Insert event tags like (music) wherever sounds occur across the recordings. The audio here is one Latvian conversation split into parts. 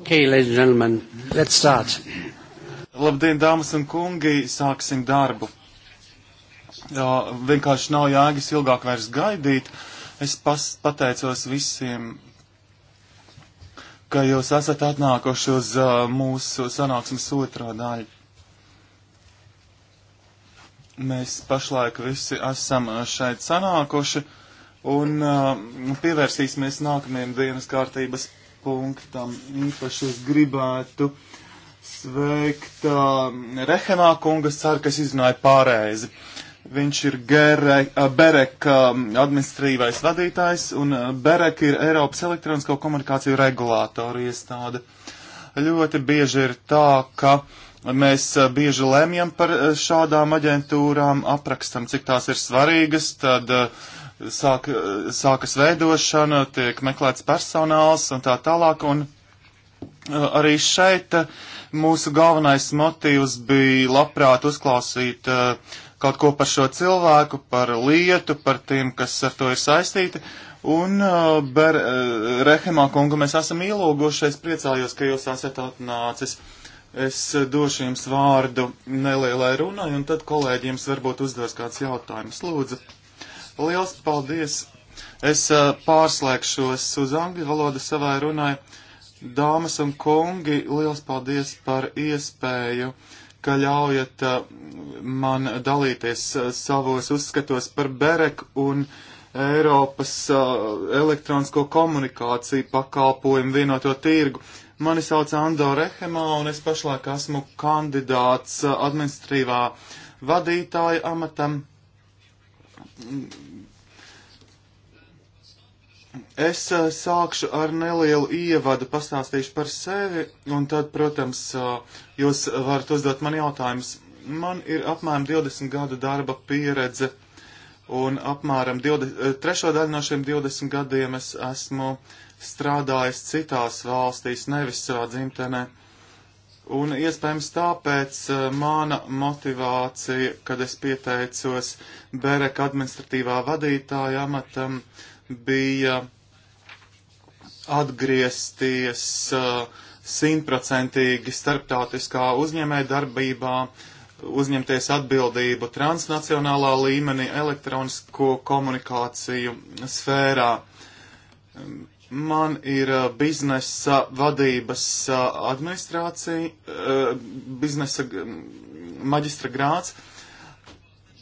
Okay, ladies and gentlemen, let's start. Labdien, dāmas un kungi, sāksim darbu. Jā, vienkārši nav jēgas ilgāk vairs gaidīt. Es pas, pateicos visiem, ka jūs esat atnākuši uz uh, mūsu sanāksmes otro daļu. Mēs pašlaik visi esam šeit sanākuši un uh, pievērsīsimies nākamajam dienas kārtības punktam. Īpaši es gribētu sveikt uh, Rehenā kunga ceru, kas izrunāja pārēzi. Viņš ir Gere, uh, Berek uh, administrīvais vadītājs, un uh, Berek ir Eiropas elektronisko komunikāciju regulātora iestāde. Ļoti bieži ir tā, ka mēs uh, bieži lemjam par uh, šādām aģentūrām, aprakstam, cik tās ir svarīgas, tad uh, sāk, sākas veidošana, tiek meklēts personāls un tā tālāk. Un uh, arī šeit uh, mūsu galvenais motīvs bija labprāt uzklausīt uh, kaut ko par šo cilvēku, par lietu, par tiem, kas ar to ir saistīti. Un ber, Rehemā kunga mēs esam ielūgušies, priecājos, ka jūs esat atnācis. Es došu jums vārdu nelielai runai, un tad kolēģi jums varbūt uzdos kāds jautājums. Lūdzu! Liels paldies! Es uh, pārslēgšos uz angļu valodu savai runai. Dāmas un kungi, liels paldies par iespēju, ka ļaujat uh, man dalīties uh, savos uzskatos par Bereku un Eiropas elektronisko komunikāciju pakalpojumu vienoto tirgu. Mani sauc Ando Rehemā un es pašlaik esmu kandidāts administrīvā vadītāja amatam Es uh, sākšu ar nelielu ievadu, pastāstīšu par sevi, un tad, protams, uh, jūs varat uzdot man jautājumus. Man ir apmēram 20 gadu darba pieredze, un apmēram 20, eh, trešo daļu no šiem 20 gadiem es esmu strādājis citās valstīs, nevis savā dzimtenē. Un iespējams tāpēc uh, mana motivācija, kad es pieteicos Bereka administratīvā vadītāja amatam, um, bija atgriezties uh, simtprocentīgi starptautiskā uzņēmē darbībā, uzņemties atbildību transnacionālā līmenī elektronisko komunikāciju sfērā. Man ir uh, biznesa vadības uh, administrācija, biznesa mm, maģistra grāts.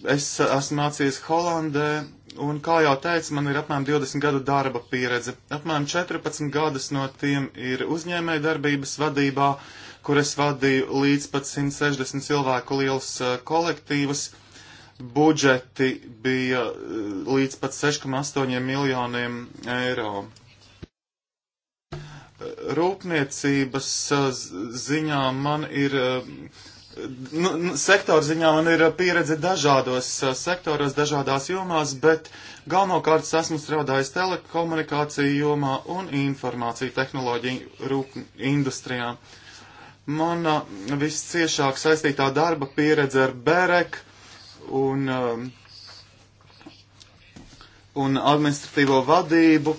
Es esmu mācījies Holandē, Un, kā jau teicu, man ir apmēram 20 gadu darba pieredze. Apmēram 14 gadus no tiem ir uzņēmēja darbības vadībā, kur es vadīju līdz pat 160 cilvēku liels uh, kolektīvus. Budžeti bija uh, līdz pat 6,8 miljoniem eiro. Rūpniecības uh, ziņā man ir Nu, nu, sektoru ziņā man ir uh, pieredze dažādos uh, sektoros, dažādās jomās, bet galvenokārt esmu strādājis telekomunikāciju jomā un informāciju tehnoloģiju rūp industrijā. Mana uh, visciešāk saistītā darba pieredze ar BEREK un, um, un administratīvo vadību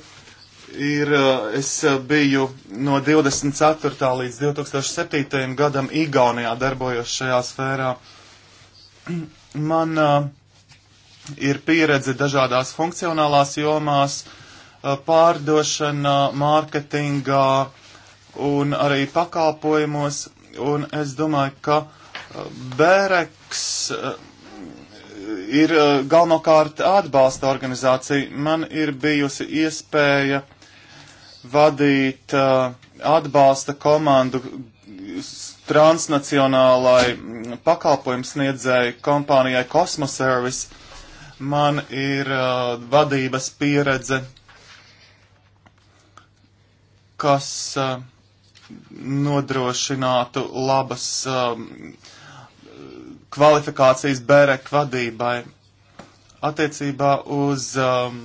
ir, uh, es uh, biju no 24. līdz 2007. gadam Igaunijā darbojos šajā sfērā. (clears throat) Man uh, ir pieredze dažādās funkcionālās jomās, pārdošanā, mārketingā un arī pakalpojumos, un es domāju, ka Bēreks ir galvenokārt atbalsta organizācija. Man ir bijusi iespēja vadīt uh, atbalsta komandu transnacionālai pakalpojums sniedzēji kompānijai Cosmoservice. Man ir uh, vadības pieredze, kas uh, nodrošinātu labas uh, kvalifikācijas bērek vadībai. Attiecībā uz um,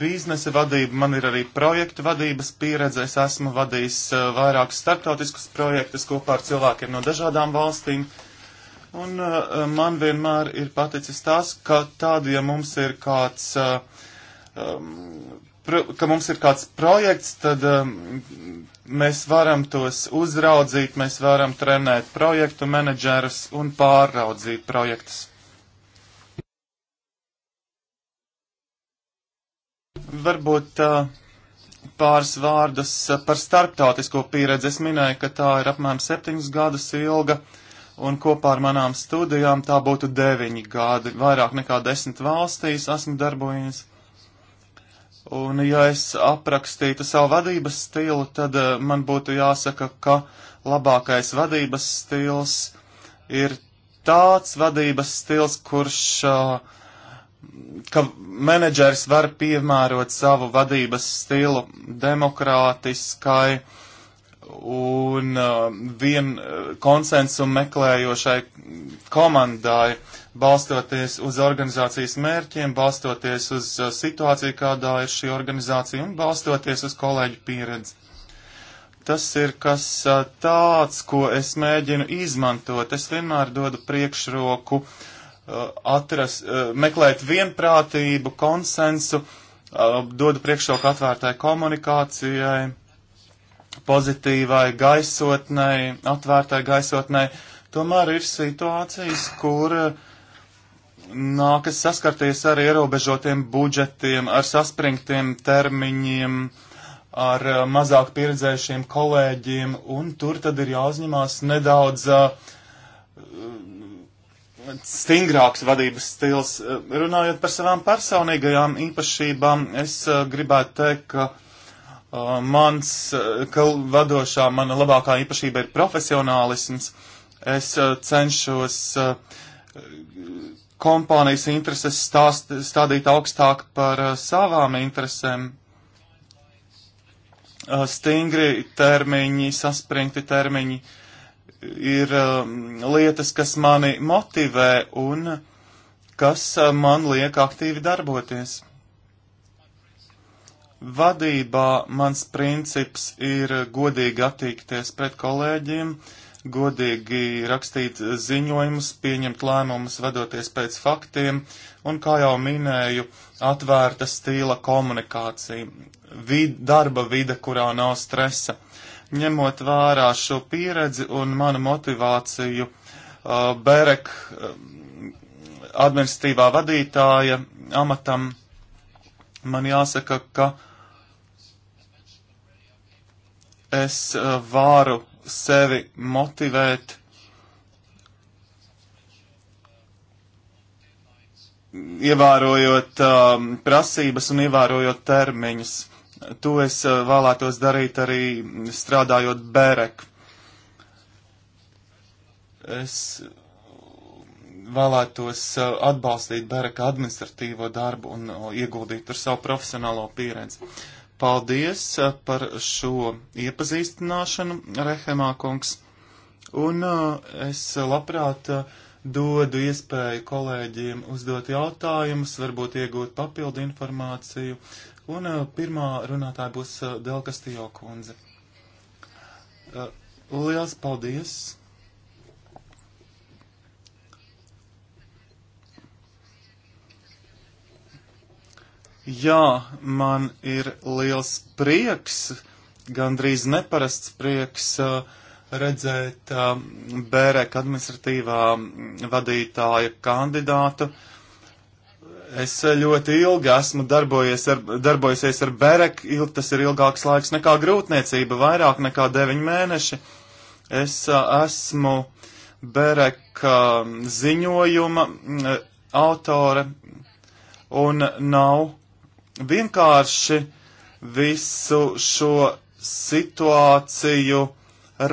biznesa vadību man ir arī projektu vadības pieredze. Es esmu vadījis uh, vairākus starptautiskus projektus kopā ar cilvēkiem no dažādām valstīm. Un uh, man vienmēr ir paticis tas, ka tādi, ja mums ir kāds, uh, um, pro, ka mums ir kāds projekts, tad um, mēs varam tos uzraudzīt, mēs varam trenēt projektu menedžerus un pārraudzīt projektus. Varbūt uh, pāris vārdus par starptautisko pieredzi. Es minēju, ka tā ir apmēram septiņus gadus ilga, un kopā ar manām studijām tā būtu deviņi gadi. Vairāk nekā desmit valstīs esmu darbojies. Un, ja es aprakstītu savu vadības stilu, tad uh, man būtu jāsaka, ka labākais vadības stils ir tāds vadības stils, kurš uh, ka menedžers var piemērot savu vadības stilu demokrātiskai un uh, vien uh, konsensu meklējošai komandai, balstoties uz organizācijas mērķiem, balstoties uz uh, situāciju, kādā ir šī organizācija un balstoties uz kolēģu pieredzi. Tas ir kas uh, tāds, ko es mēģinu izmantot. Es vienmēr dodu priekšroku uh, Uh, atrast, uh, meklēt vienprātību, konsensu, uh, dodu priekšroku atvērtai komunikācijai, pozitīvai gaisotnei, atvērtai gaisotnei. Tomēr ir situācijas, kur nākas saskarties ar ierobežotiem budžetiem, ar saspringtiem termiņiem, ar mazāk pieredzējušiem kolēģiem, un tur tad ir jāuzņemās nedaudz uh, stingrāks vadības stils. Eh, runājot par savām personīgajām īpašībām, es eh, gribētu teikt, ka uh, mans, ka vadošā mana labākā īpašība ir profesionālisms. Es uh, cenšos uh, kompānijas intereses stāst, stādīt augstāk par savām interesēm. Stingri termiņi, saspringti termiņi. Uh, ir um, lietas, kas mani motivē un kas um, man liek aktīvi darboties. Vadībā mans princips ir godīgi attīkties pret kolēģiem, godīgi rakstīt ziņojumus, pieņemt lēmumus, vedoties pēc faktiem un, kā jau minēju, atvērta stīla komunikācija, vid, darba vide, kurā nav stresa ņemot vērā šo pieredzi un manu motivāciju, uh, Berek uh, administratīvā vadītāja amatam, man jāsaka, ka es uh, varu sevi motivēt ievērojot um, prasības un ievērojot termiņus. To es eh, vēlētos darīt arī strādājot Bērek. Es vēlētos eh, atbalstīt Bēreka administratīvo darbu un eh, ieguldīt tur savu profesionālo pieredzi. Paldies par šo iepazīstināšanu, Rehemā kungs. Un es labprāt dodu iespēju kolēģiem uzdot jautājumus, varbūt iegūt papildu informāciju. Uh, Un uh, pirmā runātāja būs uh, Delkastijo kundze. Uh, liels paldies! Jā, man ir liels prieks, gandrīz neparasts prieks redzēt Bērek administratīvā mm, vadītāja kandidātu Es eh, ļoti ilgi esmu darbojies ar, darbojusies ar Berek, tas ir ilgāks laiks nekā grūtniecība, vairāk nekā 9 mēneši. Es eh, esmu Berek eh, ziņojuma autore un nav vienkārši visu šo situāciju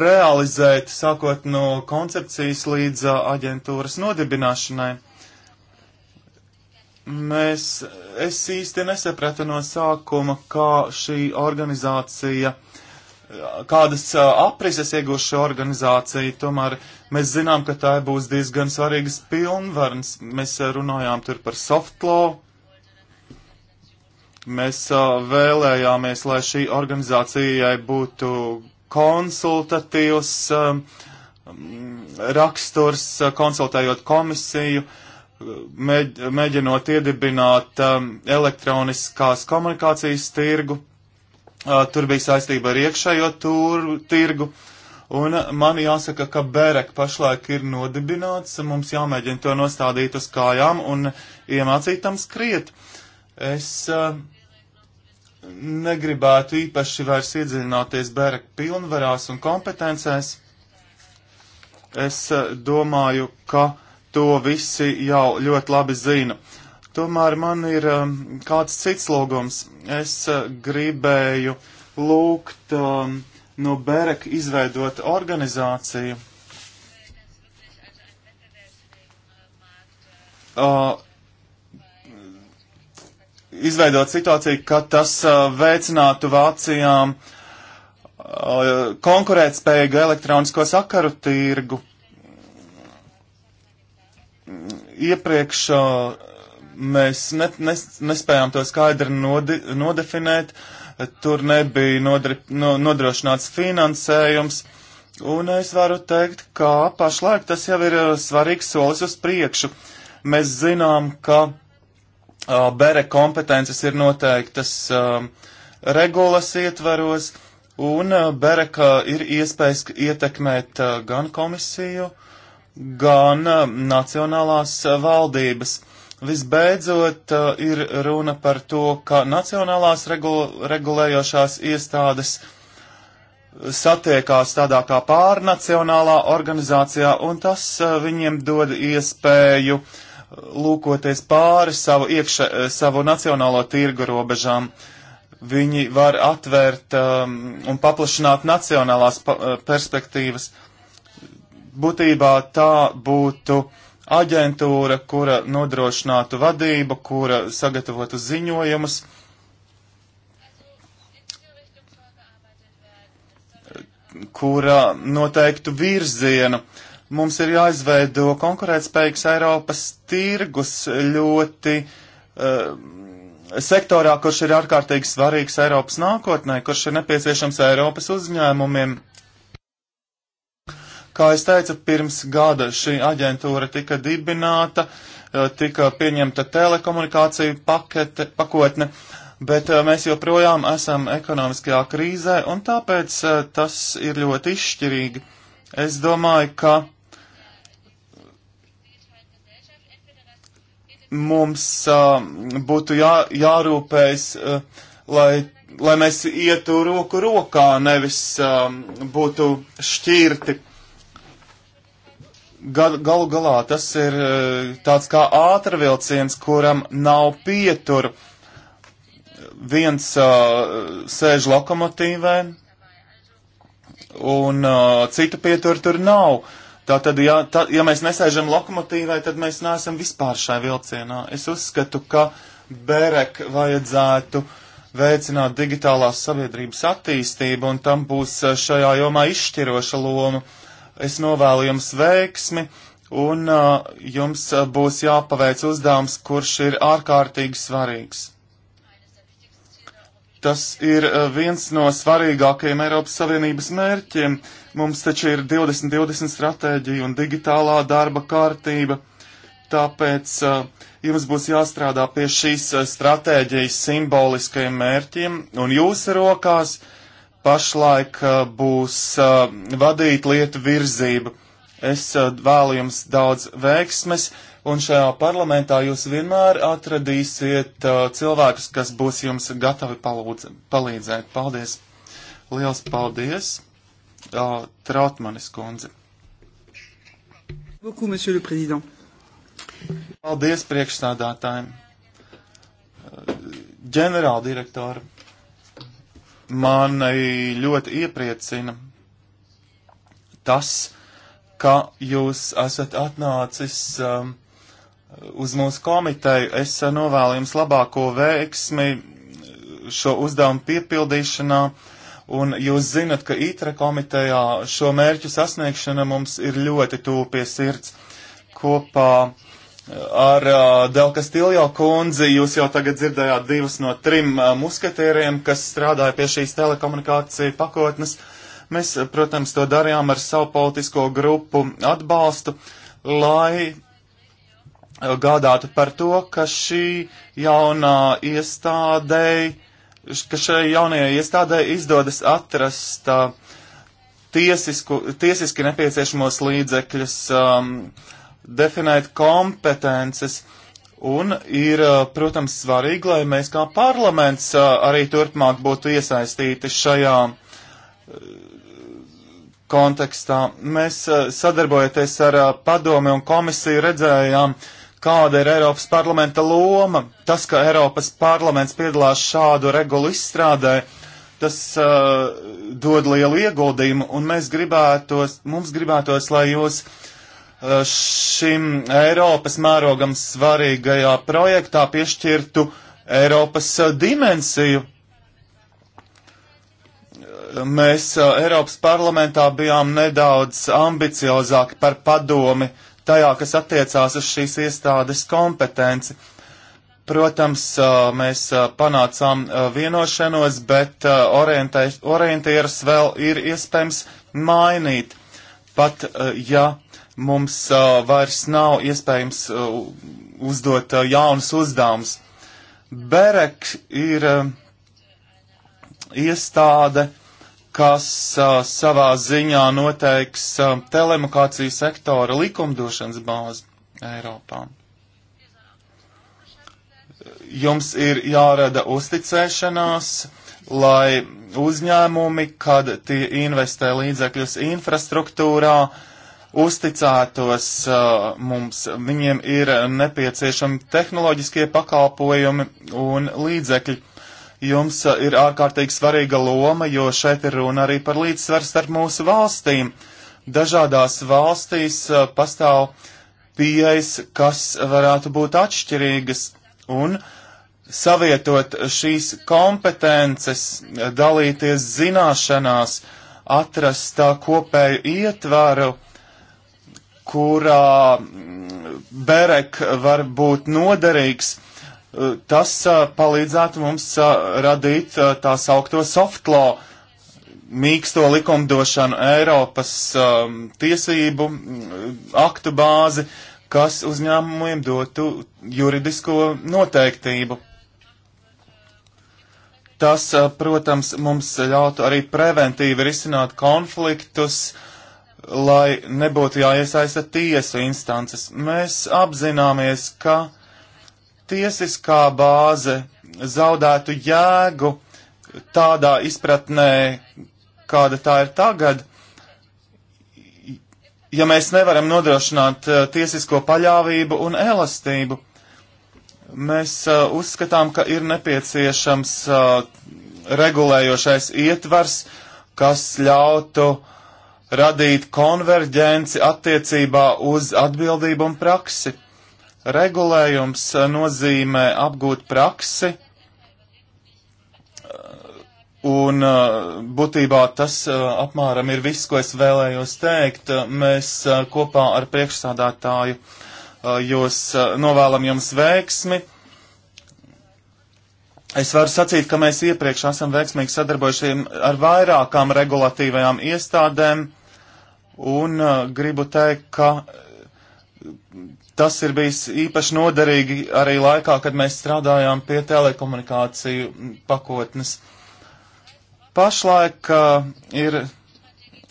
realizēt, sākot no koncepcijas līdz aģentūras nodibināšanai Mēs, es īsti nesapratu no sākuma, kā šī organizācija, kādas aprises iegūs šī organizācija, tomēr mēs zinām, ka tā būs diezgan svarīgas pilnvarns. Mēs runājām tur par soft law, mēs vēlējāmies, lai šī organizācijai būtu konsultatīvs raksturs, konsultējot komisiju mēģinot iedibināt um, elektroniskās komunikācijas tirgu. Uh, tur bija saistība ar iekšējo tūru, tirgu. Un uh, man jāsaka, ka Berek pašlaik ir nodibināts, mums jāmēģina to nostādīt uz kājām un iemācīt tam skriet. Es uh, negribētu īpaši vairs iedziļināties Berek pilnvarās un kompetencēs. Es uh, domāju, ka uh, to visi jau ļoti labi zina. Tomēr man ir um, kāds cits logums. Es uh, gribēju lūgt um, no Bereka izveidot organizāciju. Uh, izveidot situāciju, ka tas uh, veicinātu Vācijām uh, konkurētspējīgu elektronisko sakaru tirgu iepriekš mēs ne, nes, nespējām to skaidri nodi, nodefinēt, tur nebija nodri, no, nodrošināts finansējums. Un es varu teikt, ka pašlaik tas jau ir svarīgs solis uz priekšu. Mēs zinām, ka uh, bere kompetences ir noteiktas uh, regulas ietvaros, un uh, bereka ir iespējas ietekmēt uh, gan komisiju, uh, gan uh, nacionālās uh, valdības. Visbeidzot, uh, ir runa par to, ka nacionālās regu regulējošās iestādes satiekās tādā kā pārnacionālā organizācijā, un tas viņiem dod iespēju lūkoties pāri savu, iekšē, savu nacionālo tirgu robežām. Viņi var atvērt um, un paplašināt nacionālās pa perspektīvas. Uh, būtībā tā būtu aģentūra, kura nodrošinātu vadību, kura sagatavotu ziņojumus. kura noteiktu virzienu. Mums ir jāizveido konkurētspējīgs Eiropas tirgus ļoti uh, sektorā, kurš ir ārkārtīgi svarīgs Eiropas nākotnē, kurš ir nepieciešams Eiropas uzņēmumiem. Kā es teicu, pirms gada šī aģentūra tika dibināta, eh, tika pieņemta telekomunikāciju pakete, pakotne, bet eh, mēs joprojām esam ekonomiskajā krīzē, un tāpēc eh, tas ir ļoti izšķirīgi. Es domāju, ka mums uh, būtu jā, jārūpējas, uh, lai, lai mēs ietu roku rokā, nevis uh, būtu šķirti gal, galu galā tas ir e, tāds kā ātrvilciens, kuram nav pietur. Viens uh, sēž lokomotīvē, un uh, citu pieturu tur nav. Tātad, ja, tā, ja mēs nesēžam lokomotīvai, tad mēs neesam vispār šai vilcienā. Es uzskatu, ka Berek vajadzētu veicināt digitālās sabiedrības attīstību, un tam būs šajā jomā izšķiroša loma. Uh, Es novēlu jums veiksmi un uh, jums uh, būs jāpaveic uzdevums, kurš ir ārkārtīgi svarīgs. Tas ir uh, viens no svarīgākajiem Eiropas Savienības mērķiem. Mums taču ir 2020 stratēģija un digitālā darba kārtība, tāpēc uh, jums būs jāstrādā pie šīs uh, stratēģijas simboliskajiem mērķiem un jūsu rokās uh, pašlaik uh, būs uh, vadīt lietu virzību. Es uh, vēlu jums daudz veiksmes, un šajā parlamentā jūs vienmēr atradīsiet cilvēkus, kas būs jums gatavi palūdze, palīdzēt. Paldies! Liels paldies! Trautmanis kundze! Beaucoup, monsieur le président. Paldies priekšstādātājiem. Ģenerāldirektoram. Mani ļoti iepriecina tas, ka jūs esat atnācis um, uz mūsu komiteju. Es uh, novēlu jums labāko veiksmi uh, šo uzdevumu piepildīšanā. Un jūs zinat, ka ITRE komitejā šo mērķu sasniegšana mums ir ļoti tūpies sirds kopā Ar uh, Delka Stiljo kundzi jūs jau tagad dzirdējāt divus no trim uh, musketieriem, kas strādāja pie šīs telekomunikāciju pakotnes. Mēs, protams, to darījām ar savu politisko grupu atbalstu, lai gādātu par to, ka šī jaunā iestādēji, ka šai jaunajai iestādēji izdodas atrast uh, tiesisku, tiesiski nepieciešamos līdzekļus. Um, uh, definēt kompetences. Un ir, eh, protams, svarīgi, lai mēs kā parlaments eh, arī turpmāk būtu iesaistīti šajā eh, kontekstā. Mēs sadarbojoties ar padomi un komisiju redzējām, kāda ir Eiropas parlamenta loma. Tas, ka Eiropas parlaments piedalās šādu regulu izstrādē, tas uh, dod lielu ieguldījumu, un mēs gribētos, mums gribētos, lai jūs uh, Uh, šim Eiropas mērogam svarīgajā projektā piešķirtu Eiropas uh, dimensiju. Uh, mēs Eiropas parlamentā bijām nedaudz ambiciozāki par padomi tajā, kas attiecās uz šīs iestādes kompetenci. Protams, mēs panācām vienošanos, bet orientierus vēl ir iespējams mainīt. Pat ja mums uh, vairs nav iespējams uh, uzdot uh, jaunus uzdevumus. Berek ir uh, iestāde, kas uh, savā ziņā noteiks uh, telemokāciju sektora likumdošanas bāzi Eiropā. Jums ir jārada uzticēšanās, lai uzņēmumi, kad tie investē līdzekļus infrastruktūrā, uh, uzticētos uh, mums, viņiem ir nepieciešami tehnoloģiskie pakalpojumi un līdzekļi. Jums uh, ir ārkārtīgi svarīga loma, jo šeit ir runa arī par līdzsvaru starp mūsu valstīm. Dažādās valstīs uh, pastāv pieejas, kas varētu būt atšķirīgas, un savietot šīs kompetences, dalīties zināšanās, atrast tā kopēju ietvaru, uh, kurā mm, Berek var būt noderīgs, eh, tas eh, palīdzētu mums eh, radīt tā saukto soft law, mīksto likumdošanu Eiropas tiesību mm, aktu bāzi, kas uzņēmumiem dotu juridisko noteiktību. Tas, protams, mums ļautu arī preventīvi risināt konfliktus, uh, lai nebūtu jāiesaista tiesu instances. Mēs apzināmies, ka tiesiskā bāze zaudētu jēgu tādā izpratnē, kāda tā ir tagad, ja mēs nevaram nodrošināt eh, tiesisko paļāvību un elastību. Mēs uh, uzskatām, ka ir nepieciešams uh, regulējošais ietvars, kas ļautu uh, radīt konverģenci attiecībā uz atbildību un praksi. Regulējums eh, nozīmē apgūt praksi, eh, un eh, būtībā tas apmēram ir viss, ko es vēlējos teikt. Mēs kopā ar priekšsādātāju jūs novēlam jums veiksmi. Es varu sacīt, ka mēs iepriekš esam veiksmīgi sadarbojušies ar vairākām regulatīvajām iestādēm un uh, gribu teikt, ka uh, tas ir bijis īpaši noderīgi arī laikā, kad mēs strādājām pie telekomunikāciju pakotnes. Pašlaik uh, ir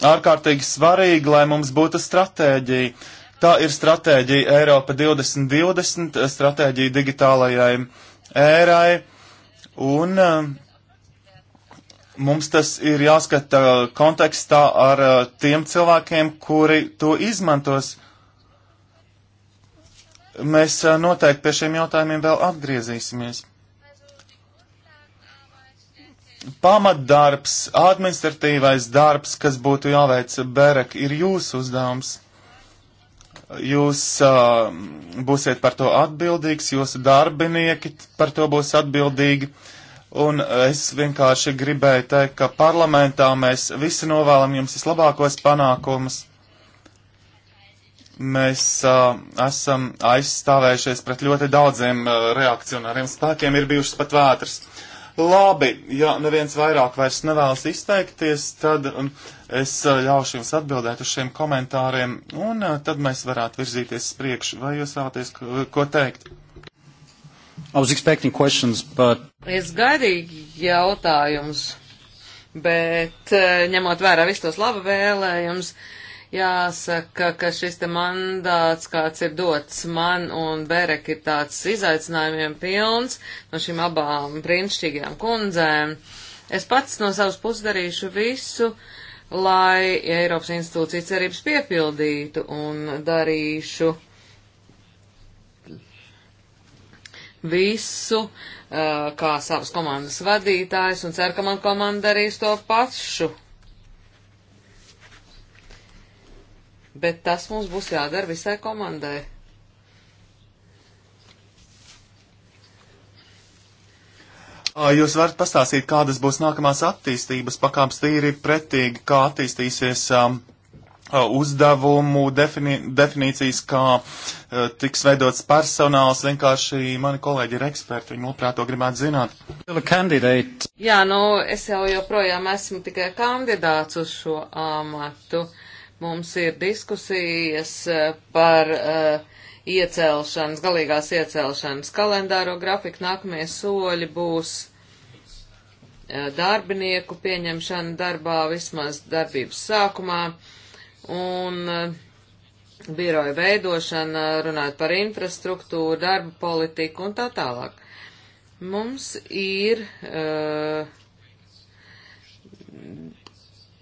ārkārtīgi svarīgi, lai mums būtu stratēģija. Tā ir stratēģija Eiropa 2020, stratēģija digitālajai ērai, un uh, mums tas ir jāskata kontekstā ar uh, tiem cilvēkiem, kuri to izmantos. Mēs uh, noteikti pie šiem jautājumiem vēl atgriezīsimies. Pamatdarbs, administratīvais darbs, kas būtu jāveic Berek, ir jūsu uzdevums. Jūs uh, būsiet par to atbildīgs, jūsu darbinieki par to būs atbildīgi. Uh, Un es vienkārši gribēju teikt, ka parlamentā mēs visi novēlam jums vislabākos panākumus. Mēs uh, esam aizstāvējušies pret ļoti daudziem uh, reakcionāriem spēkiem, ir bijušas pat vētras. Labi, ja neviens vairāk vairs nevēlas izteikties, tad um, es uh, ļaušu jums atbildēt uz šiem komentāriem, un uh, tad mēs varētu virzīties priekšu. Vai jūs vēlaties ko teikt? But... Es gaidīju jautājumus, bet eh, ņemot vērā visus tos laba vēlējumus, jāsaka, ka šis te mandāts, kāds ir dots man un Berek, ir tāds izaicinājumiem pilns no šīm abām brīnišķīgajām kundzēm. Es pats no savas puses darīšu visu, lai Eiropas institūcija cerības piepildītu un darīšu visu uh, kā savas komandas vadītājs un ceru, ka man komanda darīs to pašu. Bet tas mums būs jādara visai komandai. Jūs varat pastāstīt, kādas būs nākamās attīstības pakāpes tīri pretīgi, kā attīstīsies um, uzdevumu defini definīcijas, kā uh, tiks veidots personāls. Vienkārši mani kolēģi ir eksperti, viņi labprāt to gribētu zināt. Jā, nu es jau joprojām esmu tikai kandidāts uz šo amatu. Mums ir diskusijas e, par uh, iecelšanas, galīgās iecelšanas kalendāro grafiku. Nākamie soļi būs uh, darbinieku pieņemšana darbā vismaz darbības sākumā. Uh, un eh, biroja veidošana, runājot par infrastruktūru, darba politiku un tā tālāk. Mums ir uh,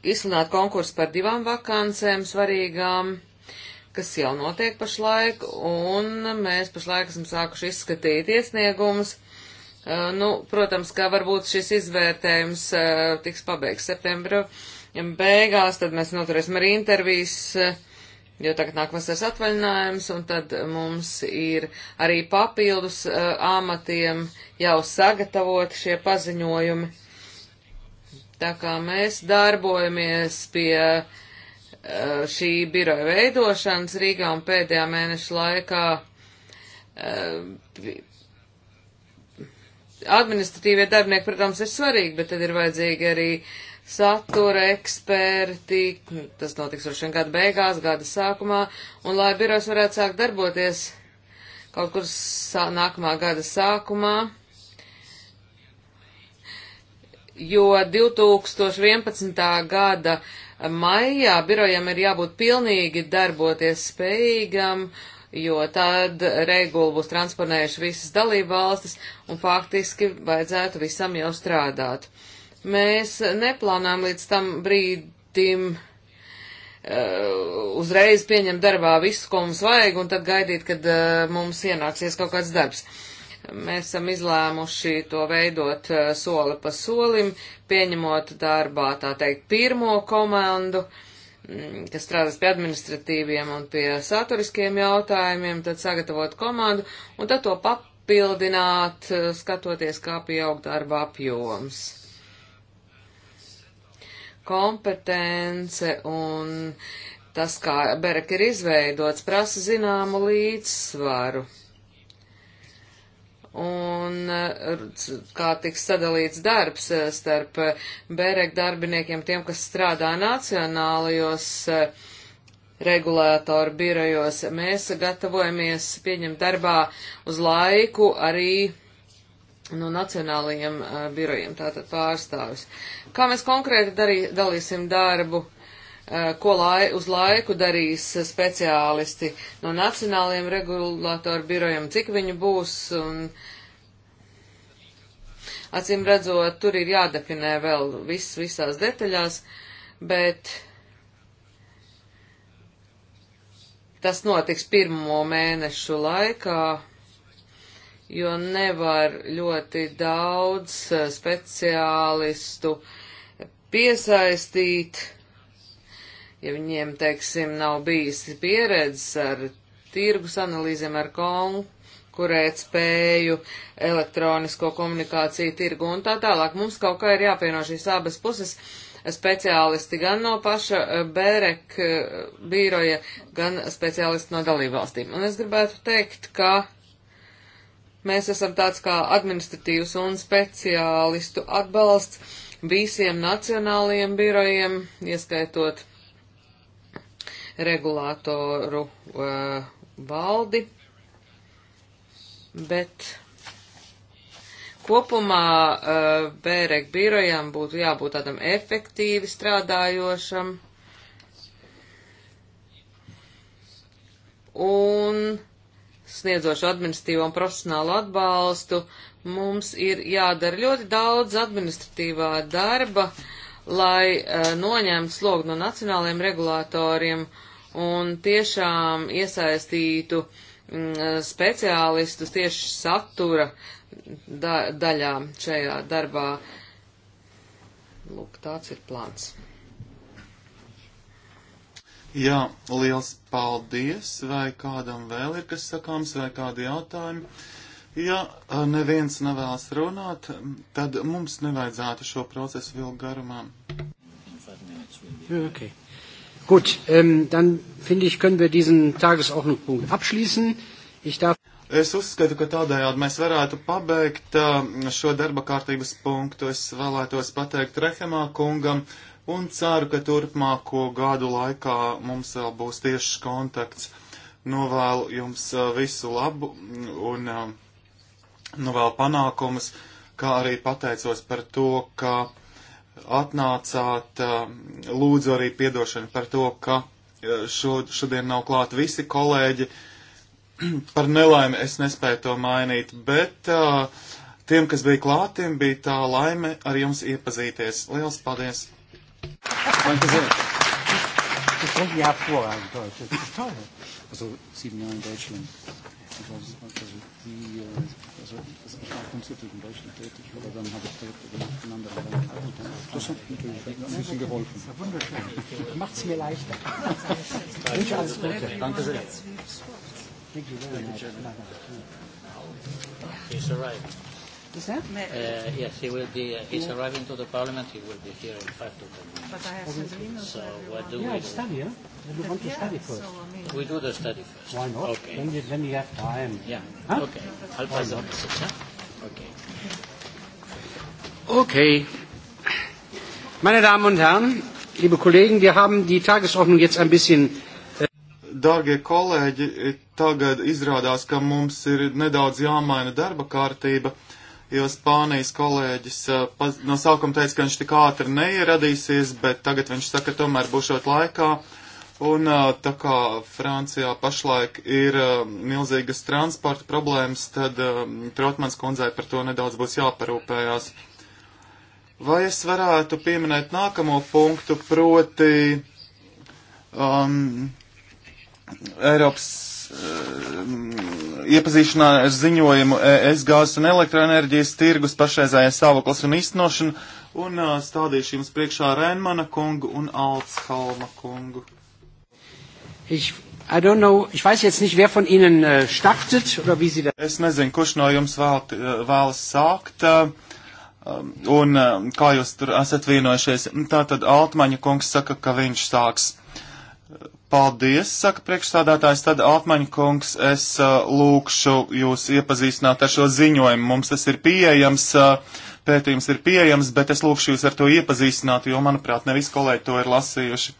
izsludināt konkursu par divām vakancēm svarīgām, kas jau notiek pašlaik, un mēs pašlaik esam sākuši izskatīt iesniegumus. Uh, nu, protams, ka varbūt šis izvērtējums uh, tiks pabeigts septembra uh, beigās, tad mēs noturēsim arī intervijas, jo tagad nāk vasaras atvaļinājums, un tad mums ir arī papildus amatiem jau sagatavot šie paziņojumi. Tā kā mēs darbojamies pie šī biroja veidošanas Rīgā un pēdējā mēneša laikā administratīvie darbinieki, protams, ir svarīgi, bet tad ir vajadzīgi arī uh, satura eksperti, tas notiks ar šiem gadu beigās, gada sākumā, un lai birojas varētu sākt darboties kaut kur sā, nākamā gada sākumā, jo 2011. gada maijā birojam ir jābūt pilnīgi darboties spējīgam, jo tad regulu būs transponējuši visas dalību valstis, un faktiski vajadzētu visam jau strādāt. Uh, Mēs neplānām līdz tam brīdim uh, uzreiz pieņemt darbā visu, ko mums vajag, un tad gaidīt, kad uh, mums ienāksies kaut kāds darbs. Mēs esam izlēmuši to veidot uh, soli pa solim, pieņemot darbā, tā teikt, pirmo komandu, mm, kas strādās pie administratīviem un pie saturiskiem jautājumiem, tad sagatavot komandu, un tad to papildināt, skatoties, kā pieaug darba apjoms kompetence un tas, kā Berek ir izveidots, prasa zināmu līdzsvaru. Un eh, kā tiks sadalīts darbs eh, starp eh, Berek darbiniekiem, tiem, kas strādā nacionālajos regulātoru birojos, mēs gatavojamies pieņemt darbā uz laiku arī no nacionālajiem uh, birojiem, tātad pārstāvis. Kā mēs konkrēti darī, dalīsim darbu, uh, ko lai, uz laiku darīs speciālisti no nacionālajiem regulātoru birojiem, cik viņu būs un. Acīm redzot, tur ir jādefinē vēl viss, visās detaļās, bet tas notiks pirmo mēnešu laikā jo nevar ļoti daudz eh, speciālistu piesaistīt, ja viņiem, teiksim, nav bijis pieredzes ar tirgus analīzēm, ar konkurēt spēju, elektronisko komunikāciju tirgu un tā tālāk. Mums kaut kā ir jāpieno šīs abas puses speciālisti gan no paša eh, Bērek eh, bīroja, gan speciālisti no dalībvalstīm. Un es gribētu teikt, ka Mēs esam tāds kā administratīvs un speciālistu atbalsts visiem nacionālajiem birojiem, ieskaitot regulātoru uh, valdi, bet kopumā uh, bērek birojām būtu jābūt tādam efektīvi strādājošam. Un sniedzošu administratīvo un profesionālu atbalstu, mums ir jādara ļoti daudz administratīvā darba, lai uh, noņemtu slogu no nacionāliem regulātoriem un tiešām iesaistītu mm, eh, speciālistus tieši satura da daļā šajā darbā. Lūk, tāds ir plāns. Jā, liels paldies. Vai kādam vēl ir kas sakāms vai kādi jautājumi? Ja eh, neviens nevēlas runāt, tad mums nevajadzētu šo procesu vilkt garumā. Okay. Gut, ähm, dann finde ich, können wir diesen Tagesordnungspunkt abschließen. Ich darf Es uzskatu, ka tādējādi mēs varētu pabeigt äh, šo darba kārtības punktu. Es vēlētos pateikt Rehemā kungam un ceru, ka turpmāko gadu laikā mums vēl būs tiešs kontakts. Novēlu jums visu labu un novēlu nu, panākumus, kā arī pateicos par to, ka atnācāt, lūdzu arī piedošanu par to, ka šo, šodien nav klāt visi kolēģi. (clears throat) Par nelaimi es nespēju to mainīt, bet uh, tiem, kas bija klātiem, bija tā laime ar jums iepazīties. Lielas paldies! Danke sehr. Das konnten ja hervorragend Deutsch. Das ist toll. Also sieben Jahre in Deutschland. Ich glaube, also die, also ich war grundsätzlich in Deutschland tätig, aber dann habe ich Projekte gemacht in anderen Ländern. Das hat natürlich ein bisschen geholfen. Wunderschön. Macht es mir leichter. Ich alles Gute. Danke sehr. Thank you very much. He's all right. Is that? Uh, yes, he will be. Uh, he's yeah. arriving to the parliament. He will be here in five to ten minutes. But I have sent an email. So what do yeah, we do? study? Yeah, we want to yeah, study first. So, I mean, we do the uh, study first. Why not? Okay. Then you, then you have time. Yeah. Huh? Okay. I'll pass the message. Huh? Okay. Okay. Meine Damen und Herren, liebe Kollegen, wir haben die Tagesordnung jetzt ein bisschen äh, dārgie kolēģi, tagad izrādās, ka mums ir nedaudz jāmaina darba kārtība. Uh, jo Spānijas kolēģis no sākuma teica, ka viņš tik ātri neieradīsies, bet tagad viņš saka, ka tomēr būšot laikā. Un tā kā Francijā pašlaik ir milzīgas transporta problēmas, tad Trotmans kundzei par to nedaudz būs jāparūpējās. Vai es varētu pieminēt nākamo punktu, proti um, Eiropas Ehm, iepazīšanā ar ziņojumu eh, ES gāzes un elektroenerģijas tirgus pašreizējais stāvoklis un īstenošana, un uh, stādīšu jums priekšā Rēnmana kungu un Altshalma kungu. Ich, I don't know, ich weiß jetzt nicht, wer von Ihnen uh, startet, oder wie Sie das... Es nezinu, kurš no jums vēl, äh, vēlas sākt, uh, un uh, kā jūs tur esat vienojušies. Tātad Altmaņa kungs saka, ka viņš sāks. Paldies, saka priekšstādātājs, tad Altmaņa kungs, es uh, lūkšu jūs iepazīstināt ar šo ziņojumu. Mums tas ir pieejams, uh, pētījums ir pieejams, bet es lūkšu jūs ar to iepazīstināt, jo, manuprāt, ne visi kolēģi to ir lasījuši.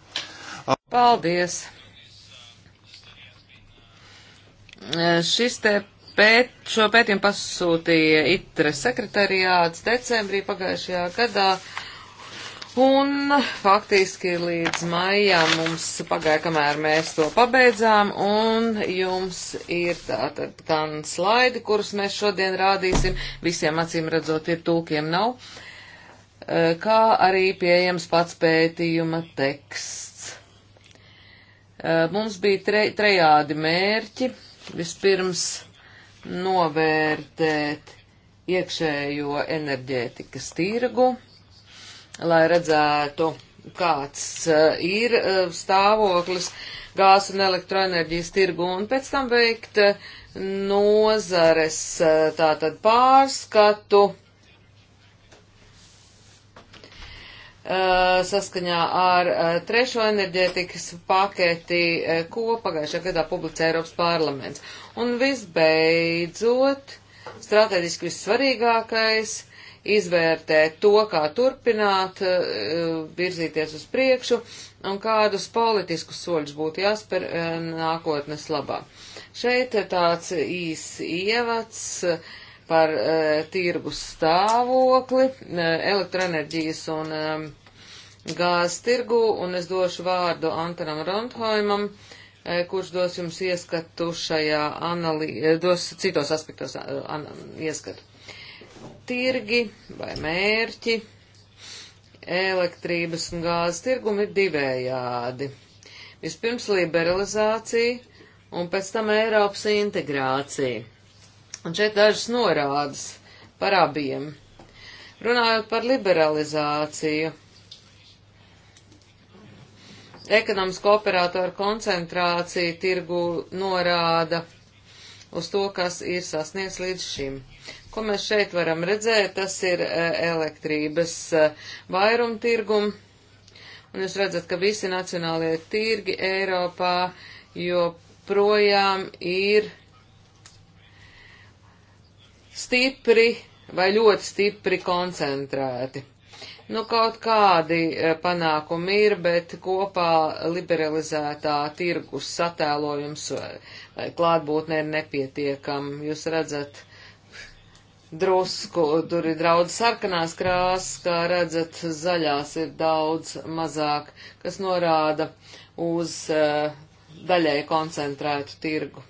Uh. Paldies. Šis te pēt, šo pētījumu pasūtīja ITRE sekretariāts decembrī pagājušajā gadā. Uh, Un faktiski līdz maijām mums pagāja, kamēr mēs to pabeidzām, un jums ir tātad gan slaidi, kurus mēs šodien rādīsim, visiem acīm redzot, ir tūkiem nav, e, kā arī pieejams pats pētījuma teksts. E, mums bija tre, trejādi mērķi. Vispirms novērtēt iekšējo enerģētikas tirgu lai redzētu, kāds eh, ir eh, stāvoklis gāzes un elektroenerģijas tirgu, un pēc tam veikt eh, nozares tātad pārskatu. saskaņā ar trešo enerģētikas paketi, ko pagājušajā gadā publicēja Eiropas parlaments. Un visbeidzot, strateģiski vissvarīgākais izvērtēt to, kā turpināt, eh, virzīties uz priekšu un kādus politiskus soļus būtu jāspēr eh, nākotnes labā. Šeit tāds īs ievads eh, par tirgus stāvokli, elektroenerģijas un gāzes tirgu, un es došu vārdu Antonam Rondhoimam, kurš dos jums ieskatu šajā analī, dos citos aspektos an ieskatu tirgi vai mērķi elektrības un gāzes tirgumi ir divējādi. Vispirms liberalizācija un pēc tam Eiropas integrācija. Un šeit dažas norādes par abiem. Runājot par liberalizāciju, ekonomisko operātoru koncentrācija tirgu norāda uz to, kas ir sasniegts līdz šim. Ko mēs šeit varam redzēt, tas ir e, elektrības e, vairumtirgum. Un jūs redzat, ka visi nacionālie tirgi Eiropā joprojām ir stipri vai ļoti stipri koncentrēti. Nu, kaut kādi e, panākumi ir, bet kopā liberalizētā tirgus satēlojums vai klātbūtne ir nepietiekama. Jūs redzat, drusku, tur ir daudz sarkanās krāsas, kā redzat, zaļās ir daudz mazāk, kas norāda uz uh, daļai koncentrētu tirgu.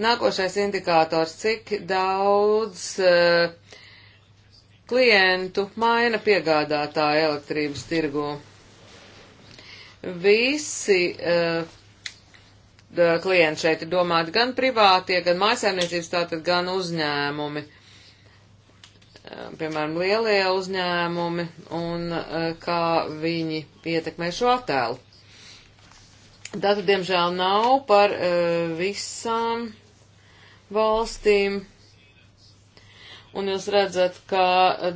Nākošais indikators, cik daudz uh, klientu maina piegādātāja elektrības tirgu. Visi uh, klienti šeit ir domāti gan privātie, gan mājasēmniecības, tātad gan uzņēmumi. Uh, Ehm, piemēram, lielie uzņēmumi un eh, kā viņi ietekmē šo attēlu. Datu, diemžēl, nav par eh, visām valstīm. Un jūs redzat, ka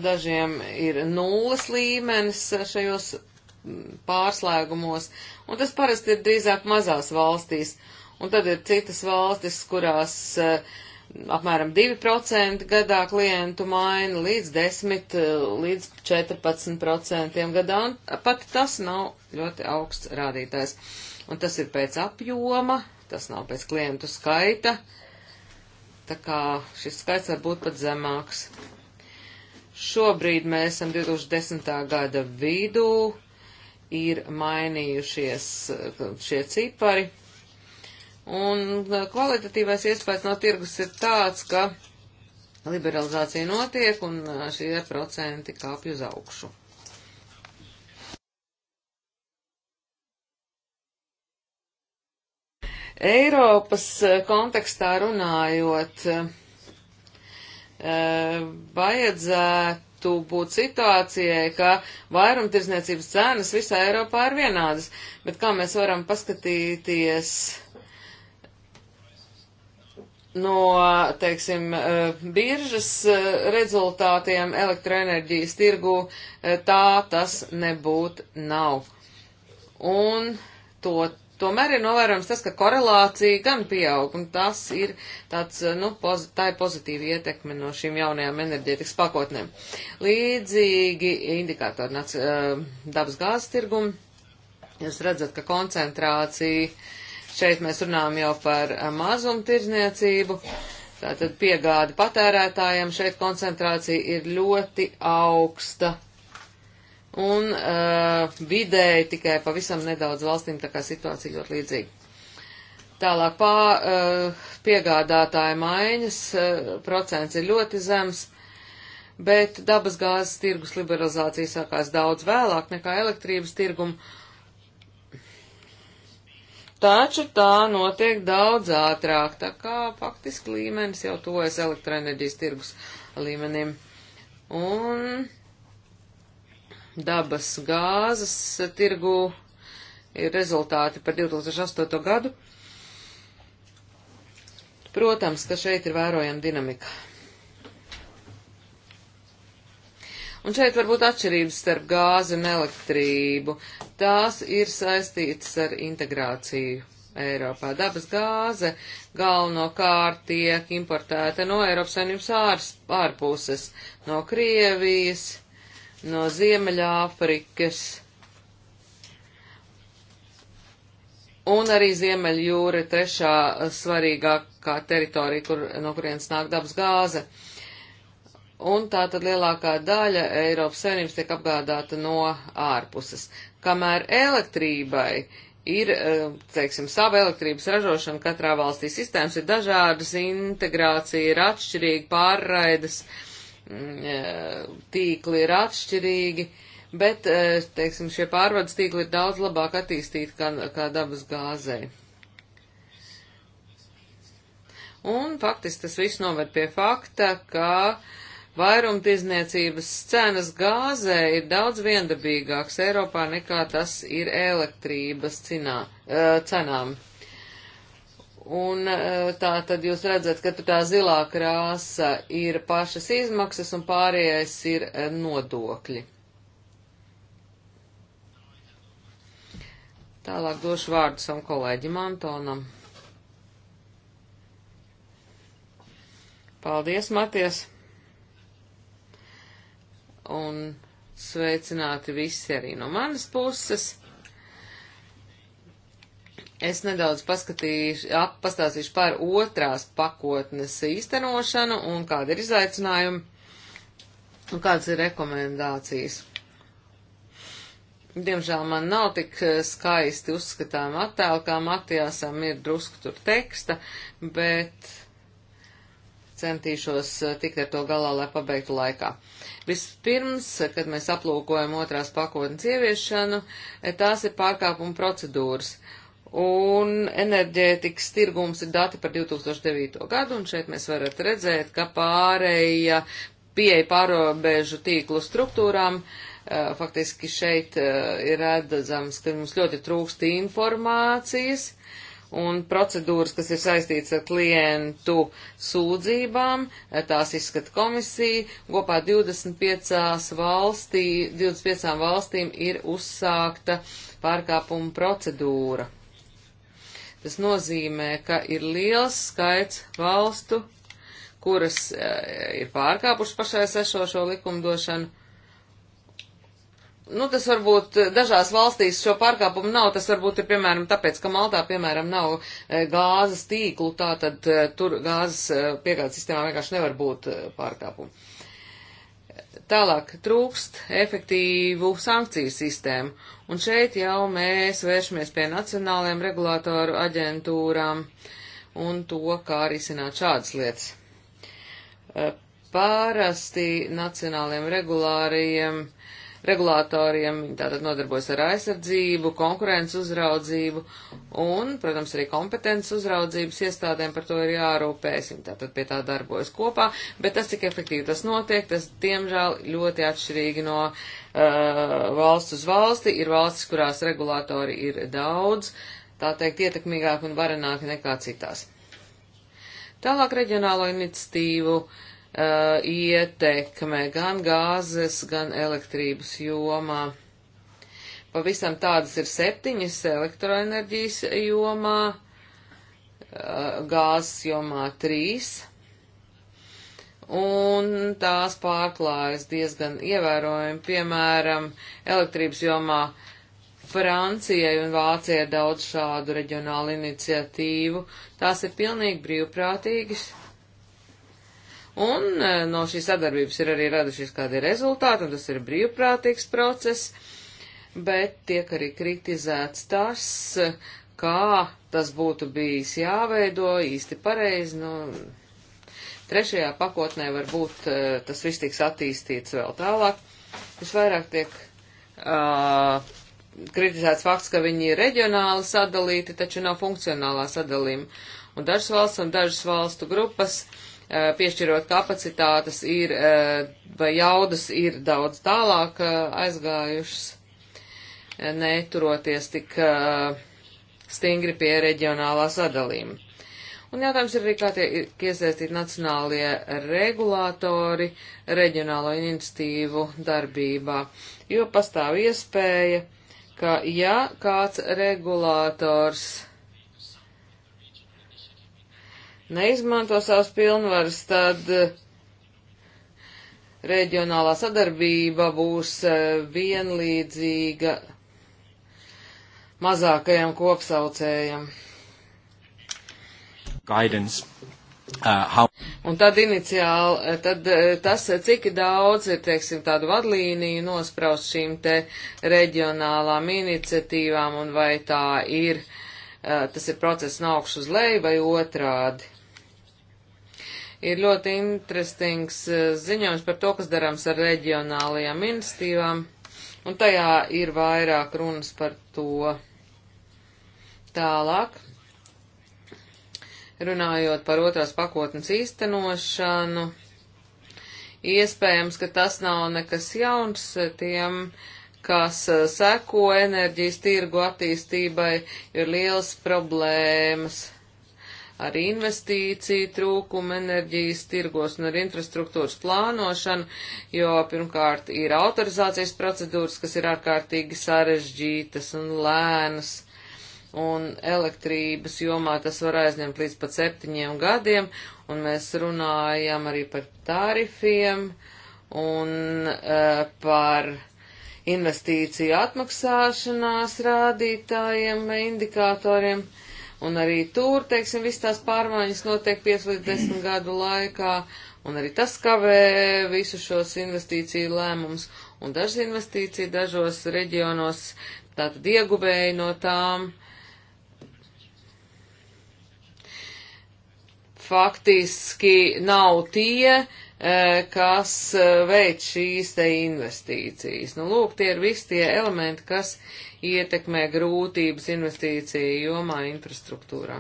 dažiem ir nulles līmenis šajos pārslēgumos, un tas parasti ir drīzāk mazās valstīs. Un tad ir citas valstis, kurās uh, apmēram 2% gadā klientu maina līdz 10 eh, līdz 14% gadā, un pat tas nav ļoti augsts rādītājs. Un tas ir pēc apjoma, tas nav pēc klientu skaita, tā kā šis skaits var būt pat zemāks. Šobrīd mēs esam 2010. gada vidū, ir mainījušies eh, šie cipari Un uh, kvalitatīvais iespējas no tirgus ir tāds, ka liberalizācija notiek un uh, šie procenti kāpj uz augšu. Eiropas uh, kontekstā runājot, vajadzētu būt situācijai, ka vairumtirdzniecības cenas visā Eiropā ir vienādas, bet kā mēs varam paskatīties no, teiksim, eh, biržas eh, rezultātiem elektroenerģijas tirgu, eh, tā tas nebūt nav. Un to, tomēr ir novērojams tas, ka korelācija gan pieaug, un tas ir tāds, nu, poz, tā ir pozitīva ietekme no šīm jaunajām enerģētikas pakotnēm. Līdzīgi indikātori nāc dabas gāzes tirgumu. Jūs redzat, ka koncentrācija uh, Šeit mēs runājam jau par eh, mazumtirdzniecību, tātad piegādi patērētājiem, šeit koncentrācija ir ļoti augsta. Un uh, vidēji tikai pavisam nedaudz valstīm, tā kā situācija ļoti līdzīga. Tālāk pā, uh, piegādātāja maiņas uh, procents ir ļoti zems, bet dabasgāzes tirgus liberalizācija sākās daudz vēlāk nekā elektrības tirguma taču tā notiek daudz ātrāk, tā kā faktiski līmenis jau tuvojas elektroenerģijas tirgus līmenim. Un dabas gāzes tirgu ir rezultāti par 2008. gadu. Protams, ka šeit ir vērojama dinamika. Un šeit varbūt atšķirības starp gāzi un elektrību. Tās ir saistītas ar integrāciju Eiropā. Dabas gāze galvenokārt tiek importēta no Eiropas Savienības ārs, ārpuses, no Krievijas, no Ziemeļāfrikas. Un arī Ziemeļjūra ir trešā svarīgākā teritorija, kur, no kurienes nāk dabas gāze. Uh, un tā tad lielākā daļa Eiropas saimnības tiek apgādāta no ārpuses. Kamēr elektrībai ir, eh, teiksim, sava elektrības ražošana katrā valstī sistēmas ir dažādas, integrācija ir atšķirīga, pārraides mm, eh, tīkli ir atšķirīgi, bet, eh, teiksim, šie pārvades tīkli ir daudz labāk attīstīti kā, kā dabas gāzei. Un faktiski tas viss noved pie fakta, ka uh, Vairumtirdzniecības cenas gāzē ir daudz viendabīgāks Eiropā nekā tas ir elektrības cinā, eh, cenām. Un eh, tā tad jūs redzat, ka tā zilā krāsa ir pašas izmaksas un pārējais ir eh, nodokļi. Tālāk došu vārdu savam kolēģim Antonam. Paldies, Maties! un sveicināti visi arī no manas puses. Es nedaudz paskatīšu, pastāstīšu par otrās pakotnes īstenošanu un kāda ir izaicinājumi un kādas ir rekomendācijas. Diemžēl man nav tik eh, skaisti uzskatām attēlu, kā Matijāsam ir drusku tur teksta, bet centīšos eh, tikt ar to galā, lai pabeigtu laikā. Vispirms, eh, kad mēs aplūkojam otrās pakotnes ieviešanu, eh, tās ir pārkāpuma procedūras. Un enerģētikas tirgums ir dati par 2009. gadu, un šeit mēs varat redzēt, ka pārēja pieeja pārobežu tīklu struktūrām uh, faktiski šeit ir redzams, ka mums ļoti trūkst informācijas un procedūras, kas ir saistīts ar klientu sūdzībām, eh, tās izskata komisija. Kopā 25 valstī, 25 valstīm ir uzsākta pārkāpuma procedūra. Tas nozīmē, ka ir liels skaits valstu, kuras eh, ir pārkāpušas pašai sešo šo likumdošanu, Nu, tas varbūt eh, dažās valstīs šo pārkāpumu nav, tas varbūt ir, piemēram, tāpēc, ka Maltā, piemēram, nav eh, gāzes tīklu, tā tad eh, tur gāzes piegādes sistēmā vienkārši nevar būt pārkāpumu. Tālāk trūkst efektīvu sankciju sistēmu, un šeit jau mēs vēršamies pie nacionālajiem regulātoru aģentūrām un to, kā risināt šādas lietas. Parasti nacionāliem regulāriem uh, regulātoriem, viņi tātad nodarbojas ar aizsardzību, konkurences uzraudzību un, protams, arī kompetences uzraudzības iestādēm par to ir jārūpēs, viņi tātad pie tā darbojas kopā, bet tas, cik efektīvi tas notiek, tas, diemžēl, ļoti atšķirīgi no uh, valsts uz valsti. Ir valstis, kurās regulātori ir daudz, tā teikt, ietekmīgāk un varenāk nekā citās. Tālāk reģionālo iniciatīvu uh, uh, ietekme gan gāzes, gan elektrības jomā. Pavisam tādas ir septiņas elektroenerģijas jomā, uh, gāzes jomā trīs, un tās pārklājas diezgan ievērojami, piemēram, elektrības jomā. Francijai un Vācijai ir daudz šādu reģionālu iniciatīvu. Tās ir pilnīgi brīvprātīgas, Un e, no šīs sadarbības ir arī radušies kādi rezultāti, un tas ir brīvprātīgs process, bet tiek arī kritizēts tas, kā tas būtu bijis jāveido īsti pareizi. Nu, trešajā pakotnē varbūt e, tas viss tiks attīstīts vēl tālāk. Visvairāk tiek uh, kritizēts fakts, ka viņi ir reģionāli sadalīti, taču nav funkcionālā sadalījuma. Un dažas valsts un dažas valstu grupas uh, Eh, piešķirot kapacitātes ir, eh, vai jaudas ir daudz tālāk eh, aizgājušas, neturoties tik stingri pie reģionālā sadalījuma. Un jautājums ir arī, kā tiek iesaistīt nacionālie regulātori reģionālo iniciatīvu darbībā, jo pastāv iespēja, ka ja kāds regulātors neizmanto savas pilnvaras, tad eh, reģionālā sadarbība būs eh, vienlīdzīga mazākajam kopsaucējam. Guidance. Uh, how... Un tad iniciāli, eh, tad tas, cik daudz ir, teiksim, tādu vadlīniju nospraust šīm te reģionālām iniciatīvām un vai tā ir, tas ir process no augšas uz leju vai otrādi ir ļoti interesants eh, ziņojums par to, kas darāms ar reģionālajām inicitīvām, un tajā ir vairāk runas par to tālāk. Runājot par otrās pakotnes īstenošanu, iespējams, ka tas nav nekas jauns eh, tiem, kas eh, seko enerģijas tirgu attīstībai, ir liels problēmas ar investīciju trūkumu enerģijas tirgos un ar infrastruktūras plānošanu, jo pirmkārt ir autorizācijas procedūras, kas ir ārkārtīgi sarežģītas un lēnas, un elektrības jomā tas var aizņemt līdz pat septiņiem gadiem, un mēs runājam arī par tarifiem un uh, par investīciju atmaksāšanās rādītājiem, indikatoriem. Uh, un arī tur, teiksim, viss tās pārmaiņas notiek 5 līdz 10 gadu laikā, un arī tas kavē visu šos investīciju lēmumus, un dažas investīcija dažos reģionos tātad ieguvēja no tām. Faktiski nav tie, uh, E, kas e, veic šīs te investīcijas. Nu, lūk, tie ir visi tie elementi, kas ietekmē grūtības investīciju jomā infrastruktūrā.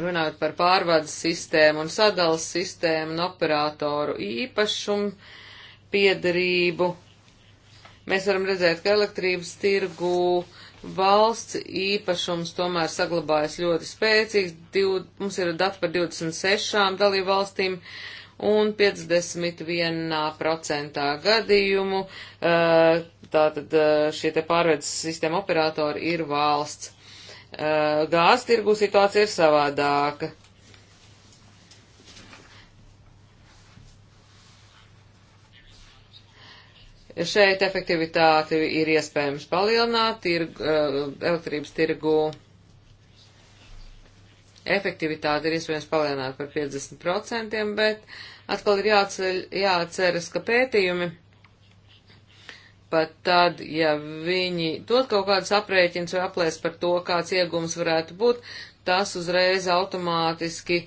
Runājot par pārvades sistēmu un sadalas sistēmu un operatoru īpašumu piedarību, mēs varam redzēt, ka elektrības tirgu uh, valsts īpašums tomēr saglabājas ļoti spēcīgs. Div, mums ir dati par 26 dalību valstīm un 51% gadījumu. Eh, tātad eh, šie te pārvedes sistēma operatori ir valsts. Eh, gāzes tirgu situācija ir savādāka. Šeit efektivitāti ir iespējams palielināt tirg, eh, elektrības tirgu. Efektivitāti ir iespējams palielināt par 50%, bet atkal ir jāceļ, jāceras, ka pētījumi pat tad, ja viņi dod kaut kādus aprēķinus vai aplēs par to, kāds iegums varētu būt, tas uzreiz automātiski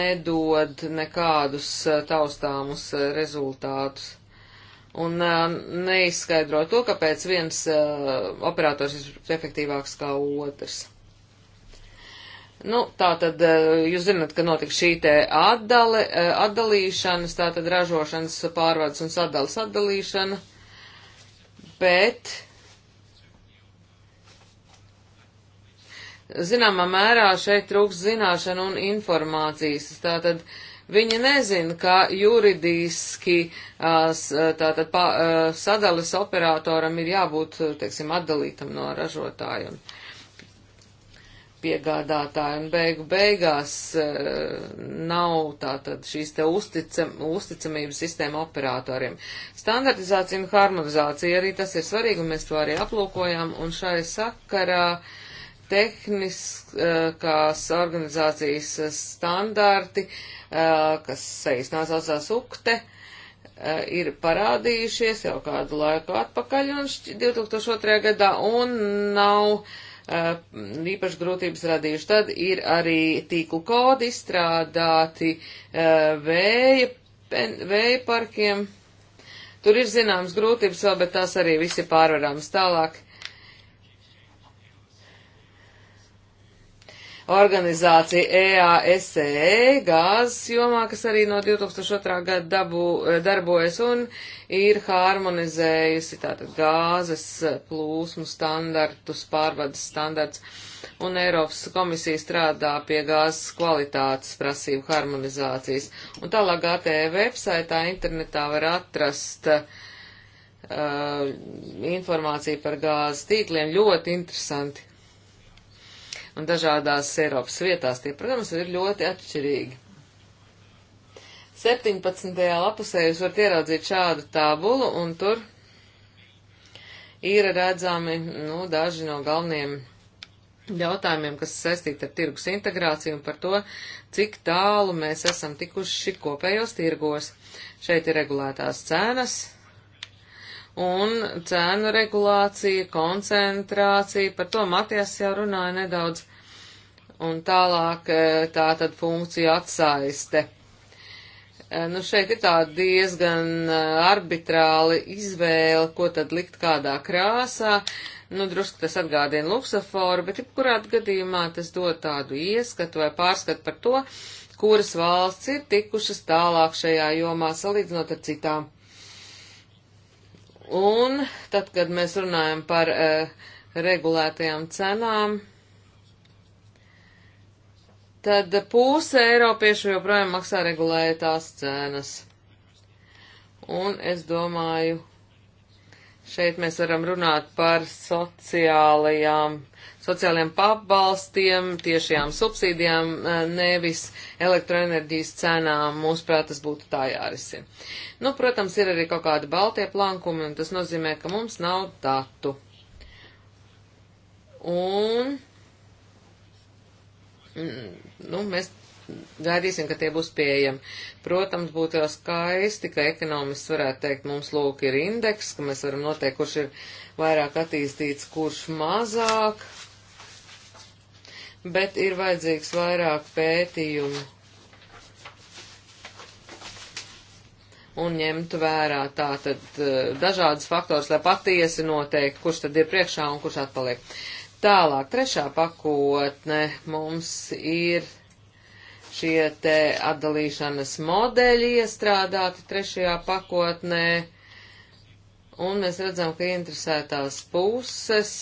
nedod nekādus eh, taustāmus eh, rezultātus un neizskaidro to, kāpēc viens operators ir efektīvāks kā otrs. Nu, tā tad jūs zinat, ka notika šī te atdale, atdalīšanas, tā tad ražošanas pārvades un sadales atdalīšana, bet zināmā mērā šeit trūks zināšanu un informācijas. Tātad uh, Viņi nezina, ka juridiski tātad pā, sadalis operatoram ir jābūt, teiksim, atdalītam no ražotājiem piegādātājiem. Beigu beigās nav tātad šīs te uzticam, uzticamības sistēma operatoriem. Standartizācija un harmonizācija arī tas ir svarīgi, un mēs to arī aplūkojām, un šai sakarā. Uh, tehniskās organizācijas standarti, kas saīsnās saucās UKTE, ir parādījušies jau kādu laiku atpakaļ un 2002. gadā un nav īpaši grūtības radījuši. Tad ir arī tīklu kodi izstrādāti vēja, vēja parkiem. Tur ir zināmas grūtības vēl, bet tās arī visi pārvarams tālāk organizācija EASE e, gāzes jomā, kas arī no 2002. gada dabu, eh, darbojas un ir harmonizējusi tātad gāzes eh, plūsmu standartus, pārvades standarts, un Eiropas komisija strādā pie gāzes kvalitātes prasību harmonizācijas. Un tālāk ATV e websaitā internetā var atrast uh, informāciju par gāzes tīkliem ļoti interesanti un dažādās Eiropas vietās tie, protams, ir ļoti atšķirīgi. 17. lapusē jūs varat ieraudzīt šādu tabulu, un tur ir redzami nu, daži no galvenajiem jautājumiem, kas saistīti ar tirgus integrāciju un par to, cik tālu mēs esam tikuši kopējos tirgos. Šeit ir regulētās cenas, un cēnu regulācija, koncentrācija, par to Matijas jau runāja nedaudz, un tālāk e, tā tad funkcija atsaiste. E, nu, šeit ir tāda diezgan e, arbitrāla izvēle, ko tad likt kādā krāsā. Nu, drusku tas atgādina luksaforu, bet jebkurā gadījumā tas dod tādu ieskatu vai pārskatu par to, kuras valsts ir tikušas tālāk šajā jomā salīdzinot ar citām. Un tad, kad mēs runājam par uh, regulētajām cenām, tad puse eiropiešu joprojām maksā regulētās cenas. Un es domāju, šeit mēs varam runāt par sociālajām sociāliem pabalstiem, tiešajām subsīdijām, e, nevis elektroenerģijas cenām. Mūsuprāt, tas būtu tā jārisina. Nu, protams, ir arī kaut kādi baltie plankumi, un tas nozīmē, ka mums nav datu. Un, mm, nu, mēs gaidīsim, ka tie būs pieejami. Protams, būtu jau skaisti, ka ekonomists varētu teikt, mums lūk ir indeks, ka mēs varam noteikt, kurš ir vairāk attīstīts, kurš mazāk. Uh, bet ir vajadzīgs vairāk pētījumu. Un ņemt vērā tātad eh, dažādas faktors, lai patiesi noteikti, kurš tad ir priekšā un kurš atpaliek. Tālāk, trešā pakotne mums ir šie te atdalīšanas modeļi iestrādāti trešajā pakotnē. Un mēs redzam, ka interesētās puses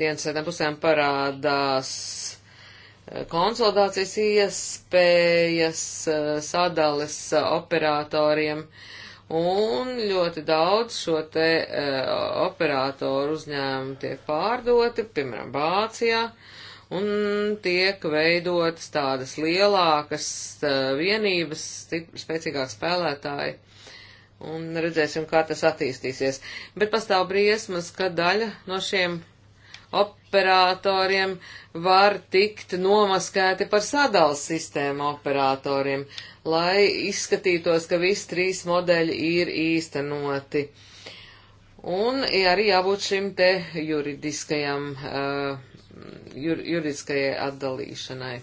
dienasēdām pusēm parādās eh, konsolidācijas iespējas eh, sadales eh, operatoriem, un ļoti daudz šo te operatoru uzņēmumu tiek pārdoti, piemēram, Vācijā, un tiek veidotas tādas lielākas vienības, spēcīgāk spēlētāji un redzēsim, kā tas attīstīsies. Bet pastāv briesmas, ka daļa no šiem operatoriem var tikt nomaskēti par sadals sistēmu operatoriem, lai izskatītos, ka visi trīs modeļi ir īstenoti. Un arī jābūt šim te juridiskajam, eh, jur, juridiskajai atdalīšanai.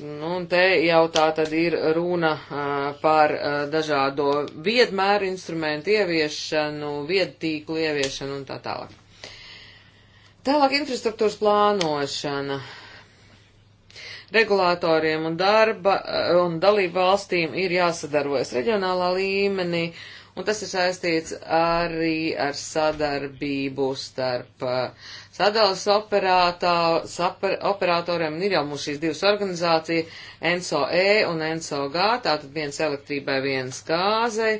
Nu, un te jau tā tad ir runa eh, par eh, dažādo viedmēru instrumentu ieviešanu, viedtīklu ieviešanu un tā tālāk. Tālāk infrastruktūras plānošana. Regulātoriem un darba eh, un dalību valstīm ir jāsadarbojas reģionālā līmenī, un tas ir saistīts arī ar sadarbību starp eh, sadalas operatoriem, un ir jau mums šīs divas organizācija, NSOE un NSOG, tātad viens elektrībai, viens gāzei,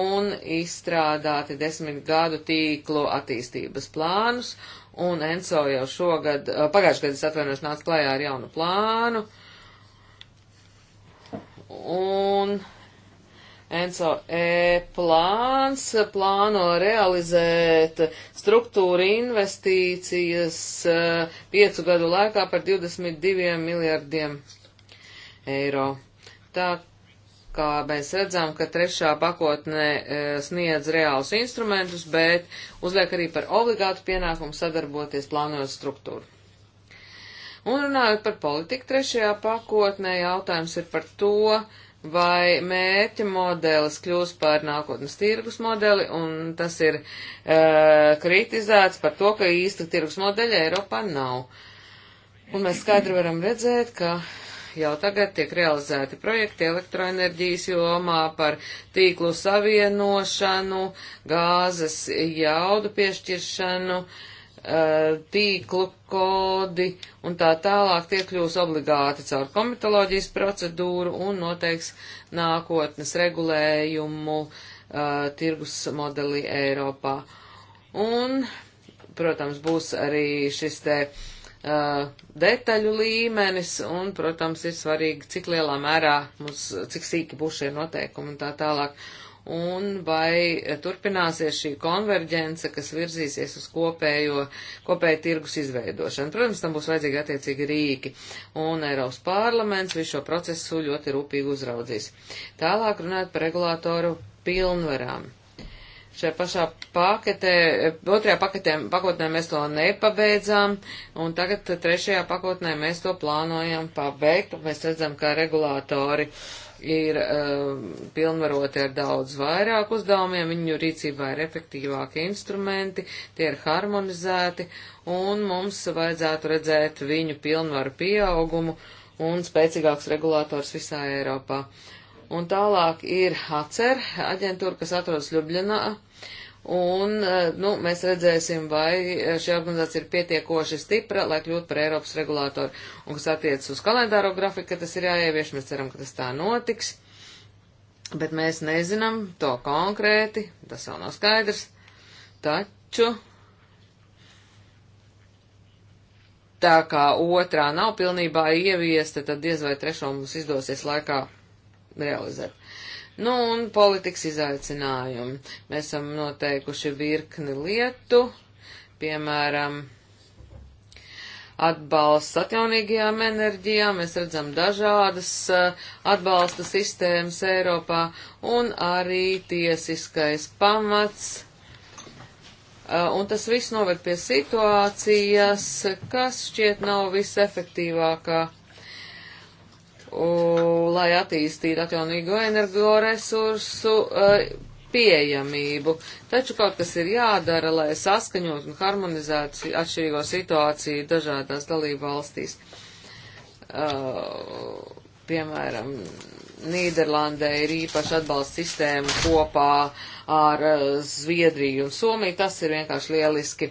un izstrādāti desmit gadu tīklu attīstības plānus, un Enso jau šogad, pagājušajā gadā es atvainojos, nāca klajā ar jaunu plānu. Un Enso E plāns plāno realizēt struktūra investīcijas piecu gadu laikā par 22 miljardiem eiro. Tā kā mēs redzam, ka trešā pakotne e, sniedz reālus instrumentus, bet uzliek arī par obligātu pienākumu sadarboties plānojot struktūru. Un runājot par politiku trešajā pakotnē, jautājums ir par to, vai mērķa modelis kļūs par nākotnes tirgus modeli, un tas ir e, kritizēts par to, ka īsta tirgus modeļa Eiropā nav. Un mēs skaidri varam redzēt, ka jau tagad tiek realizēti projekti elektroenerģijas jomā par tīklu savienošanu, gāzes jaudu piešķiršanu, eh, tīklu kodi un tā tālāk tie kļūs obligāti caur komitoloģijas procedūru un noteiks nākotnes regulējumu eh, tirgus modeli Eiropā. Un, protams, būs arī šis te uh, Uh, detaļu līmenis un, protams, ir svarīgi, cik lielā mērā mums, cik sīki būs šie noteikumi un tā tālāk. Un vai turpināsies šī konverģence, kas virzīsies uz kopējo, kopēju tirgus izveidošanu. Protams, tam būs vajadzīgi attiecīgi rīki. Un Eiropas parlaments visu šo procesu ļoti rūpīgi uzraudzīs. Tālāk runāt par regulātoru pilnvarām. Šajā pašā paketē, otrajā paketē, pakotnē mēs to nepabeidzām, un tagad trešajā pakotnē mēs to plānojam pabeigt, un mēs redzam, ka regulātori ir uh, pilnvaroti ar daudz vairāk uzdevumiem, viņu rīcībā ir efektīvāki instrumenti, tie ir harmonizēti, un mums vajadzētu redzēt viņu pilnvaru pieaugumu un spēcīgāks regulators visā Eiropā. Un tālāk ir HACER aģentūra, kas atrodas Ljubļanā, Un, e, nu, mēs redzēsim, vai e, šī organizācija ir pietiekoši stipra, lai kļūtu par Eiropas regulātoru. Un, kas attiec uz kalendāro grafiku, ka tas ir jāievieš, mēs ceram, ka tas tā notiks. Bet mēs nezinām to konkrēti, tas vēl nav skaidrs. Taču tā kā otrā nav pilnībā ieviesta, tad diez vai trešo mums izdosies laikā realizēt. Nu, un politikas izaicinājumi. Mēs esam noteikuši virkni lietu, piemēram, atbalsts atjaunīgajām enerģijām, mēs redzam dažādas eh, atbalsta sistēmas Eiropā un arī tiesiskais pamats. Eh, un tas viss noved pie situācijas, kas šķiet nav visefektīvākā un, lai attīstītu atjaunīgo energoresursu eh, pieejamību. Taču kaut kas ir jādara, lai saskaņot un harmonizētu atšķirīgo situāciju dažādās dalību valstīs. Uh, piemēram, Nīderlandē ir īpaši atbalsta sistēma kopā ar eh, Zviedriju un Somiju. Tas ir vienkārši lieliski.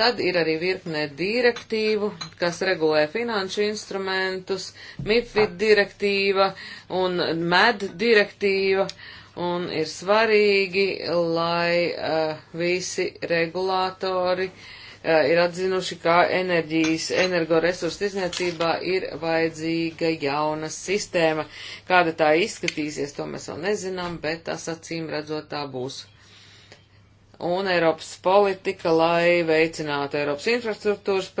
Tad ir arī virkne direktīvu, kas regulē finanšu instrumentus, MIFID direktīva un MED direktīva. Un ir svarīgi, lai uh, visi regulātori uh, Eh, ir atzinuši, ka enerģijas, energoresursu izniecībā ir vajadzīga jauna sistēma. Kāda tā izskatīsies, to mēs vēl nezinām, bet tas acīm redzot tā būs. Un Eiropas politika, lai veicinātu Eiropas infrastruktūras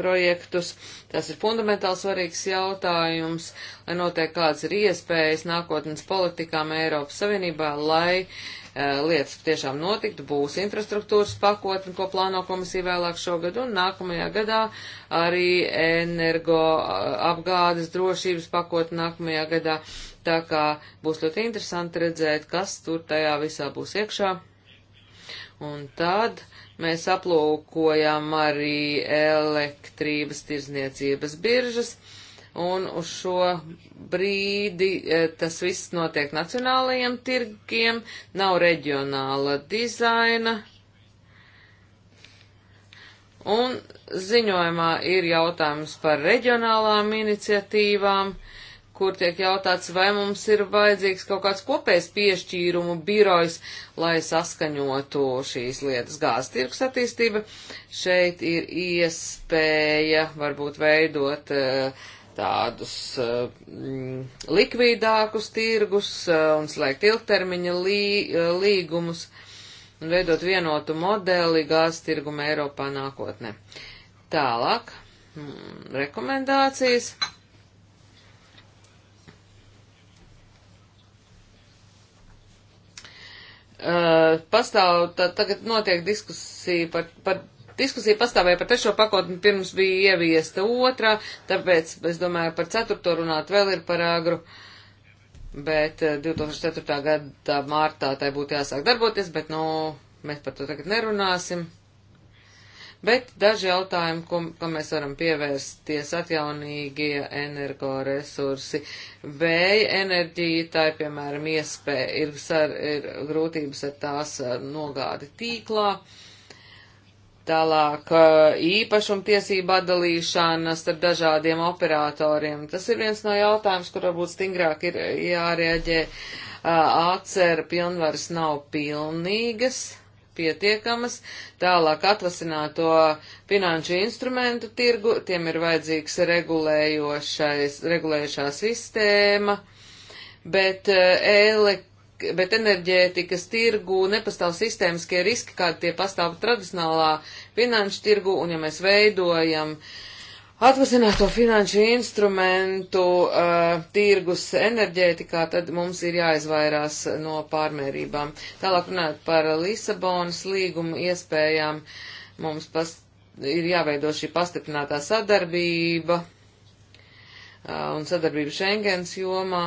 projektus, tas ir fundamentāli svarīgs jautājums, lai notiek kādas ir iespējas nākotnes politikām Eiropas Savienībā, lai uh, Eh, lietas tiešām notiktu, būs infrastruktūras pakotne, ko plāno komisija vēlāk šogad un nākamajā gadā, arī energo eh, apgādes drošības pakotne nākamajā gadā. Tā kā būs ļoti interesanti redzēt, kas tur tajā visā būs iekšā. Un tad mēs aplūkojam arī elektrības tirzniecības biržas. Uh, un uz šo brīdi e, tas viss notiek nacionālajiem tirgiem, nav reģionāla dizaina. Un ziņojumā ir jautājums par reģionālām iniciatīvām, kur tiek jautāts, vai mums ir vajadzīgs kaut kāds kopējs piešķīrumu birojs, lai saskaņotu šīs lietas gāzes tirgus attīstība. Šeit ir iespēja varbūt veidot uh, tādus uh, likvīdākus tirgus uh, un slēgt ilgtermiņa lī, uh, līgumus un veidot vienotu modeli gāzes tirguma Eiropā nākotnē. Tālāk, mm, rekomendācijas. Uh, pastāv, tā, tagad notiek diskusija par, par diskusija pastāvēja par trešo pakotni, pirms bija ieviesta otrā, tāpēc es domāju par ceturto runāt vēl ir par agru. Bet 2004. Eh, gada mārtā tai būtu jāsāk darboties, bet nu, mēs par to tagad nerunāsim. Bet daži jautājumi, ko, ko mēs varam pievērsties, atjaunīgie energoresursi, vēja enerģija, tā ir, piemēram, iespēja, ir, sar, ir grūtības ar tās eh, nogādi tīklā. Uh, Tālāk īpašumtiesība atdalīšana starp dažādiem operatoriem. Tas ir viens no jautājums, kur varbūt stingrāk ir jārēģē. Atcera pilnvaras nav pilnīgas, pietiekamas. Tālāk atvasināto finanšu instrumentu tirgu, tiem ir vajadzīgs regulējošais, regulējošā sistēma, bet elektroniski bet enerģētikas tirgu nepastāv sistēmiskie riski, kādi tie pastāv tradicionālā finanšu tirgu, un ja mēs veidojam atvasināto finanšu instrumentu uh, tirgus enerģētikā, tad mums ir jāizvairās no pārmērībām. Tālāk runājot par Lisabonas līgumu iespējām, mums pas, ir jāveido šī pastiprinātā sadarbība uh, un sadarbība Schengens jomā.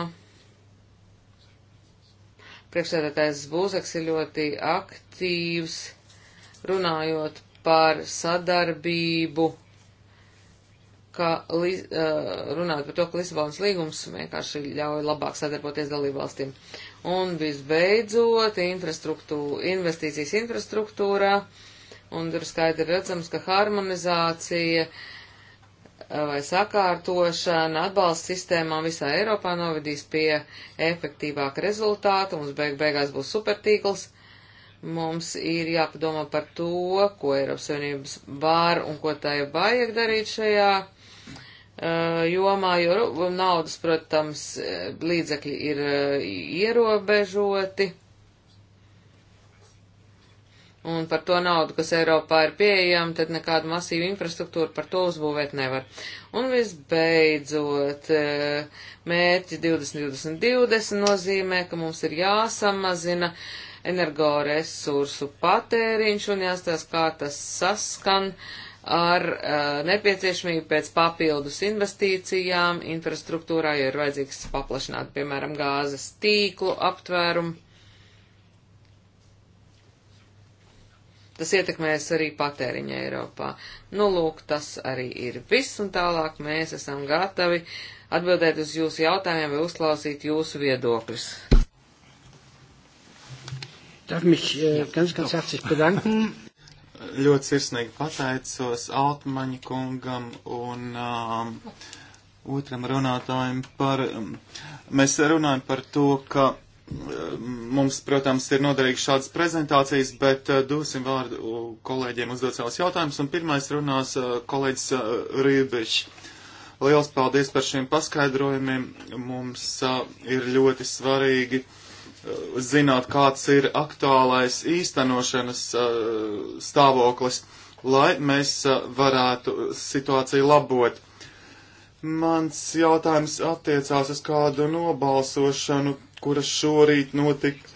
Priekšsēdētājs Būzaks ir ļoti aktīvs, runājot par sadarbību, ka, uh, runājot par to, ka Lisabonas līgums vienkārši ļauj labāk sadarboties dalībvalstīm. Un visbeidzot, infrastruktūra, investīcijas infrastruktūrā, un tur skaidri redzams, ka harmonizācija uh, vai sakārtošana atbalsta sistēmām visā Eiropā novedīs pie efektīvāka rezultāta, mums beig beigās būs supertīkls, mums ir jāpadomā par to, ko Eiropas Savienības var un ko tai vajag darīt šajā uh, jomā, jo naudas, protams, eh, līdzekļi ir uh, ierobežoti un par to naudu, kas Eiropā ir pieejama, tad nekādu masīvu infrastruktūru par to uzbūvēt nevar. Un visbeidzot, e, mērķi 2020 20 nozīmē, ka mums ir jāsamazina energoresursu patēriņš un jāstāsta, kā tas saskan ar uh, nepieciešamību pēc papildus investīcijām infrastruktūrā, jo ir vajadzīgs paplašināt, piemēram, gāzes tīklu aptvērumu tas ietekmēs arī patēriņu Eiropā. Nu, lūk, tas arī ir viss, un tālāk mēs esam gatavi atbildēt uz jūsu jautājumiem vai uzklausīt jūsu viedokļus. Darf mich äh, ganz, ganz herzlich bedanken. Ļoti sirsnīgi pateicos Altmaņa kungam un um, otram runātājiem par. Um, mēs runājam par to, ka Mums, protams, ir noderīgi šādas prezentācijas, bet eh, dosim vārdu kolēģiem uzdot savus jautājumus. Un pirmais runās eh, kolēģis eh, Rībišs. Liels paldies par šiem paskaidrojumiem. Mums ir ļoti svarīgi zināt, kāds ir aktuālais īstenošanas stāvoklis, lai mēs varētu situāciju labot. Mans jautājums attiecās uz kādu nobalsošanu kura šorīt notika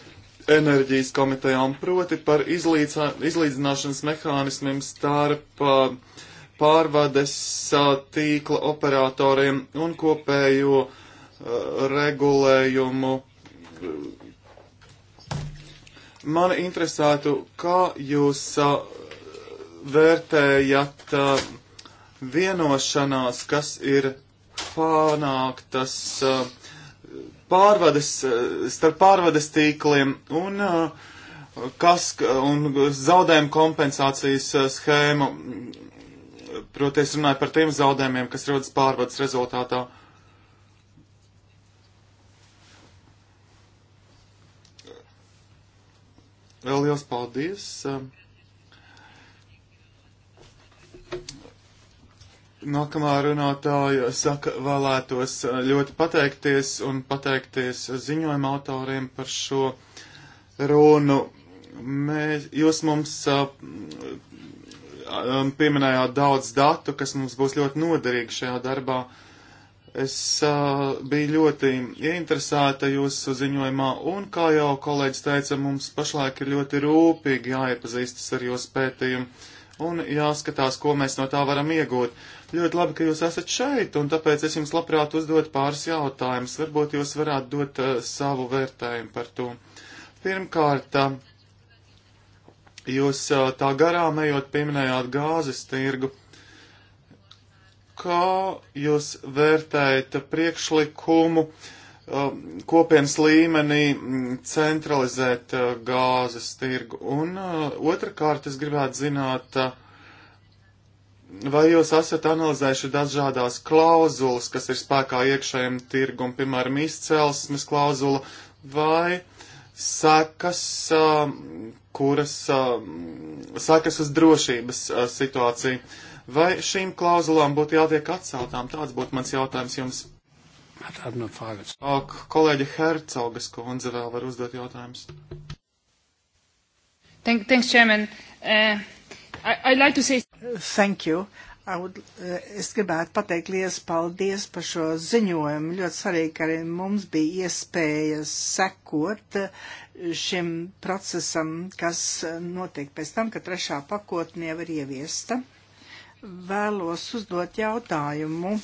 enerģijas komitejām, proti par izlīdzā, izlīdzināšanas mehānismiem starp pārvades tīkla operatoriem un kopējo uh, regulējumu. Mani interesētu, kā jūs uh, vērtējat uh, vienošanās, kas ir panāktas uh, pārvades, eh, starp pārvades tīkliem un, eh, kas, un zaudējumu kompensācijas eh, schēmu. Proti, es runāju par tiem zaudējumiem, kas rodas pārvades rezultātā. Vēl liels paldies! Nākamā runātāja saka, vēlētos eh, ļoti pateikties un pateikties ziņojuma autoriem par šo runu. Mēs, jūs mums eh, pieminējāt daudz datu, kas mums būs ļoti noderīgi šajā darbā. Es uh, biju ļoti ieinteresēta jūsu ziņojumā, un, kā jau kolēģis teica, mums pašlaik ir ļoti rūpīgi jāiepazīstas ar jūsu pētījumu un jāskatās, ko mēs no tā varam iegūt. Ļoti labi, ka jūs esat šeit, un tāpēc es jums labprāt uzdot pāris jautājumus. Varbūt jūs varētu dot uh, savu vērtējumu par to. Pirmkārt, uh, jūs uh, tā garām ejot pieminējāt gāzes tirgu. Kā jūs vērtējat priekšlikumu? Uh, Um, kopienas līmenī mm, centralizēt uh, gāzes tirgu. Un uh, otrkārt, es gribētu zināt, uh, vai jūs esat analizējuši dažādās klauzulas, kas ir spēkā iekšējiem tirgum, piemēram, izcelsmes klauzula, vai sekas, um, kuras um, sekas uz drošības situāciju. Vai šīm klauzulām būtu jātiek atceltām? Tāds būtu mans jautājums jums. Tāda no fāgas. Kolēģi Hercogas kundze vēl var uzdot jautājumus. Thank, thanks, Chairman. Uh, I, I'd like to say... Thank you. I would, uh, es gribētu pateikt liels paldies par šo ziņojumu. Ļoti svarīgi, ka arī mums bija iespēja sekot uh, šim procesam, kas uh, notiek pēc tam, ka trešā pakotnie var ieviesta. Vēlos uzdot jautājumu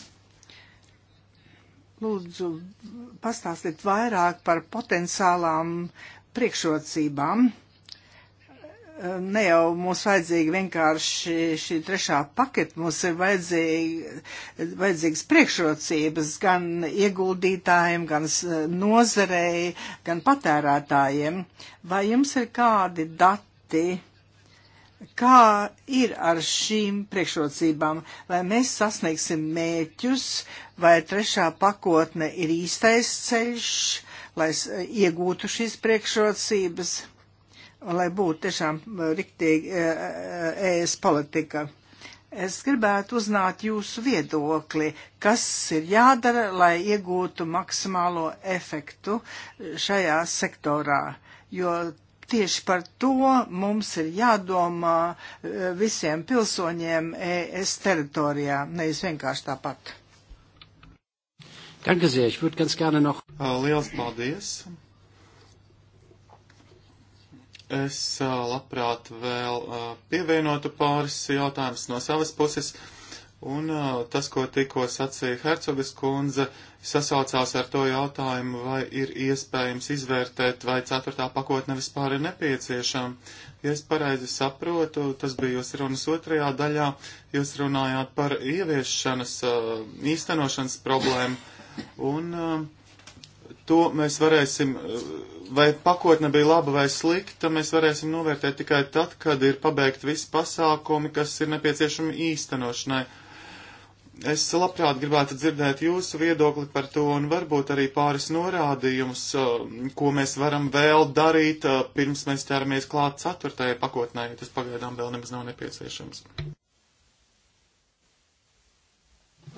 Lūdzu, pastāstiet vairāk par potenciālām priekšrocībām. Ne jau mums vajadzīga vienkārši šī trešā paketa, mums ir vajadzīga, vajadzīgas priekšrocības gan ieguldītājiem, gan nozarei, gan patērētājiem. Vai jums ir kādi dati? kā ir ar šīm priekšrocībām, vai mēs sasniegsim mērķus, vai trešā pakotne ir īstais ceļš, lai iegūtu šīs priekšrocības, un lai būtu tiešām riktīgi e, e, e, ēs politika. Es gribētu uzzināt jūsu viedokli, kas ir jādara, lai iegūtu maksimālo efektu šajā sektorā, jo Tieši par to mums ir jādomā eh, visiem pilsoņiem ES teritorijā, nevis vienkārši tāpat. Dankazieši, būtu gan skāna no. Liels paldies! Es äh, labprāt vēl äh, pievienotu pāris jautājumus no savas puses. Un tas, ko tikko sacīja Hercogas kundze, sasaucās ar to jautājumu, vai ir iespējams izvērtēt, vai ceturtā pakotne vispār ir nepieciešama. Ja es pareizi saprotu, tas bija jūs runas otrajā daļā, jūs runājāt par ieviešanas, īstenošanas problēmu. Un to mēs varēsim, vai pakotne bija laba vai slikta, mēs varēsim novērtēt tikai tad, kad ir pabeigt visi pasākumi, kas ir nepieciešami īstenošanai Es labprāt gribētu dzirdēt jūsu viedokli par to un varbūt arī pāris norādījumus, uh, ko mēs varam vēl darīt, uh, pirms mēs ķeramies klāt ceturtajai pakotnē, jo tas pagaidām vēl nemaz nav nepieciešams.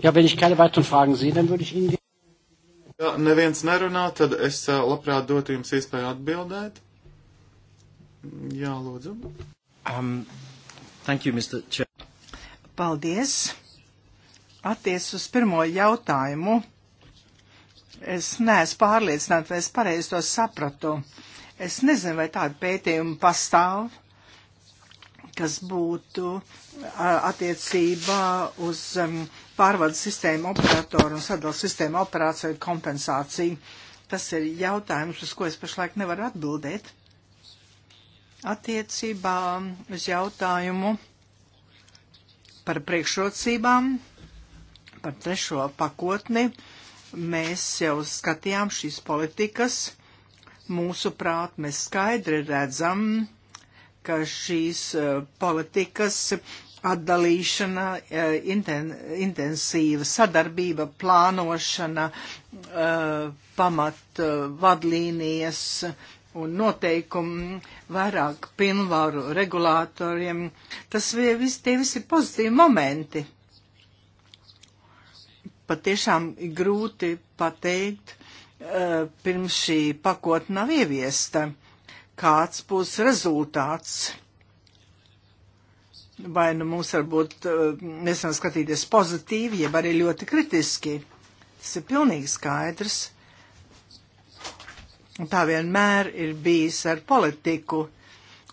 Ja, wenn ich keine weiteren Fragen sehe, dann würde ich Ihnen. Ja, neviens nerunā, tad es uh, labprāt dotu jums iespēju atbildēt. Jā, lūdzu. Um, thank you, Mr. Chair. Paldies attiec uz pirmo jautājumu. Es neesmu pārliecināta, vai es pareizi to sapratu. Es nezinu, vai tāda pētījuma pastāv, kas būtu attiecībā uz um, pārvaldes sistēmu operatoru un sadalas sistēmu operāciju kompensāciju. Tas ir jautājums, uz ko es pašlaik nevaru atbildēt. Attiecībā uz jautājumu par priekšrocībām par trešo pakotni. Mēs jau skatījām šīs politikas. Mūsuprāt, mēs skaidri redzam, ka šīs e, politikas atdalīšana, e, inten, intensīva sadarbība, plānošana, e, pamat vadlīnijas un noteikumi vairāk pilnvaru regulātoriem. Tas viss tie visi pozitīvi momenti patiešām grūti pateikt, eh, pirms šī pakotne nav ieviesta, kāds būs rezultāts. Vai nu mums varbūt eh, mēs varam skatīties pozitīvi, jeb arī ļoti kritiski. Tas ir pilnīgi skaidrs. Un tā vienmēr ir bijis ar politiku.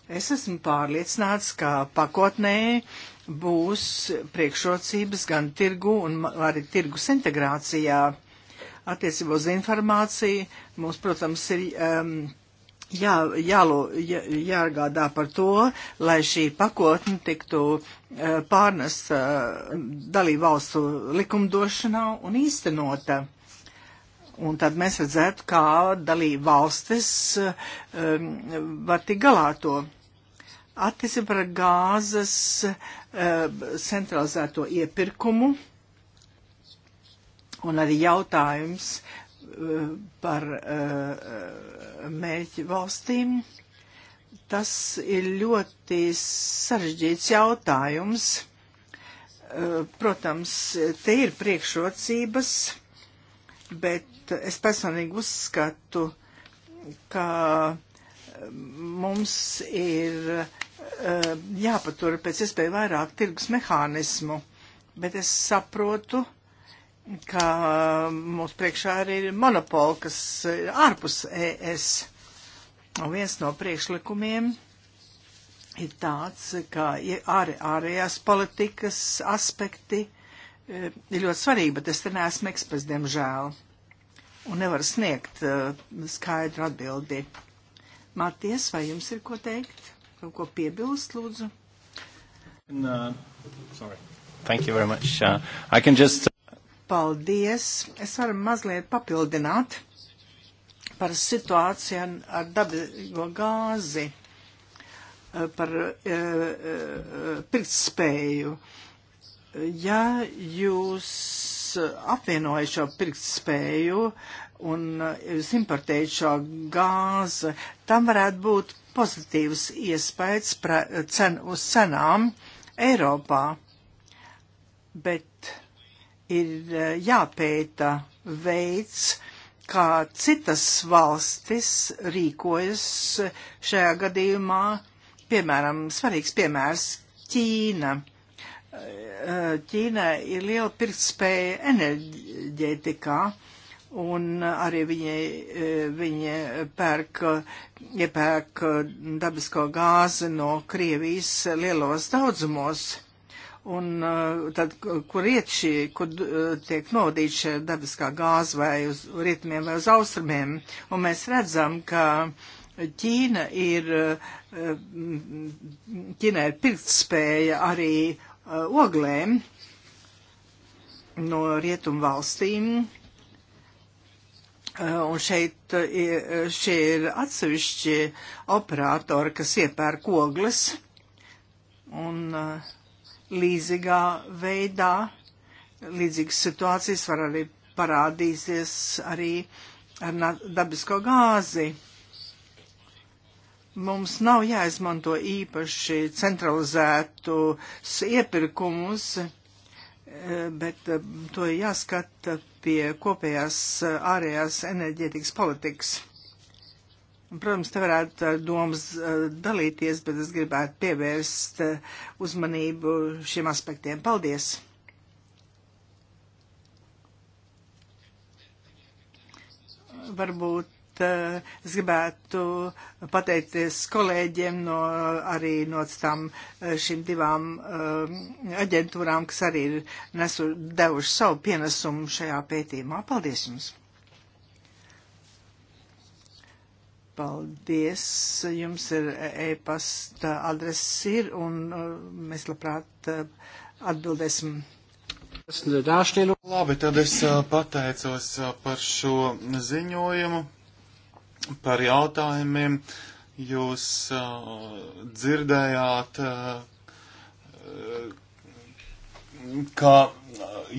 Es esmu pārliecināts, ka pakotnē būs priekšrocības gan tirgu un arī tirgus integrācijā. Attiecībā uz informāciju mums, protams, ir um, jā, jālo, jā, jārgādā par to, lai šī pakotne tiktu uh, pārnest uh, dalību valstu likumdošanā un īstenota. Un tad mēs redzētu, kā dalība valstis uh, um, var tik galā to attiecībā par gāzes uh, centralizēto iepirkumu un arī jautājums uh, par uh, eh, mērķu valstīm. Tas ir ļoti sarežģīts jautājums. Protams, te ir priekšrocības, bet es personīgi uzskatu, ka mums ir uh, Eh, jāpatur pēc iespēja vairāk tirgus mehānismu, bet es saprotu, ka mums priekšā arī ir monopoli, kas ir ārpus ES. Un viens no priekšlikumiem ir tāds, ka ār, ārējās politikas aspekti eh, ir ļoti svarīgi, bet es te neesmu eksperts, diemžēl, un nevaru sniegt eh, skaidru atbildi. Māties, vai jums ir ko teikt? kaut ko piebilst, lūdzu? No, uh, sorry. Thank you very much. Uh, I can just... Uh, Paldies. Es varu mazliet papildināt par situāciju ar dabisko gāzi, uh, par uh, pirktspēju. Ja jūs apvienojat šo pirktspēju, uh, un jūs eh, importējat šo gāzi, tam varētu būt pozitīvs iespējas cen, uz cenām Eiropā. Bet ir eh, jāpēta veids, kā citas valstis rīkojas šajā gadījumā. Piemēram, svarīgs piemērs - Ķīna. Eh, Ķīna ir liela pirktspēja enerģētikā. Uh, un uh, arī viņi, uh, viņi pērk, uh, iepērk dabisko gāzi no Krievijas lielos daudzumos. Un tad, kur iet šī, kur tiek nodīta šī dabiskā gāze vai uz rietumiem vai uz austrumiem, un mēs redzam, ka Ķīna ir, Ķīna ir pirktspēja arī oglēm no rietumu valstīm, Eh, un šeit eh, šie ir atsevišķi operatori, kas iepērk ogles un eh, līdzīgā veidā līdzīgas situācijas var arī parādīsies arī ar dabisko gāzi. Mums nav jāizmanto īpaši centralizētus iepirkumus, uh, bet eh, to jāskata pie kopējās eh, ārējās enerģētikas politikas. Protams, te varētu domas eh, dalīties, bet es gribētu pievērst uzmanību šiem aspektiem. Paldies! Varbūt Eh, es gribētu pateikties kolēģiem no, arī no tām eh, šīm divām eh, aģentūrām, kas arī ir nesu, devuši savu pienesumu šajā pētījumā. Paldies jums! Paldies! Jums ir e-pasta adrese ir un mēs labprāt atbildēsim. Labi, tad es pateicos par šo ziņojumu par jautājumiem. Jūs uh, dzirdējāt, uh, ka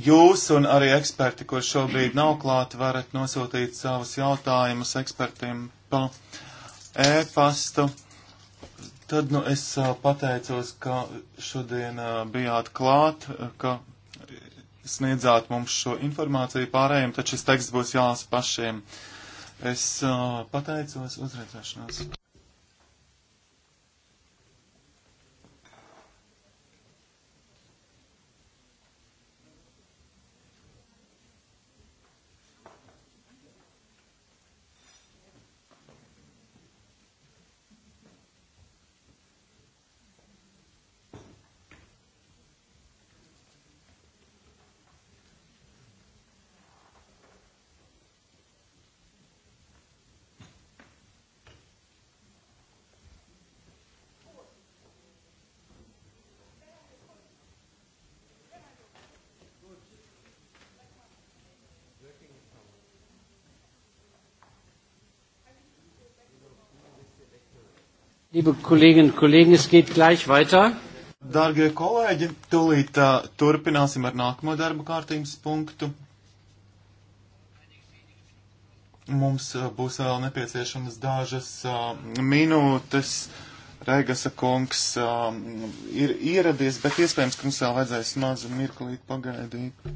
jūs un arī eksperti, kur šobrīd nav klāt, varat nosūtīt savus jautājumus ekspertiem pa e-pastu. Tad nu, es uh, pateicos, ka šodien uh, bijāt klāt, uh, ka sniedzāt mums šo informāciju pārējiem, taču šis teksts būs jālas pašiem. Uh, Es uh, pateicos uzredzēšanos. Liebe Kolleginnen und Kollegen, es geht gleich weiter. Dārgie kolēģi, tūlīt uh, turpināsim ar nākamo darba kārtības punktu. Mums uh, būs vēl nepieciešamas dažas uh, minūtes. Reigasa kungs uh, ir ieradies, bet iespējams, ka mums vēl vajadzēs mazu mirklīt pagaidīt.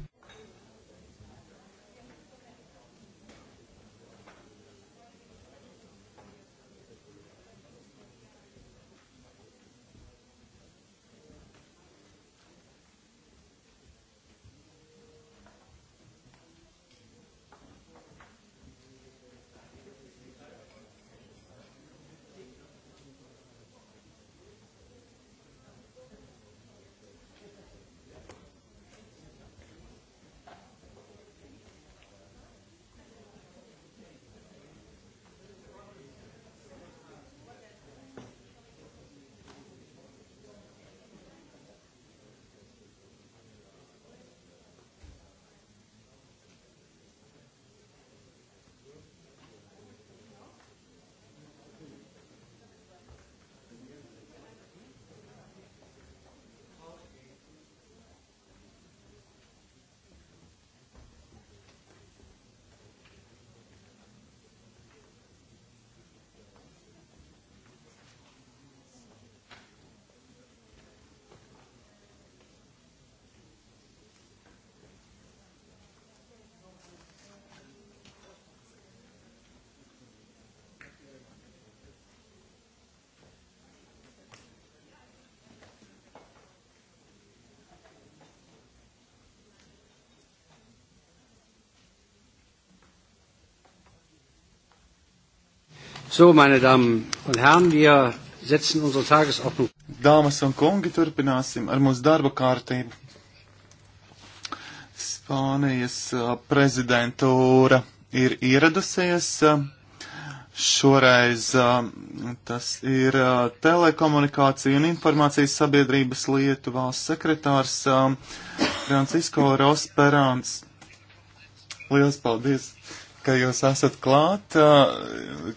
So, meine Damen und Herren, wir setzen unsere Tagesordnung. Dāmas un kungi, turpināsim ar mūsu darba kārtību. Spānijas uh, prezidentūra ir ieradusies. Uh, Šoreiz uh, tas ir uh, telekomunikācija un informācijas sabiedrības lietu valsts sekretārs uh, Francisko Rosperāns. Lielas paldies! ka jūs esat klāt.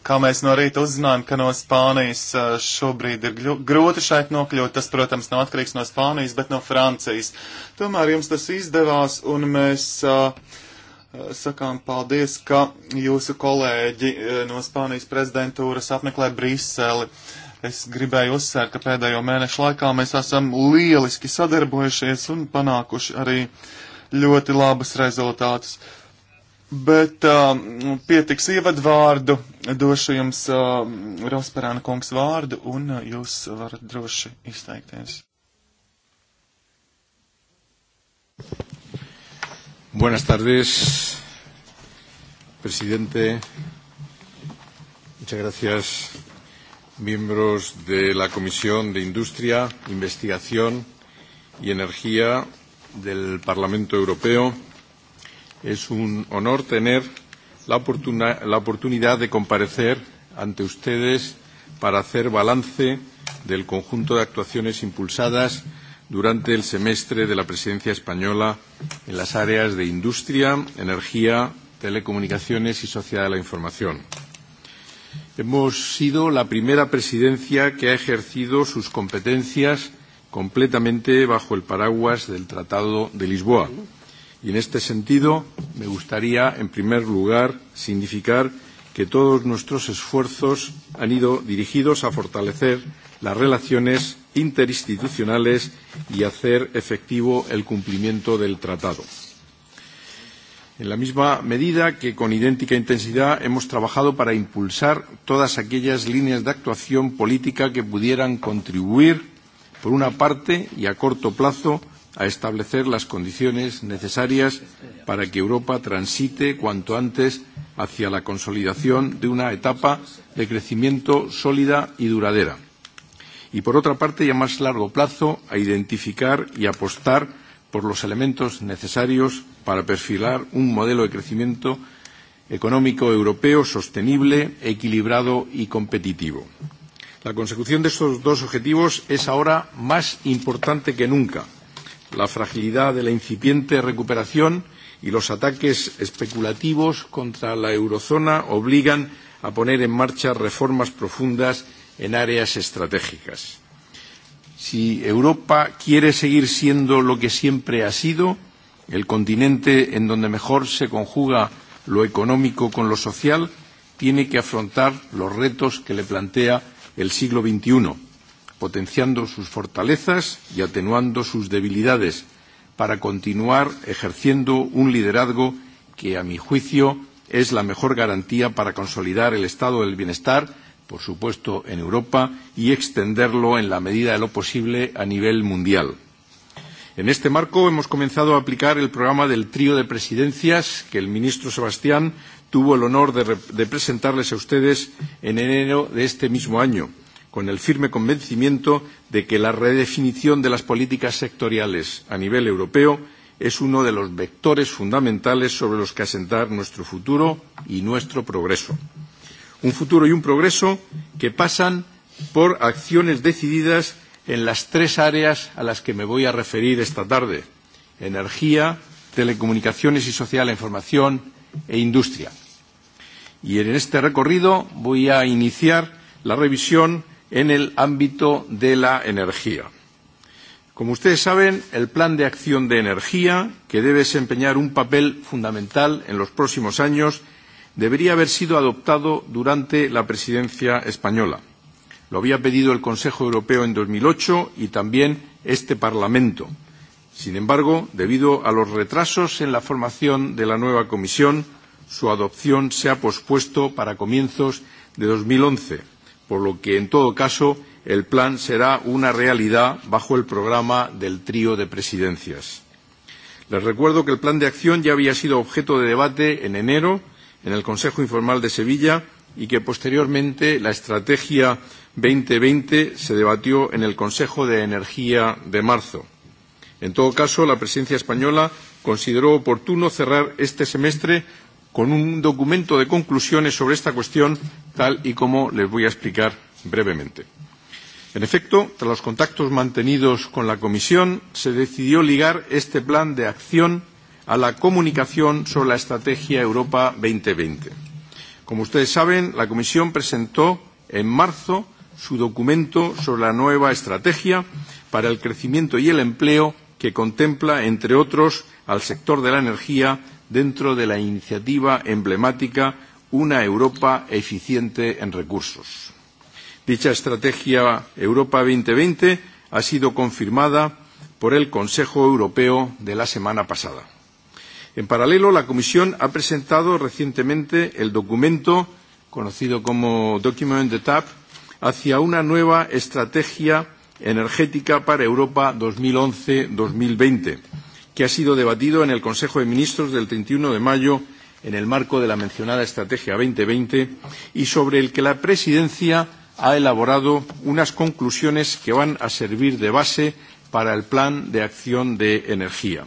Kā mēs no rīta uzzinājām, ka no Spānijas šobrīd ir grūti šeit nokļūt, tas, protams, nav atkarīgs no Spānijas, bet no Francijas. Tomēr jums tas izdevās, un mēs sakām paldies, ka jūsu kolēģi no Spānijas prezidentūras apmeklē Briseli. Es gribēju uzsvērt, ka pēdējo mēnešu laikā mēs esam lieliski sadarbojušies un panākuši arī ļoti labus rezultātus bet uh, pietiks ievadvārdu, došu jums uh, um, Rosperāna kungs vārdu, un uh, jūs varat droši izteikties. Buenas tardes, presidente. Muchas gracias, miembros de la Comisión de Industria, Investigación y Energía del Parlamento Europeo es un honor tener la, oportuna, la oportunidad de comparecer ante ustedes para hacer balance del conjunto de actuaciones impulsadas durante el semestre de la presidencia española en las áreas de industria, energía, telecomunicaciones y sociedad de la información. Hemos sido la primera presidencia que ha ejercido sus competencias completamente bajo el paraguas del Tratado de Lisboa. ¿no? Y en este sentido, me gustaría, en primer lugar, significar que todos nuestros esfuerzos han ido dirigidos a fortalecer las relaciones interinstitucionales y hacer efectivo el cumplimiento del tratado. En la misma medida que con idéntica intensidad hemos trabajado para impulsar todas aquellas líneas de actuación política que pudieran contribuir, por una parte y a corto plazo, a establecer las condiciones necesarias para que Europa transite cuanto antes hacia la consolidación de una etapa de crecimiento sólida y duradera. Y, por otra parte, y a más largo plazo, a identificar y apostar por los elementos necesarios para perfilar un modelo de crecimiento económico europeo sostenible, equilibrado y competitivo. La consecución de estos dos objetivos es ahora más importante que nunca la fragilidad de la incipiente recuperación y los ataques especulativos contra la eurozona obligan a poner en marcha reformas profundas en áreas estratégicas. Si Europa quiere seguir siendo lo que siempre ha sido, el continente en donde mejor se conjuga lo económico con lo social, tiene que afrontar los retos que le plantea el siglo XXI potenciando sus fortalezas y atenuando sus debilidades para continuar ejerciendo un liderazgo que, a mi juicio, es la mejor garantía para consolidar el estado del bienestar, por supuesto, en Europa y extenderlo en la medida de lo posible a nivel mundial. En este marco hemos comenzado a aplicar el programa del trío de presidencias que el ministro Sebastián tuvo el honor de, de presentarles a ustedes en enero de este mismo año con el firme convencimiento de que la redefinición de las políticas sectoriales a nivel europeo es uno de los vectores fundamentales sobre los que asentar nuestro futuro y nuestro progreso. Un futuro y un progreso que pasan por acciones decididas en las tres áreas a las que me voy a referir esta tarde energía, telecomunicaciones y social, e información e industria. Y en este recorrido voy a iniciar la revisión en el ámbito de la energía. Como ustedes saben, el Plan de Acción de Energía, que debe desempeñar un papel fundamental en los próximos años, debería haber sido adoptado durante la presidencia española. Lo había pedido el Consejo Europeo en 2008 y también este Parlamento. Sin embargo, debido a los retrasos en la formación de la nueva Comisión, su adopción se ha pospuesto para comienzos de 2011 por lo que, en todo caso, el plan será una realidad bajo el programa del trío de presidencias. Les recuerdo que el plan de acción ya había sido objeto de debate en enero en el Consejo Informal de Sevilla y que posteriormente la Estrategia 2020 se debatió en el Consejo de Energía de marzo. En todo caso, la presidencia española consideró oportuno cerrar este semestre con un documento de conclusiones sobre esta cuestión, tal y como les voy a explicar brevemente. En efecto, tras los contactos mantenidos con la Comisión, se decidió ligar este plan de acción a la comunicación sobre la Estrategia Europa 2020. Como ustedes saben, la Comisión presentó en marzo su documento sobre la nueva estrategia para el crecimiento y el empleo que contempla, entre otros, al sector de la energía dentro de la iniciativa emblemática Una Europa eficiente en recursos. Dicha estrategia Europa 2020 ha sido confirmada por el Consejo Europeo de la semana pasada. En paralelo, la Comisión ha presentado recientemente el documento conocido como Document de TAP hacia una nueva estrategia energética para Europa 2011-2020 que ha sido debatido en el Consejo de Ministros del 31 de mayo en el marco de la mencionada Estrategia 2020 y sobre el que la Presidencia ha elaborado unas conclusiones que van a servir de base para el Plan de Acción de Energía.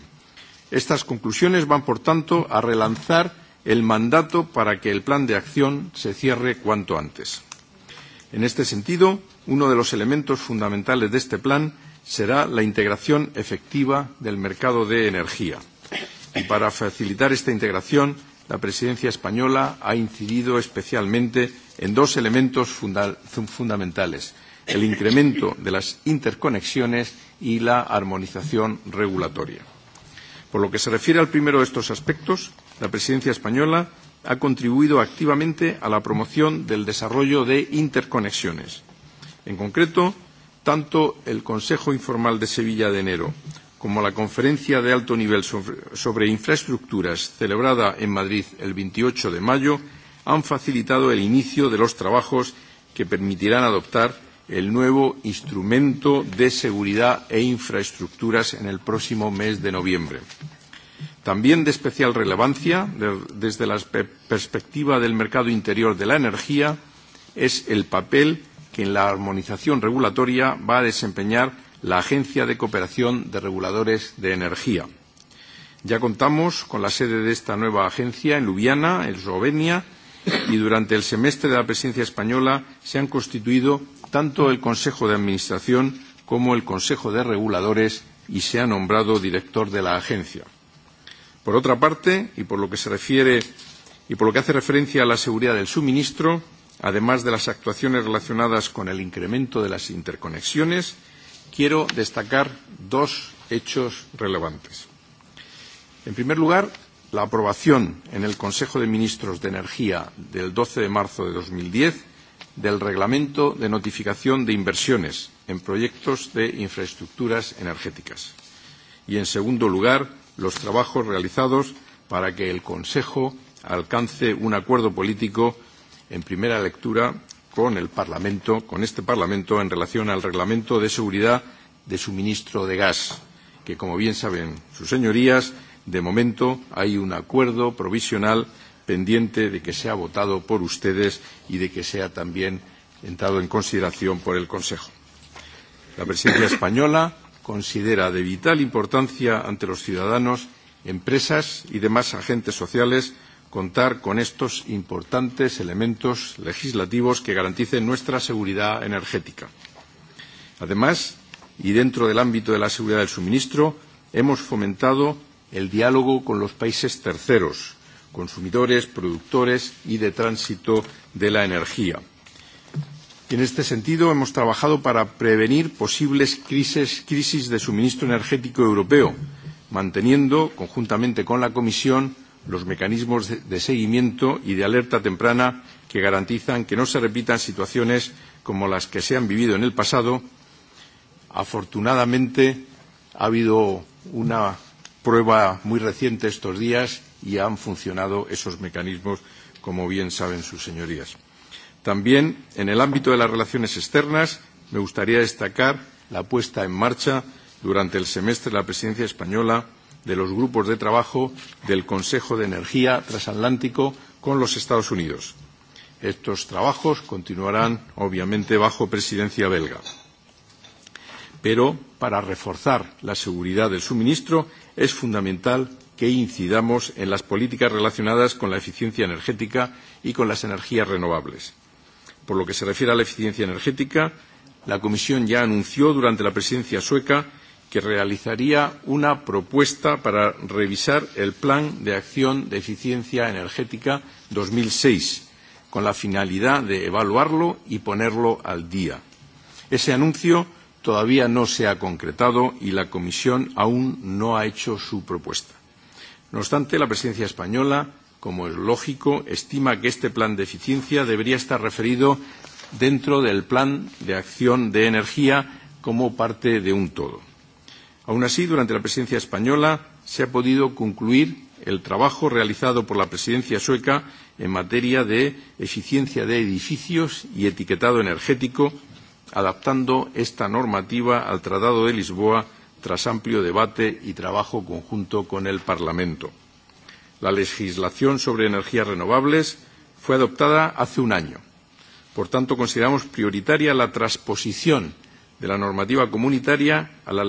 Estas conclusiones van, por tanto, a relanzar el mandato para que el plan de acción se cierre cuanto antes. En este sentido, uno de los elementos fundamentales de este plan será la integración efectiva del mercado de energía. Y para facilitar esta integración, la presidencia española ha incidido especialmente en dos elementos funda fundamentales el incremento de las interconexiones y la armonización regulatoria. Por lo que se refiere al primero de estos aspectos, la presidencia española ha contribuido activamente a la promoción del desarrollo de interconexiones. En concreto, tanto el Consejo Informal de Sevilla de enero como la conferencia de alto nivel sobre, sobre infraestructuras celebrada en Madrid el 28 de mayo han facilitado el inicio de los trabajos que permitirán adoptar el nuevo instrumento de seguridad e infraestructuras en el próximo mes de noviembre. También de especial relevancia, de, desde la perspectiva del mercado interior de la energía, es el papel que en la armonización regulatoria va a desempeñar la Agencia de Cooperación de Reguladores de Energía. Ya contamos con la sede de esta nueva agencia en Ljubljana, Eslovenia, y durante el semestre de la presidencia española se han constituido tanto el Consejo de Administración como el Consejo de Reguladores y se ha nombrado director de la agencia. Por otra parte, y por lo que se refiere y por lo que hace referencia a la seguridad del suministro, Además de las actuaciones relacionadas con el incremento de las interconexiones, quiero destacar dos hechos relevantes. En primer lugar, la aprobación en el Consejo de Ministros de Energía del 12 de marzo de 2010 del Reglamento de Notificación de Inversiones en Proyectos de Infraestructuras Energéticas. Y, en segundo lugar, los trabajos realizados para que el Consejo alcance un acuerdo político en primera lectura con el Parlamento, con este Parlamento, en relación al Reglamento de Seguridad de Suministro de Gas, que, como bien saben sus señorías, de momento hay un acuerdo provisional pendiente de que sea votado por ustedes y de que sea también entrado en consideración por el Consejo. La presidencia española considera de vital importancia ante los ciudadanos, empresas y demás agentes sociales contar con estos importantes elementos legislativos que garanticen nuestra seguridad energética. Además, y dentro del ámbito de la seguridad del suministro, hemos fomentado el diálogo con los países terceros, consumidores, productores y de tránsito de la energía. Y en este sentido, hemos trabajado para prevenir posibles crisis, crisis de suministro energético europeo, manteniendo, conjuntamente con la Comisión, los mecanismos de seguimiento y de alerta temprana que garantizan que no se repitan situaciones como las que se han vivido en el pasado. Afortunadamente, ha habido una prueba muy reciente estos días y han funcionado esos mecanismos, como bien saben sus señorías. También, en el ámbito de las relaciones externas, me gustaría destacar la puesta en marcha durante el semestre de la presidencia española de los grupos de trabajo del Consejo de Energía Transatlántico con los Estados Unidos. Estos trabajos continuarán, obviamente, bajo presidencia belga. Pero, para reforzar la seguridad del suministro, es fundamental que incidamos en las políticas relacionadas con la eficiencia energética y con las energías renovables. Por lo que se refiere a la eficiencia energética, la Comisión ya anunció durante la presidencia sueca que realizaría una propuesta para revisar el Plan de Acción de Eficiencia Energética 2006, con la finalidad de evaluarlo y ponerlo al día. Ese anuncio todavía no se ha concretado y la Comisión aún no ha hecho su propuesta. No obstante, la Presidencia española, como es lógico, estima que este plan de eficiencia debería estar referido dentro del Plan de Acción de Energía como parte de un todo. Aún así, durante la presidencia española se ha podido concluir el trabajo realizado por la presidencia sueca en materia de eficiencia de edificios y etiquetado energético, adaptando esta normativa al Tratado de Lisboa tras amplio debate y trabajo conjunto con el Parlamento. La legislación sobre energías renovables fue adoptada hace un año. Por tanto, consideramos prioritaria la transposición de la normativa comunitaria a las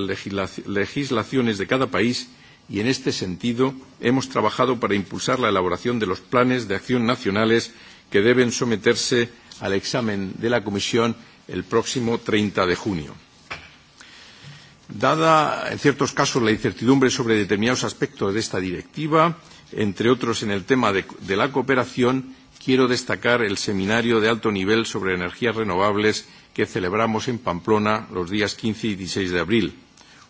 legislaciones de cada país y en este sentido hemos trabajado para impulsar la elaboración de los planes de acción nacionales que deben someterse al examen de la Comisión el próximo 30 de junio. Dada, en ciertos casos, la incertidumbre sobre determinados aspectos de esta directiva, entre otros en el tema de, de la cooperación, quiero destacar el seminario de alto nivel sobre energías renovables que celebramos en Pamplona los días 15 y 16 de abril,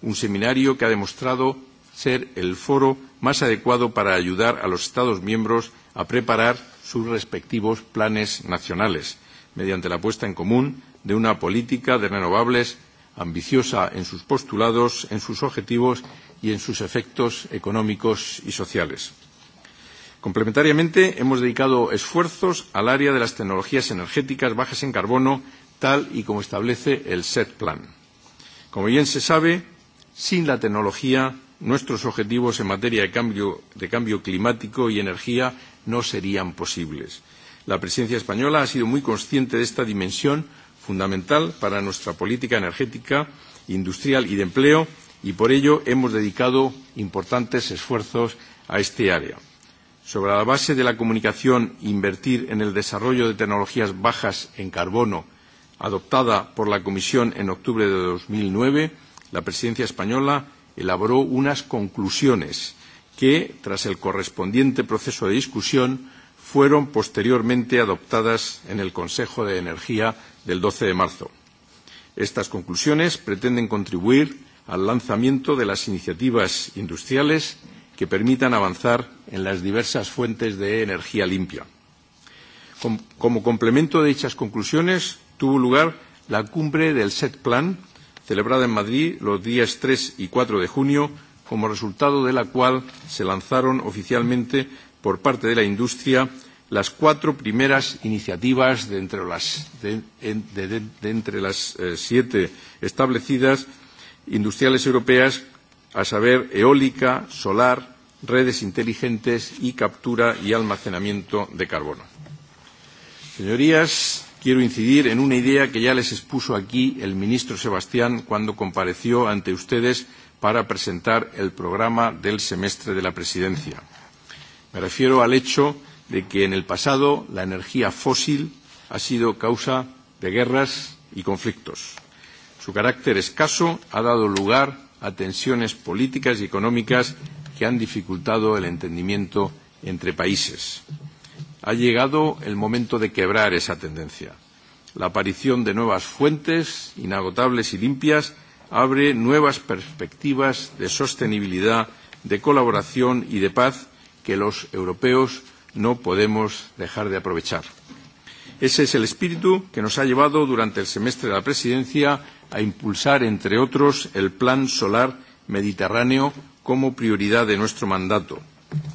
un seminario que ha demostrado ser el foro más adecuado para ayudar a los Estados miembros a preparar sus respectivos planes nacionales, mediante la puesta en común de una política de renovables ambiciosa en sus postulados, en sus objetivos y en sus efectos económicos y sociales. Complementariamente, hemos dedicado esfuerzos al área de las tecnologías energéticas bajas en carbono tal y como establece el SET Plan. Como bien se sabe, sin la tecnología, nuestros objetivos en materia de cambio, de cambio climático y energía no serían posibles. La presidencia española ha sido muy consciente de esta dimensión fundamental para nuestra política energética, industrial y de empleo y por ello hemos dedicado importantes esfuerzos a este área. Sobre la base de la comunicación Invertir en el desarrollo de tecnologías bajas en carbono adoptada por la Comisión en octubre de 2009, la presidencia española elaboró unas conclusiones que, tras el correspondiente proceso de discusión, fueron posteriormente adoptadas en el Consejo de Energía del 12 de marzo. Estas conclusiones pretenden contribuir al lanzamiento de las iniciativas industriales que permitan avanzar en las diversas fuentes de energía limpia. Como complemento de dichas conclusiones, tuvo lugar la cumbre del SET Plan, celebrada en Madrid los días 3 y 4 de junio, como resultado de la cual se lanzaron oficialmente por parte de la industria las cuatro primeras iniciativas de entre las, de, de, de, de entre las eh, siete establecidas industriales europeas, a saber, eólica, solar, redes inteligentes y captura y almacenamiento de carbono. Señorías, quiero incidir en una idea que ya les expuso aquí el ministro Sebastián cuando compareció ante ustedes para presentar el programa del semestre de la presidencia. Me refiero al hecho de que en el pasado la energía fósil ha sido causa de guerras y conflictos. Su carácter escaso ha dado lugar a tensiones políticas y económicas que han dificultado el entendimiento entre países ha llegado el momento de quebrar esa tendencia. La aparición de nuevas fuentes, inagotables y limpias, abre nuevas perspectivas de sostenibilidad, de colaboración y de paz que los europeos no podemos dejar de aprovechar. Ese es el espíritu que nos ha llevado durante el semestre de la presidencia a impulsar, entre otros, el Plan Solar Mediterráneo como prioridad de nuestro mandato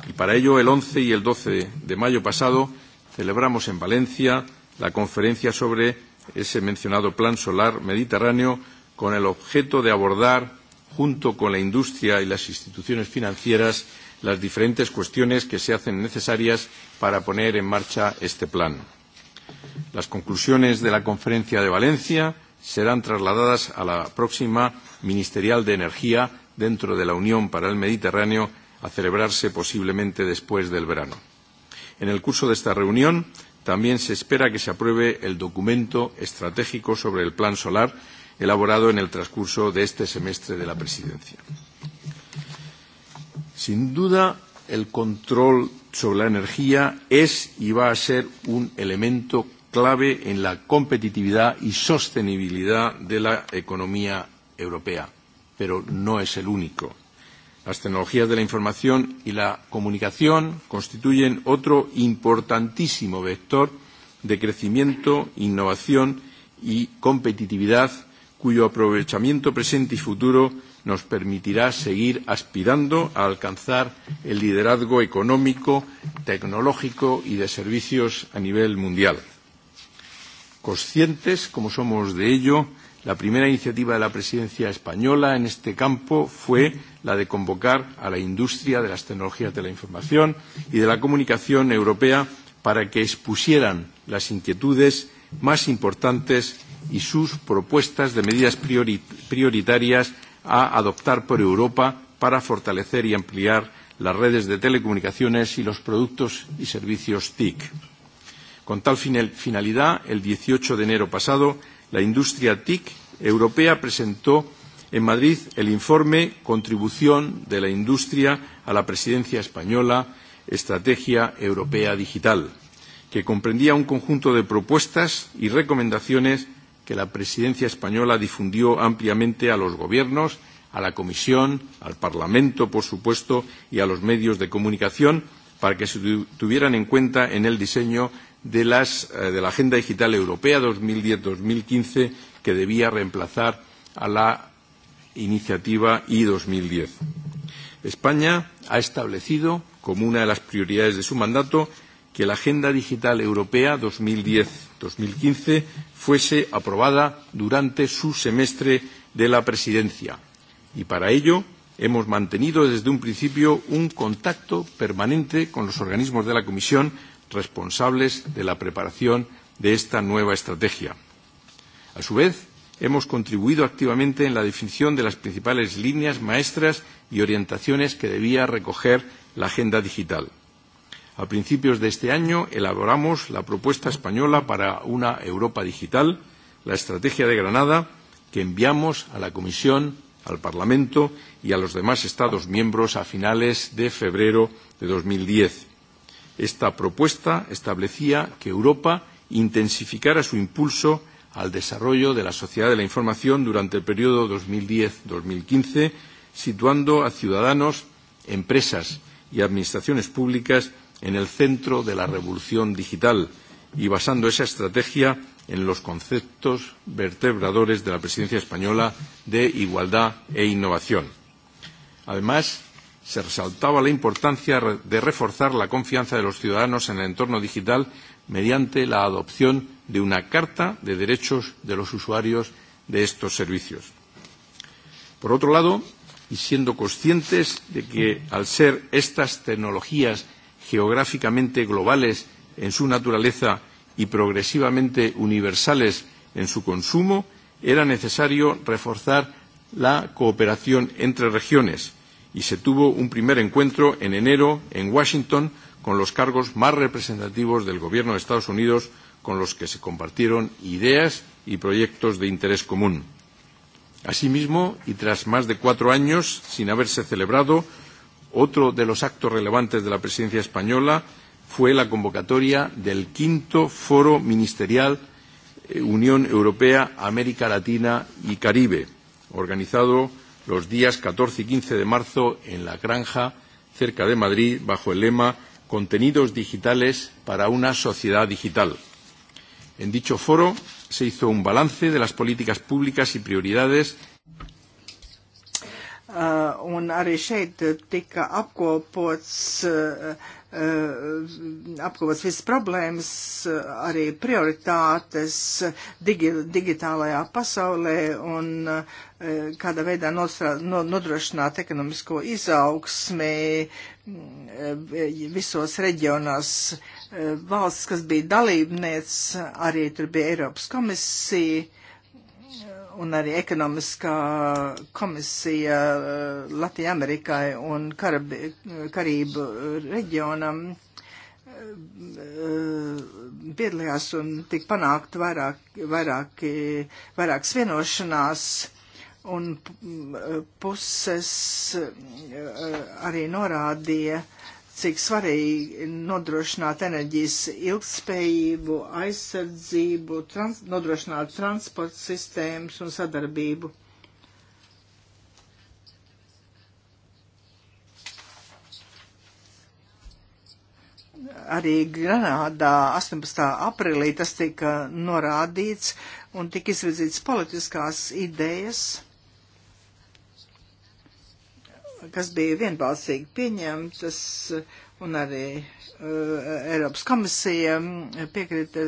Y para ello, el 11 y el 12 de mayo pasado, celebramos en Valencia la conferencia sobre ese mencionado Plan Solar Mediterráneo con el objeto de abordar, junto con la industria y las instituciones financieras, las diferentes cuestiones que se hacen necesarias para poner en marcha este plan. Las conclusiones de la conferencia de Valencia serán trasladadas a la próxima ministerial de Energía dentro de la Unión para el Mediterráneo a celebrarse posiblemente después del verano. En el curso de esta reunión también se espera que se apruebe el documento estratégico sobre el plan solar elaborado en el transcurso de este semestre de la presidencia. Sin duda, el control sobre la energía es y va a ser un elemento clave en la competitividad y sostenibilidad de la economía europea, pero no es el único. Las tecnologías de la información y la comunicación constituyen otro importantísimo vector de crecimiento, innovación y competitividad cuyo aprovechamiento presente y futuro nos permitirá seguir aspirando a alcanzar el liderazgo económico, tecnológico y de servicios a nivel mundial. Conscientes, como somos de ello, la primera iniciativa de la presidencia española en este campo fue la de convocar a la industria de las tecnologías de la información y de la comunicación europea para que expusieran las inquietudes más importantes y sus propuestas de medidas priori prioritarias a adoptar por Europa para fortalecer y ampliar las redes de telecomunicaciones y los productos y servicios TIC. Con tal finalidad, el 18 de enero pasado, la industria TIC europea presentó en Madrid el informe Contribución de la Industria a la Presidencia Española, Estrategia Europea Digital, que comprendía un conjunto de propuestas y recomendaciones que la Presidencia española difundió ampliamente a los gobiernos, a la Comisión, al Parlamento, por supuesto, y a los medios de comunicación para que se tuvieran en cuenta en el diseño de, las, eh, de la Agenda Digital Europea 2010-2015 que debía reemplazar a la Iniciativa y 2010. España ha establecido como una de las prioridades de su mandato que la Agenda Digital Europea 2010-2015 fuese aprobada durante su semestre de la presidencia. Y para ello hemos mantenido desde un principio un contacto permanente con los organismos de la Comisión responsables de la preparación de esta nueva estrategia. A su vez, hemos contribuido activamente en la definición de las principales líneas maestras y orientaciones que debía recoger la agenda digital. A principios de este año elaboramos la propuesta española para una Europa digital, la estrategia de Granada, que enviamos a la Comisión, al Parlamento y a los demás Estados miembros a finales de febrero de 2010. Esta propuesta establecía que Europa intensificara su impulso al desarrollo de la sociedad de la información durante el periodo 2010-2015, situando a ciudadanos, empresas y administraciones públicas en el centro de la revolución digital y basando esa estrategia en los conceptos vertebradores de la presidencia española de igualdad e innovación. Además, se resaltaba la importancia de reforzar la confianza de los ciudadanos en el entorno digital mediante la adopción de una Carta de Derechos de los Usuarios de estos servicios. Por otro lado, y siendo conscientes de que, al ser estas tecnologías geográficamente globales en su naturaleza y progresivamente universales en su consumo, era necesario reforzar la cooperación entre regiones y se tuvo un primer encuentro en enero en Washington con los cargos más representativos del Gobierno de Estados Unidos con los que se compartieron ideas y proyectos de interés común. Asimismo, y tras más de cuatro años sin haberse celebrado, otro de los actos relevantes de la presidencia española fue la convocatoria del quinto foro ministerial eh, Unión Europea, América Latina y Caribe, organizado los días 14 y 15 de marzo en La Granja, cerca de Madrid, bajo el lema Contenidos digitales para una sociedad digital. En dicho foro se hizo un balance de las políticas públicas y prioridades. Uh, un arī šeit tika apkopots, uh, uh, apkopots visas problēmas, uh, arī prioritātes digi digitālajā pasaulē un uh, kādā veidā no, nodrošināt ekonomisko izaugsmi mm, uh, visos reģionos. Uh, Eh, valsts, kas bija dalībniec, arī tur bija Eiropas komisija eh, un arī ekonomiskā komisija eh, Latvijai Amerikai un Karabi, Karību reģionam piedalījās un tik panākt vairāk, vairāk, vairākas vienošanās, un puses arī norādīja, cik svarīgi nodrošināt enerģijas ilgspējību, aizsardzību, trans nodrošināt transporta sistēmas un sadarbību. Arī Granādā 18. aprilī tas tika norādīts un tika izvirzīts politiskās idejas kas bija vienbalsīgi pieņemtas, un arī uh, Eiropas komisija piekrita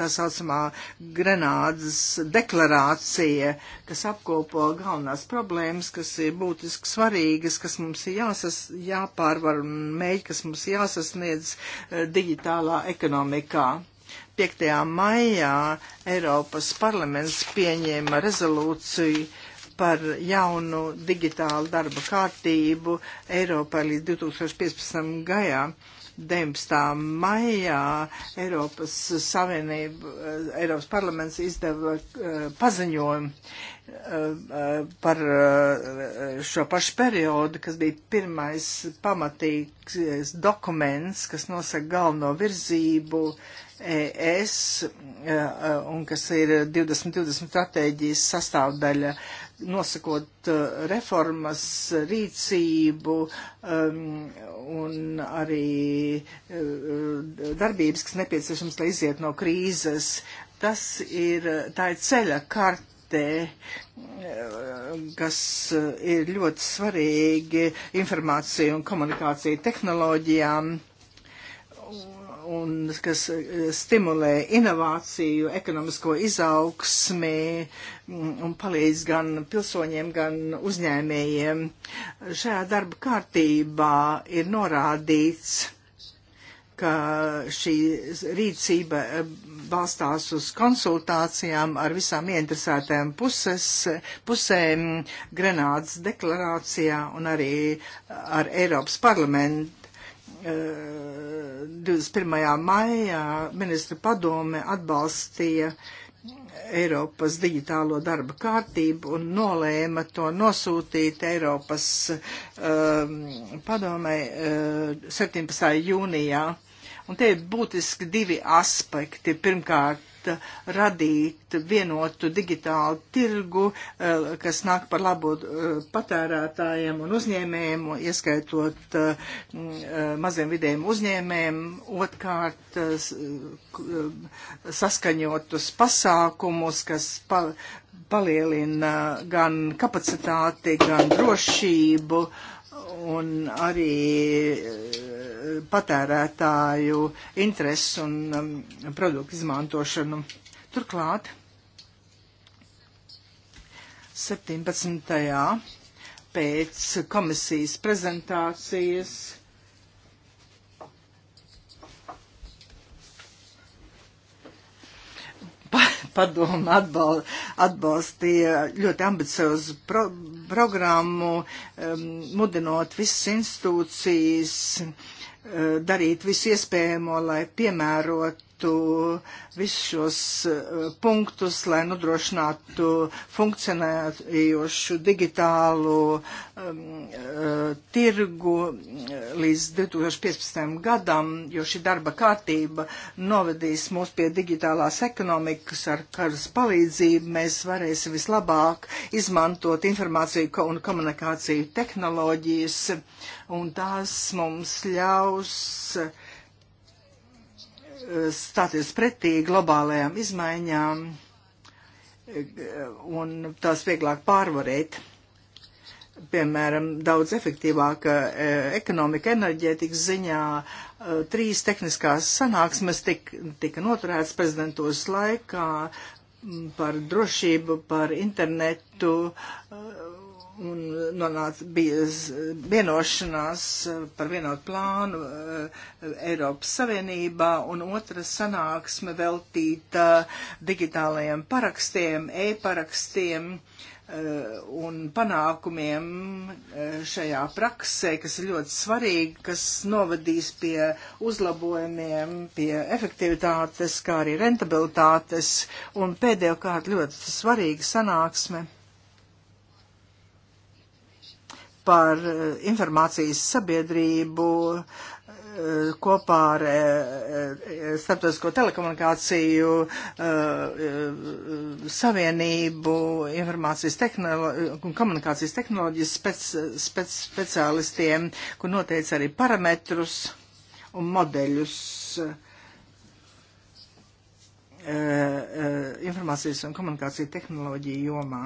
tā saucamā Grenādas deklarācija, kas apkopo galvenās problēmas, kas ir būtiski svarīgas, kas mums ir jāsas, jāpārvar un mēģi, kas mums jāsasniedz uh, digitālā ekonomikā. 5. maijā Eiropas parlaments pieņēma rezolūciju uh, par jaunu digitālu darba kārtību Eiropā līdz 2015. gājā. 19. maijā Eiropas Savienība, eh, Eiropas parlaments izdeva eh, paziņojumu eh, par šo pašu periodu, kas bija pirmais pamatīgs dokuments, kas nosaka galveno virzību ES un kas ir 2020 stratēģijas sastāvdaļa nosakot eh, reformas rīcību um, un arī eh, darbības, kas nepieciešams, lai iziet no krīzes. Tas ir, tā ir ceļa karta te, eh, kas ir ļoti svarīgi informācija un komunikācija tehnoloģijām, un kas eh, stimulē inovāciju, ekonomisko izaugsmi mm, un palīdz gan pilsoņiem, gan uzņēmējiem. Šajā darba kārtībā ir norādīts, ka šī rīcība eh, balstās uz konsultācijām ar visām ieinteresētām puses, pusēm Grenādas deklarācijā un arī ar Eiropas parlamentu 21. Eh, maijā ministra padome atbalstīja Eiropas digitālo darba kārtību un nolēma to nosūtīt Eiropas um, padomai uh, 17. jūnijā. Un te ir būtiski divi aspekti. Pirmkārt, Uh, radīt vienotu digitālu tirgu, uh, kas nāk par labu uh, patērētājiem un uzņēmējiem, ieskaitot maziem vidējiem uzņēmējiem, otkārt saskaņotus pasākumus, kas pa, palielina gan kapacitāti, gan drošību. Uh, un arī eh, patērētāju intereses un um, produktu izmantošanu. Turklāt 17. pēc komisijas prezentācijas padomu atbal, atbalstīja ļoti ambiciozu pro, programmu, um, mudinot visas institūcijas uh, darīt visu iespējamo, lai piemērot izmantotu visus šos eh, punktus, lai nodrošinātu funkcionējošu digitālu um, eh, tirgu eh, līdz 2015. gadam, jo šī darba kārtība novedīs mūs pie digitālās ekonomikas ar karas palīdzību. Mēs varēsim vislabāk izmantot informāciju un komunikāciju tehnoloģijas, un tās mums ļaus uh, stāties pretī globālajām izmaiņām un tās vieglāk pārvarēt. Piemēram, daudz efektīvāka e, ekonomika enerģētikas ziņā e, trīs tehniskās sanāksmes tika, tika noturētas prezidentos laikā par drošību, par internetu, e, un nonāca bija vienošanās e, par vienotu plānu e, Eiropas Savienībā, un otra sanāksme veltīta digitālajiem parakstiem, e-parakstiem e, un panākumiem šajā praksē, kas ir ļoti svarīgi, kas novadīs pie uzlabojumiem, pie efektivitātes, kā arī rentabilitātes, un pēdējo kārt ļoti svarīga sanāksme – par eh, informācijas sabiedrību eh, kopā ar eh, Starptautisko telekomunikāciju savienību, informācijas un komunikācijas tehnoloģijas spec, spec, speciālistiem, kur noteica arī parametrus un modeļus informācijas un komunikāciju tehnoloģiju jomā.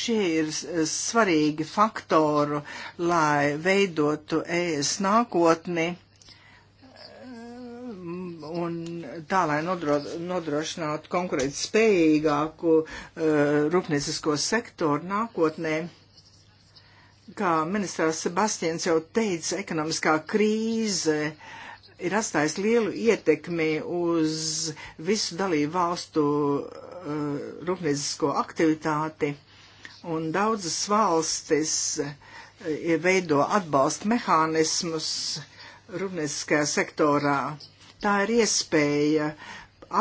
šie ir svarīgi faktori, lai veidotu ES nākotni un tā, lai nodro, nodrošinātu konkurēt spējīgāku uh, rūpniecisko sektoru nākotnē. Kā ministrs Sebastians jau teica, ekonomiskā krīze uh, ir atstājis lielu ietekmi uz visu dalību valstu uh, rūpniecisko aktivitāti. Un daudzas valstis eh, veido atbalsta mehānismus rūpnieciskajā sektorā. Tā ir iespēja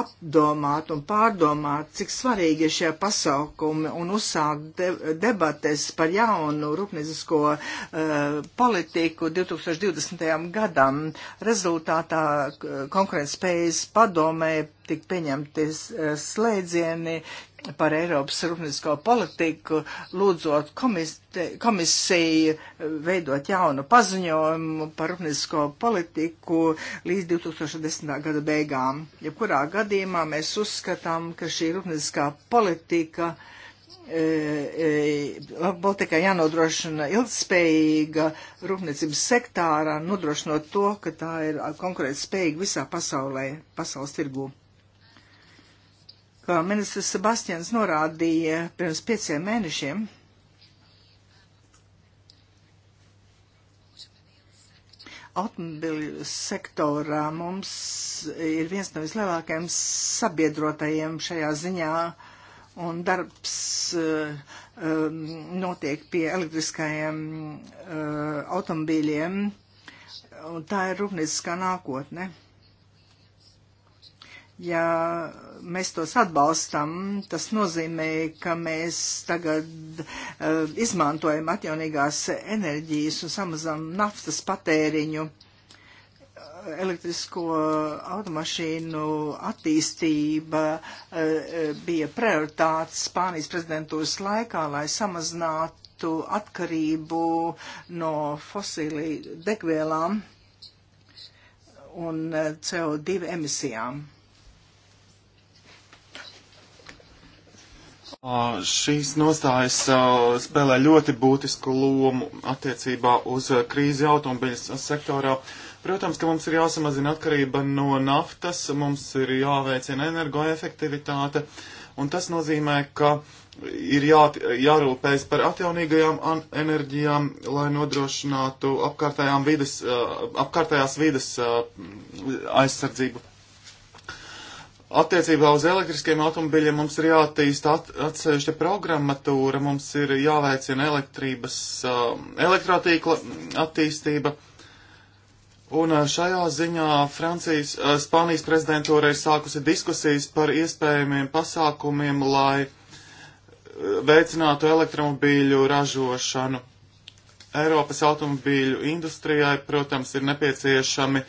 apdomāt un pārdomāt, cik svarīgi ir šie pasaukumi un uzsākt de debates par jaunu rūpniecisko uh, politiku 2020. gadam. Rezultātā eh, konkurētspējas padomē tik pieņemti slēdzieni, par Eiropas rūpniecisko politiku, lūdzot komis, komisiju veidot jaunu paziņojumu par rūpniecisko politiku līdz 2010. gada beigām. Jebkurā gadījumā mēs uzskatām, ka šī rūpnieciskā politika vēl e, e, tikai jānodrošina ilgspējīga rūpniecības sektāra, nodrošinot to, ka tā ir konkurētspējīga visā pasaulē, pasaules tirgū kā ministrs Sebastians norādīja pirms pieciem mēnešiem, automobiļu sektorā mums ir viens no vislielākajiem sabiedrotajiem šajā ziņā, un darbs uh, um, notiek pie elektriskajiem uh, eh, automobīļiem, un tā ir rūpnieciskā nākotne. Ne? ja mēs tos atbalstam, tas nozīmē, ka mēs tagad uh, izmantojam atjaunīgās enerģijas un samazinām naftas patēriņu eh, elektrisko automašīnu attīstība eh, bija prioritāte Spānijas prezidentūras laikā, lai samazinātu atkarību no fosīlī degvielām un CO2 emisijām. Šīs nostājas spēlē ļoti būtisku lomu attiecībā uz krīzi automobiļu sektorā. Protams, ka mums ir jāsamazina atkarība no naftas, mums ir jāveicina energoefektivitāte, un tas nozīmē, ka ir jā, jārūpējas par atjaunīgajām enerģijām, lai nodrošinātu apkārtējām vides, apkārtējās vides aizsardzību. Attiecībā uz elektriskiem automobiļiem mums ir jātīst at, atsevišķa programmatūra, mums ir jāveicina elektrības, um, elektrotīkla attīstība. Un uh, šajā ziņā Francijas, uh, Spānijas prezidentūra ir sākusi diskusijas par iespējamiem pasākumiem, lai uh, veicinātu elektromobīļu ražošanu. Eiropas automobīļu industrijai, protams, ir nepieciešami,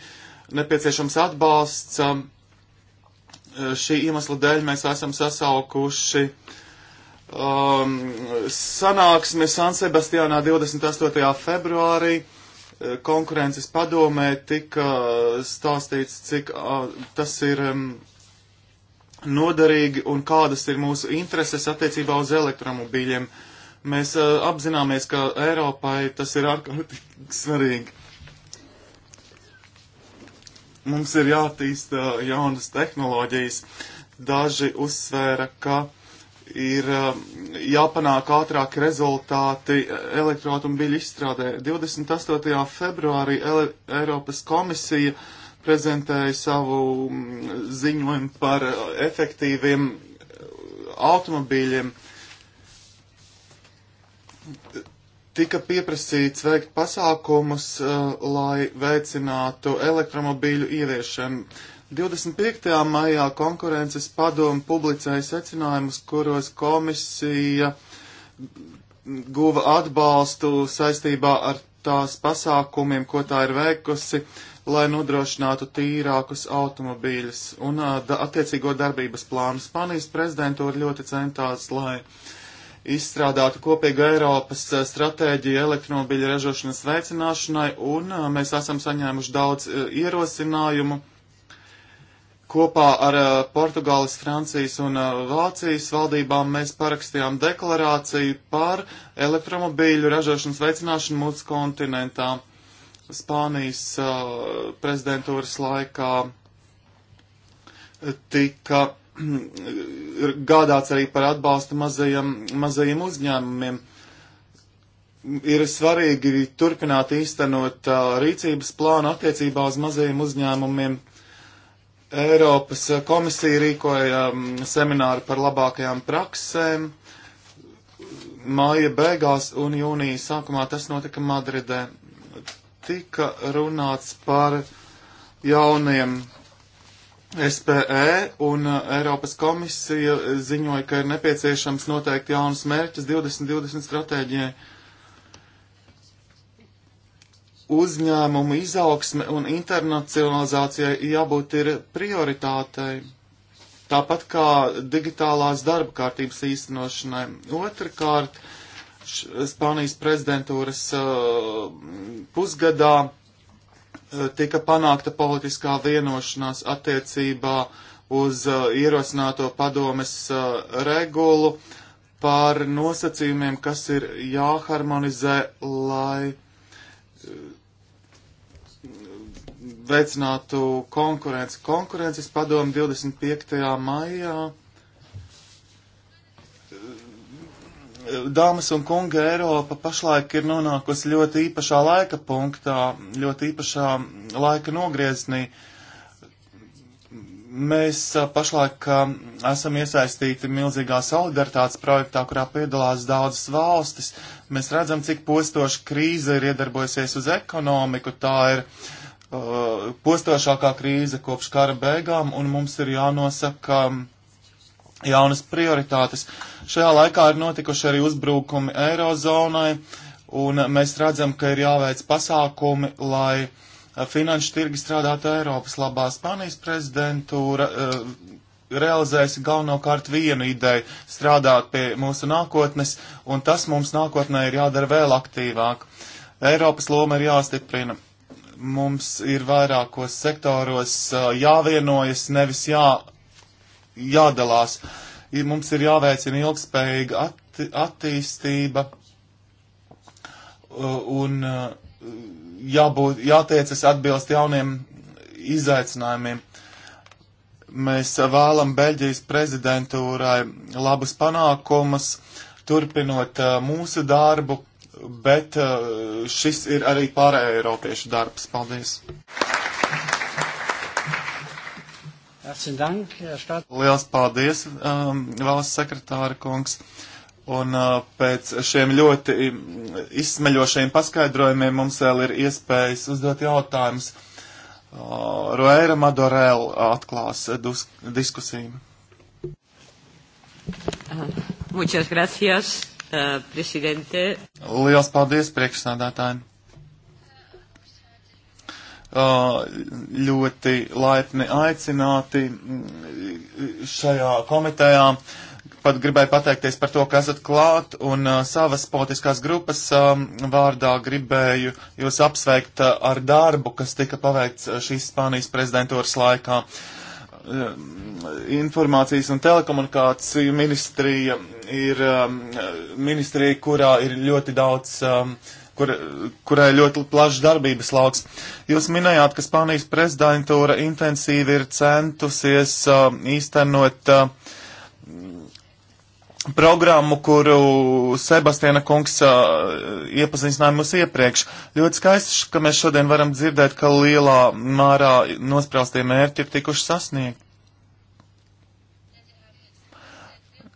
nepieciešams atbalsts. Um, Eh, šī iemesla dēļ mēs esam sasaukuši um, sanāksmi San Sebastianā 28. februārī. Eh, konkurences padomē tika eh, stāstīts, cik uh, tas ir um, noderīgi un kādas ir mūsu intereses attiecībā uz elektromobīļiem. Mēs uh, apzināmies, ka Eiropai tas ir ārkārtīgi (laughs) svarīgi. Mums ir jātīsta jaunas tehnoloģijas. Daži uzsvēra, ka ir jāpanāk ātrāk rezultāti elektroautomobiļu izstrādē. 28. februārī Ele Eiropas komisija prezentēja savu ziņojumu par efektīviem automobīļiem tika pieprasīts veikt pasākumus, uh, lai veicinātu elektromobīļu ieviešanu. 25. maijā konkurences padomu publicēja secinājumus, kuros komisija guva atbalstu saistībā ar tās pasākumiem, ko tā ir veikusi, lai nodrošinātu tīrākus automobīļus. Un uh, da, attiecīgo darbības plānu Spānijas prezidentūra ļoti centās, lai uh, izstrādātu kopīgu Eiropas eh, stratēģiju elektromobiļu ražošanas veicināšanai, un eh, mēs esam saņēmuši daudz eh, ierosinājumu kopā ar Portugāles, Francijas un Vācijas valdībām mēs parakstījām deklarāciju par elektromobīļu ražošanas veicināšanu mūsu kontinentā Spānijas uh, prezidentūras laikā tika ir gādāts arī par atbalstu mazajiem, mazajiem uzņēmumiem. Ir svarīgi turpināt īstenot uh, rīcības plānu attiecībā uz mazajiem uzņēmumiem. Eiropas komisija rīkoja um, semināru par labākajām praksēm māja beigās un jūnija sākumā tas notika Madridē. Tika runāts par jauniem SPE un uh, Eiropas komisija ziņoja, ka ir nepieciešams noteikt jaunas mērķas 2020 stratēģijai. Uzņēmumu izaugsme un internacionalizācijai jābūt ir prioritātei, tāpat kā digitālās darba kārtības īstenošanai. Otrakārt, Spānijas prezidentūras uh, pusgadā Eh, tika panākta politiskā vienošanās attiecībā uz uh, ierosināto padomes uh, regulu par nosacījumiem, kas ir jāharmonizē, lai veicinātu konkurenci. Konkurences padomu 25. maijā Dāmas un kungi, Eiropa pašlaik ir nonākusi ļoti īpašā laika punktā, ļoti īpašā laika nogriezienī. Mēs pašlaik esam iesaistīti milzīgā solidaritātes projektā, kurā piedalās daudzas valstis. Mēs redzam, cik postoši krīze ir iedarbojusies uz ekonomiku. Tā ir uh, postošākā krīze kopš kara beigām, un mums ir jānosaka, jaunas prioritātes. Šajā laikā ir notikuši arī uzbrukumi Eirozonai, un mēs redzam, ka ir jāveic pasākumi, lai eh, finanšu tirgi strādātu Eiropas labā. Spānijas prezidentūra eh, realizēs galvenokārt vienu ideju - strādāt pie mūsu nākotnes, un tas mums nākotnē ir jādara vēl aktīvāk. Eiropas loma ir jāstiprina. Mums ir vairākos sektoros eh, jāvienojas, nevis jā jādalās. Mums ir jāveicina ilgspējīga atti attīstība uh, un uh, jābūt, jātiecas atbilst jauniem izaicinājumiem. Mēs vēlam Beļģijas prezidentūrai labus panākumus, turpinot uh, mūsu darbu, bet šis ir arī pārējā Eiropiešu darbs. Paldies! Liels paldies, um, valsts sekretāra kungs. Un uh, pēc šiem ļoti um, izsmeļošajiem paskaidrojumiem mums vēl ir iespējas uzdot jautājumus. Uh, Roēra Madorēl atklās dus, diskusiju. Muchas gracias, uh, presidente. Liels paldies priekšsādātājiem ļoti laipni aicināti mm, šajā komitejā. Pat gribēju pateikties par to, ka esat klāt un uh, savas politiskās grupas um, vārdā gribēju jūs apsveikt uh, ar darbu, kas tika paveikts šīs Spānijas prezidentūras laikā. Uh, informācijas un telekomunikāciju ministrija ir um, ministrija, kurā ir ļoti daudz um, uh, kur, kurai ļoti plašs darbības lauks. Jūs minējāt, ka Spānijas prezidentūra intensīvi ir centusies uh, īstenot uh, programmu, kuru Sebastiana kungs uh, iepazīstināja mums iepriekš. Ļoti skaisti, ka mēs šodien varam dzirdēt, ka lielā mārā nospraustie mērķi ir tikuši sasniegti.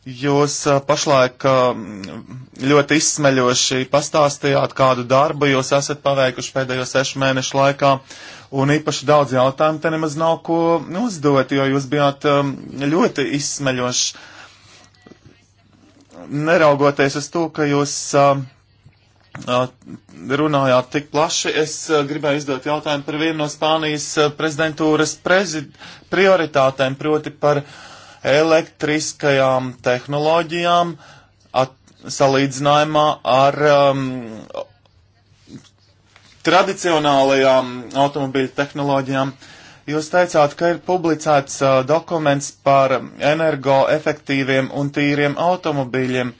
Jūs pašlaik ļoti izsmeļoši pastāstījāt, kādu darbu jūs esat paveikuši pēdējo sešu mēnešu laikā, un īpaši daudz jautājumu te nemaz nav ko uzdot, jo jūs bijāt ļoti izsmeļoši, neraugoties uz to, ka jūs runājāt tik plaši, es gribēju izdot jautājumu par vienu no Spānijas prezidentūras prezid prioritātēm, proti par uh, elektriskajām tehnoloģijām at, salīdzinājumā ar um, tradicionālajām automobīļu tehnoloģijām. Jūs teicāt, ka ir publicēts uh, dokuments par energoefektīviem un tīriem automobīļiem,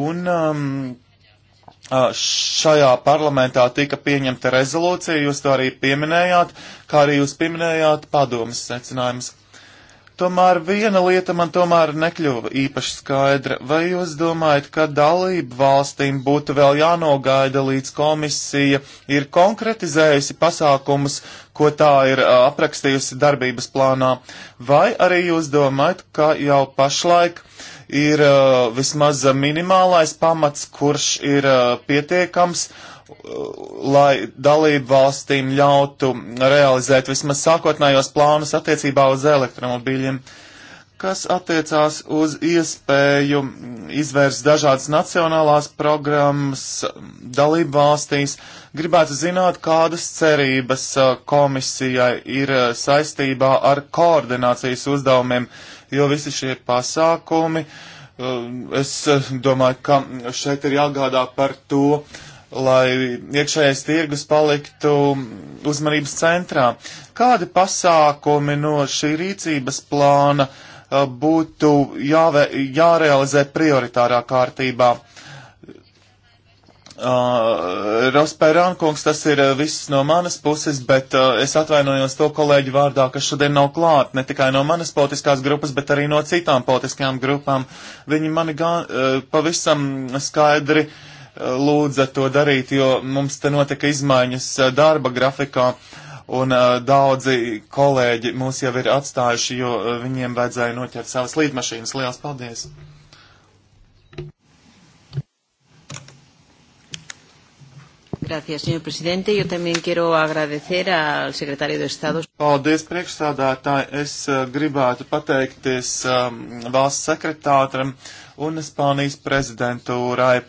un um, uh, šajā parlamentā tika pieņemta rezolūcija, jūs to arī pieminējāt, kā arī jūs pieminējāt padomas secinājumus. Tomēr viena lieta man tomēr nekļuva īpaši skaidra. Vai jūs domājat, ka dalību valstīm būtu vēl jānogaida, līdz komisija ir konkretizējusi pasākumus, ko tā ir aprakstījusi darbības plānā? Vai arī jūs domājat, ka jau pašlaik ir vismaz minimālais pamats, kurš ir pietiekams? Uh, lai dalību valstīm ļautu realizēt vismaz sākotnējos plānus attiecībā uz elektromobīļiem, kas attiecās uz iespēju izvērst dažādas nacionālās programmas dalību valstīs. Gribētu zināt, kādas cerības komisijai ir saistībā ar koordinācijas uzdevumiem, jo visi šie pasākumi, es domāju, ka šeit ir jāgādā par to, lai iekšējais tirgus paliktu uzmanības centrā. Kādi pasākumi no šī rīcības plāna uh, būtu jāve, jārealizē prioritārā kārtībā? Uh, Rosperankungs, tas ir uh, viss no manas puses, bet uh, es atvainojos to kolēģi vārdā, kas šodien nav klāt, ne tikai no manas politiskās grupas, bet arī no citām politiskajām grupām. Viņi mani gan, uh, pavisam skaidri uh, lūdza to darīt, jo mums te notika izmaiņas eh, darba grafikā, un eh, daudzi kolēģi mūs jau ir atstājuši, jo eh, viņiem vajadzēja noķert savas līdmašīnas. Lielas paldies! Gracias, señor presidente. Yo también quiero agradecer al secretario de Estado. Paldies, priekšsādātāji. Es gribētu pateikties um, valsts sekretātram un Spānijas prezidentūrai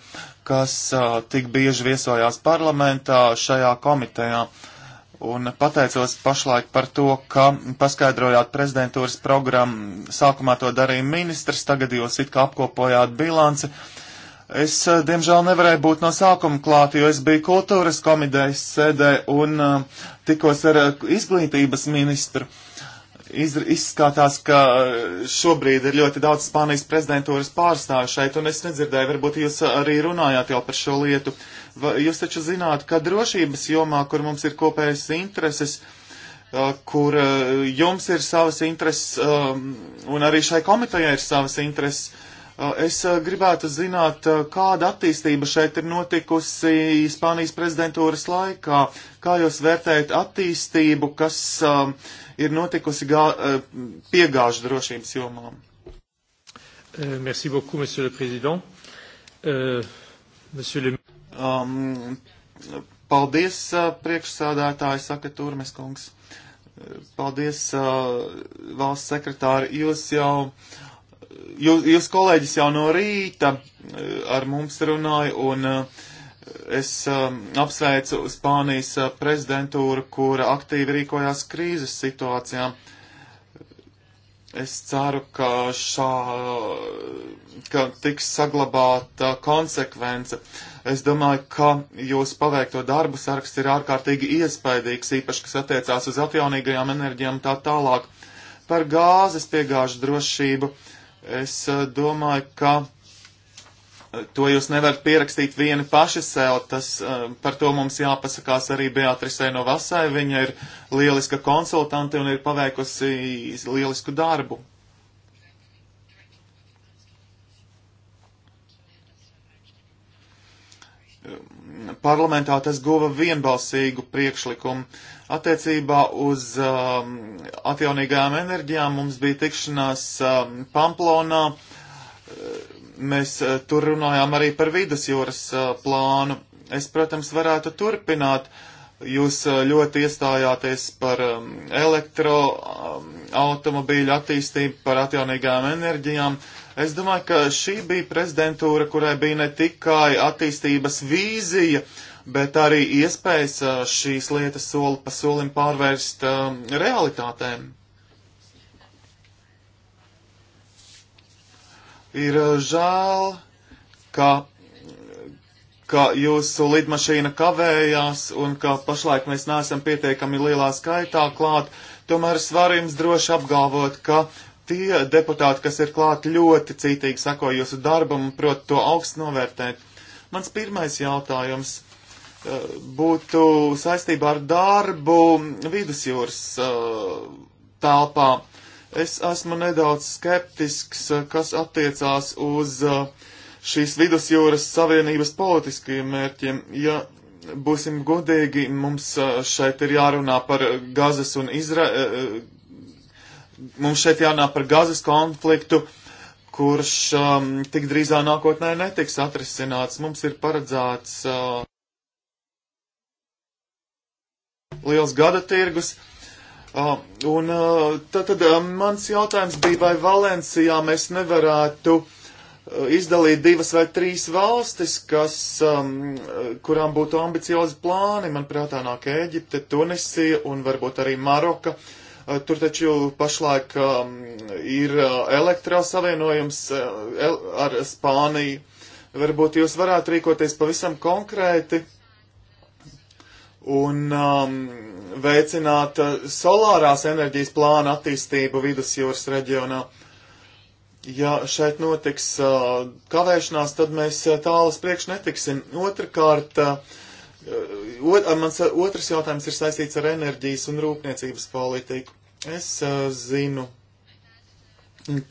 kas uh, tik bieži viesojās parlamentā šajā komitejā. Un pateicos pašlaik par to, ka paskaidrojāt prezidentūras programmu. Sākumā to darīja ministrs, tagad jūs it kā apkopojāt bilanci. Es, uh, diemžēl, nevarēju būt no sākuma klāt, jo es biju kultūras komitejas sēdē un uh, tikos ar izglītības ministru. Uh, izskatās, ka eh, šobrīd ir ļoti daudz Spānijas prezidentūras pārstāvju šeit, un es nedzirdēju, varbūt jūs arī runājāt jau par šo lietu. Jūs taču zināt, ka drošības jomā, kur mums ir kopējas intereses, eh, kur eh, jums ir savas intereses, um, un arī šai komitejai ir savas intereses, Uh, es uh, gribētu zināt, uh, kāda attīstība šeit ir notikusi Spānijas prezidentūras laikā. Kā jūs vērtējat attīstību, kas um, ir notikusi piegāžu drošības jomām? Eh, merci beaucoup, monsieur le président. Eh, monsieur le... Um, paldies, priekšsādātāji, saka Turmes kungs. Eh, paldies, valsts sekretāri. Jūs jau uh, jūs, jūs kolēģis jau no rīta eh, ar mums runāja, un eh, es eh, apsveicu Spānijas prezidentūru, kura aktīvi rīkojās krīzes situācijām. Es ceru, ka, šā, ka tiks saglabāta konsekvence. Es domāju, ka jūsu paveikto darbu saraksts ir ārkārtīgi iespaidīgs, īpaši, kas attiecās uz atjaunīgajām enerģijām tā tālāk. Par gāzes piegāžu drošību uh, Es eh, domāju, ka eh, to jūs nevarat pierakstīt vieni paši sev. Tas, eh, par to mums jāpasakās arī Beatrisē no Vasai. Viņa ir lieliska konsultante un ir paveikusi lielisku darbu. Parlamentā tas guva vienbalsīgu priekšlikumu. Attiecībā uz um, atjaunīgajām enerģijām mums bija tikšanās um, Pamplonā. Uh, mēs uh, tur runājām arī par vidas jūras uh, plānu. Es, protams, varētu turpināt. Jūs uh, ļoti iestājāties par um, elektroautomobīļu um, attīstību, par atjaunīgajām enerģijām. Es domāju, ka šī bija prezidentūra, kurai bija ne tikai attīstības vīzija, uh, bet arī iespējas šīs lietas soli pa solim pārvērst um, realitātēm. Ir žēl, ka, ka jūsu lidmašīna kavējās un ka pašlaik mēs neesam pietiekami lielā skaitā klāt, tomēr svarījums droši apgalvot, ka tie deputāti, kas ir klāt, ļoti cītīgi sako jūsu darbam un prot to augstu novērtēt. Mans pirmais jautājums būtu saistībā ar darbu vidusjūras telpā. Es esmu nedaudz skeptisks, kas attiecās uz šīs vidusjūras savienības politiskajiem mērķiem. Ja būsim godīgi, mums šeit ir jārunā par gazas un Izra... Mums šeit jārunā par gazas konfliktu, kurš um, tik drīzā nākotnē netiks atrisināts. Mums ir paredzēts. Uh, liels gada tirgus. Uh, un uh, tad, tad uh, mans jautājums bija, vai Valencijā mēs nevarētu izdalīt divas vai trīs valstis, kas, um, kurām būtu ambiciozi plāni. Man prātā nāk Ēģipte, Tunisija un varbūt arī Maroka. Tur taču pašlaik um, ir elektrosavienojums el, ar Spāniju. Varbūt jūs varētu rīkoties pavisam konkrēti un um, veicināt uh, solārās enerģijas plānu attīstību vidusjūras reģionā. Ja šeit notiks uh, kavēšanās, tad mēs uh, tālas priekš netiksim. Otrakārt, uh, uh, mans otrs jautājums ir saistīts ar enerģijas un rūpniecības politiku. Es uh, zinu,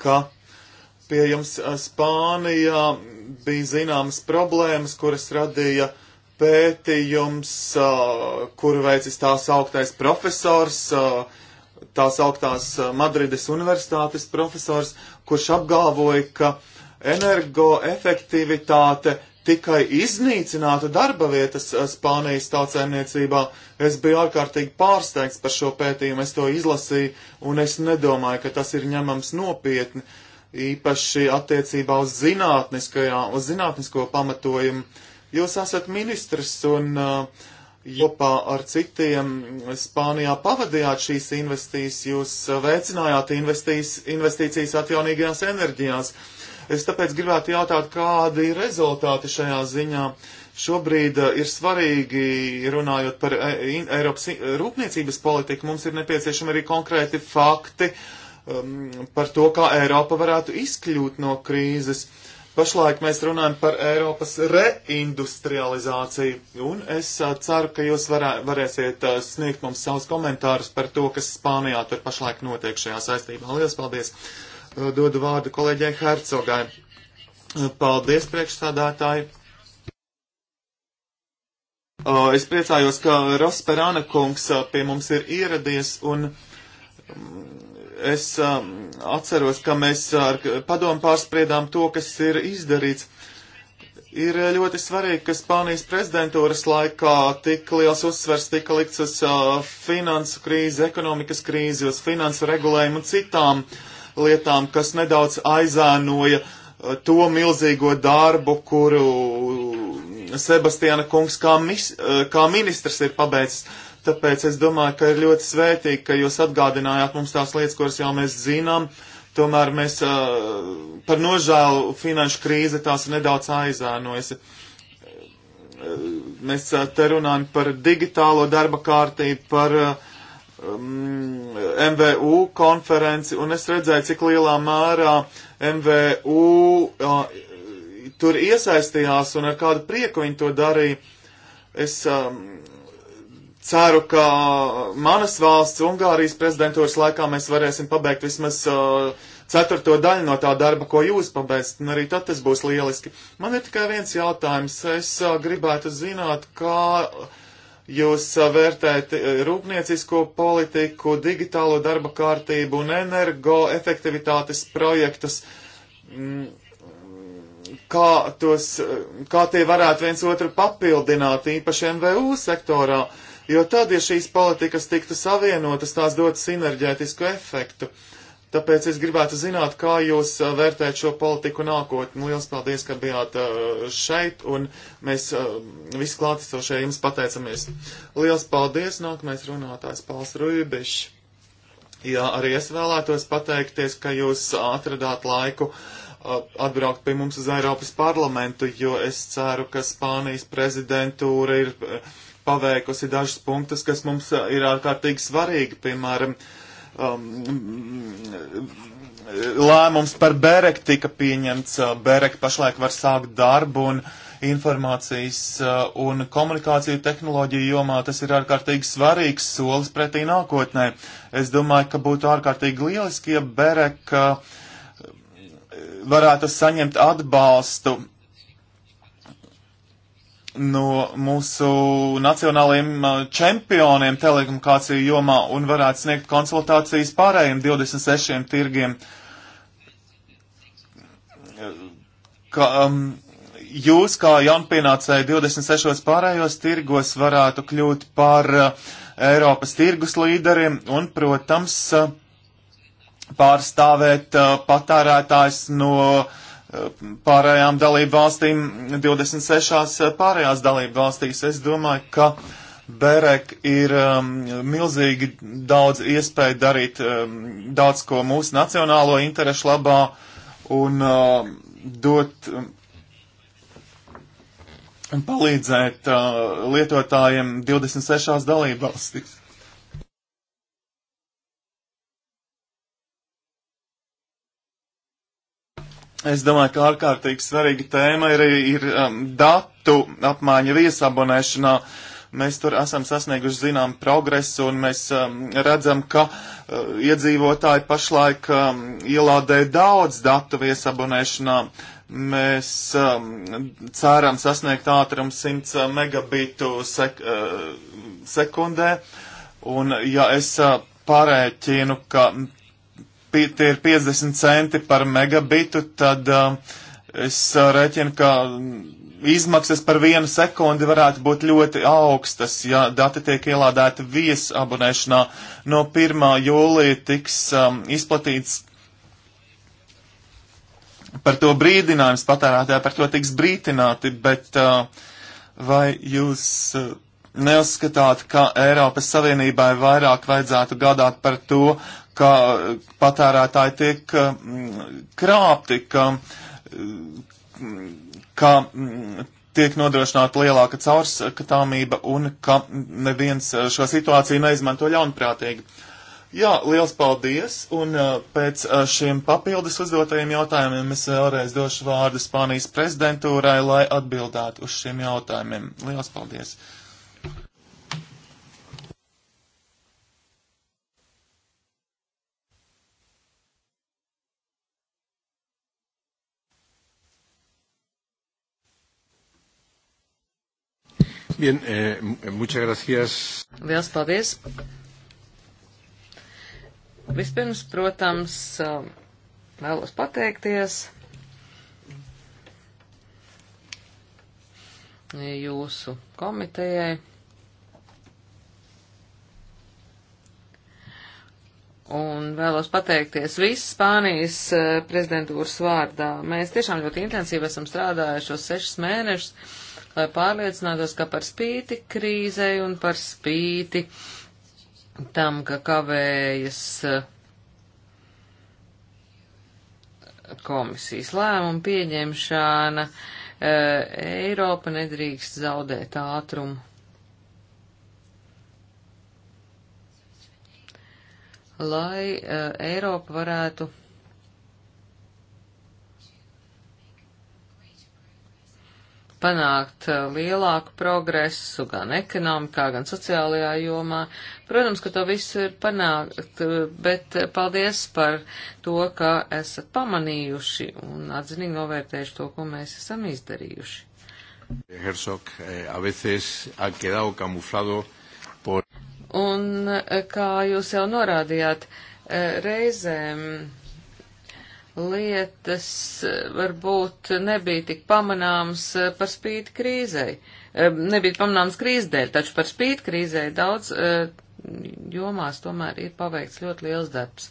ka pie jums Spānijā bija zināmas problēmas, kuras radīja uh, pētījums, kuru veicis tās augtais profesors, tās augtās Madrides universitātes profesors, kurš apgalvoja, ka energoefektivitāte tikai iznīcinātu darba vietas Spānijas tautsēmniecībā. Es biju ārkārtīgi pārsteigts par šo pētījumu, es to izlasīju, un es nedomāju, ka tas ir ņemams nopietni, īpaši attiecībā uz, uz zinātnisko pamatojumu. Jūs esat ministrs un uh, kopā ar citiem Spānijā pavadījāt šīs investīcijas, jūs uh, veicinājāt investīcijas atjaunīgajās enerģijās. Es tāpēc gribētu jautāt, kādi ir rezultāti šajā ziņā. Šobrīd uh, ir svarīgi, runājot par uh, Eiropas rūpniecības politiku, mums ir nepieciešami arī konkrēti fakti um, par to, kā Eiropa varētu izkļūt no krīzes. Uh, Pašlaik mēs runājam par Eiropas reindustrializāciju, un es uh, ceru, ka jūs varē, varēsiet uh, sniegt mums savus komentārus par to, kas Spānijā tur pašlaik notiek šajā saistībā. Lielas paldies! Uh, dodu vārdu kolēģei Hercogai. Paldies, priekšstādātāji! Es priecājos, ka Rosperāna kungs pie mums ir ieradies un um, Es um, atceros, ka mēs ar padomu pārspriedām to, kas ir izdarīts. Ir uh, ļoti svarīgi, ka Spānijas prezidentūras laikā tik liels uzsvers tika likts uz uh, finansu krīzi, ekonomikas krīzi, uz finansu regulējumu un citām lietām, kas nedaudz aizēnoja uh, to milzīgo darbu, kuru Sebastiāna kungs kā, mis, uh, kā ministrs ir pabeidzis. Tāpēc es domāju, ka ir ļoti svētīgi, ka jūs atgādinājāt mums tās lietas, kuras jau mēs zinām. Tomēr mēs par nožēlu finanšu krīze tās nedaudz aizēnojas. Mēs te runājam par digitālo darba kārtību, par um, MVU konferenci, un es redzēju, cik lielā mērā MVU uh, tur iesaistījās un ar kādu prieku viņi to darīja. Es um, Ceru, ka manas valsts, Ungārijas prezidentūras laikā mēs varēsim pabeigt vismaz uh, ceturto daļu no tā darba, ko jūs pabeidzat, un arī tad tas būs lieliski. Man ir tikai viens jautājums. Es uh, gribētu zināt, kā jūs uh, vērtējat uh, rūpniecisko politiku, digitālo darba kārtību un energoefektivitātes projektus. Mm kā, tos, kā tie varētu viens otru papildināt, īpaši MVU sektorā. Jo tad, ja šīs politikas tiktu savienotas, tās dotu sinerģētisku efektu. Tāpēc es gribētu zināt, kā jūs uh, vērtējat šo politiku nākotni. Nu, Lielas paldies, ka bijāt uh, šeit, un mēs uh, visi klātesošie jums pateicamies. Lielas paldies, nākamais runātājs Pāls Rūbišs. Jā, arī es vēlētos pateikties, ka jūs atradāt laiku atbraukt pie mums uz Eiropas parlamentu, jo es ceru, ka Spānijas prezidentūra ir paveikusi dažus punktus, kas mums uh, ir ārkārtīgi svarīgi, piemēram, um, lēmums par Berek tika pieņemts. Uh, Berek pašlaik var sākt darbu un informācijas uh, un komunikāciju tehnoloģiju jomā tas ir ārkārtīgi svarīgs solis pretī nākotnē. Es domāju, ka būtu ārkārtīgi lieliski, ja Berek varētu saņemt atbalstu no mūsu nacionālajiem uh, čempioniem telekomunikāciju jomā un varētu sniegt konsultācijas pārējiem 26 tirgiem. Ka, um, jūs, kā jaunpienācēji 26 pārējos tirgos, varētu kļūt par uh, Eiropas tirgus līderiem un, protams, uh, pārstāvēt uh, patērētājs no uh, pārējām dalību valstīm, 26 pārējās dalību valstīs. Es domāju, ka Berek ir um, milzīgi daudz iespēju darīt um, daudz ko mūsu nacionālo interešu labā un uh, dot um, palīdzēt uh, lietotājiem 26 dalību valstīs. Es domāju, ka ārkārtīgi svarīga tēma ir, ir um, datu apmaiņa viesabonēšanā. Mēs tur esam sasnieguši zinām progresu un mēs um, redzam, ka uh, iedzīvotāji pašlaik um, ielādē daudz datu viesabonēšanā. Mēs um, ceram sasniegt ātrumu uh, 100 megabitu sek uh, sekundē. Un ja es uh, pārēķinu, ka tie ir 50 centi par megabitu, tad um, uh, es rēķinu, ka mm, izmaksas par vienu sekundi varētu būt ļoti augstas, ja dati tiek ielādēti viesabonēšanā. No 1. jūlija tiks um, izplatīts par to brīdinājums patērētāji, par to tiks brītināti, bet uh, vai jūs. Uh, Neuzskatāt, ka Eiropas Savienībai vairāk vajadzētu gādāt par to, ka patērētāji tiek mm, krāpti, ka, mm, ka mm, tiek nodrošināta lielāka caurskatāmība un ka neviens eh, šo situāciju neizmanto ļaunprātīgi. Jā, liels paldies, un eh, pēc eh, šiem papildus uzdotajiem jautājumiem es vēlreiz došu vārdu Spānijas prezidentūrai, lai atbildētu uz šiem jautājumiem. Liels paldies! Bien, eh, eh, muchas gracias. Liels paldies. Vispirms, protams, eh, vēlos pateikties jūsu komitejai. Un vēlos pateikties visu Spānijas eh, prezidentūras vārdā. Mēs tiešām ļoti intensīvi esam strādājušos sešus mēnešus lai pārliecinātos, ka par spīti krīzei un par spīti tam, ka kavējas eh, komisijas lēmuma pieņemšana, eh, Eiropa nedrīkst zaudēt ātrumu. Lai eh, Eiropa varētu panākt eh, lielāku progresu gan ekonomikā, gan sociālajā jomā. Protams, ka to visu ir panākt, eh, bet eh, paldies par to, ka esat pamanījuši un atzinīgi novērtējuši to, ko mēs esam izdarījuši. Herzog, a veces ha quedado camuflado por... Un kā jūs jau norādījāt, reizēm lietas eh, varbūt nebija tik pamanāms eh, par spīti krīzei. Eh, nebija pamanāms krīzes dēļ, taču par spīti krīzei daudz jomās tomēr ir paveikts ļoti liels darbs.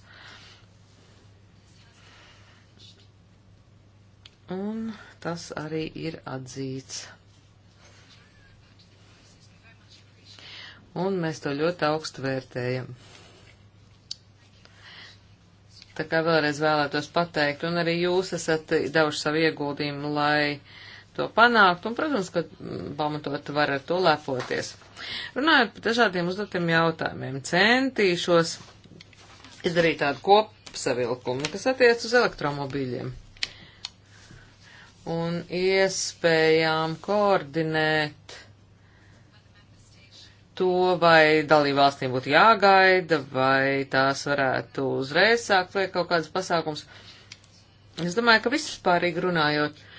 Un tas arī ir atzīts. Un mēs to ļoti augstu vērtējam. Tā kā vēlreiz vēlētos pateikt, un arī jūs esat devuši savu ieguldījumu, lai to panākt, un, protams, ka mm, pamatot var ar to lepoties. Runājot par dažādiem uzdotiem jautājumiem, centīšos izdarīt tādu kopsavilkumu, kas attiec uz elektromobīļiem un iespējām koordinēt to, vai dalībvalstīm būtu jāgaida, vai tās varētu uzreiz sākt vai kaut kādas pasākums. Es domāju, ka vispārīgi runājot, uh,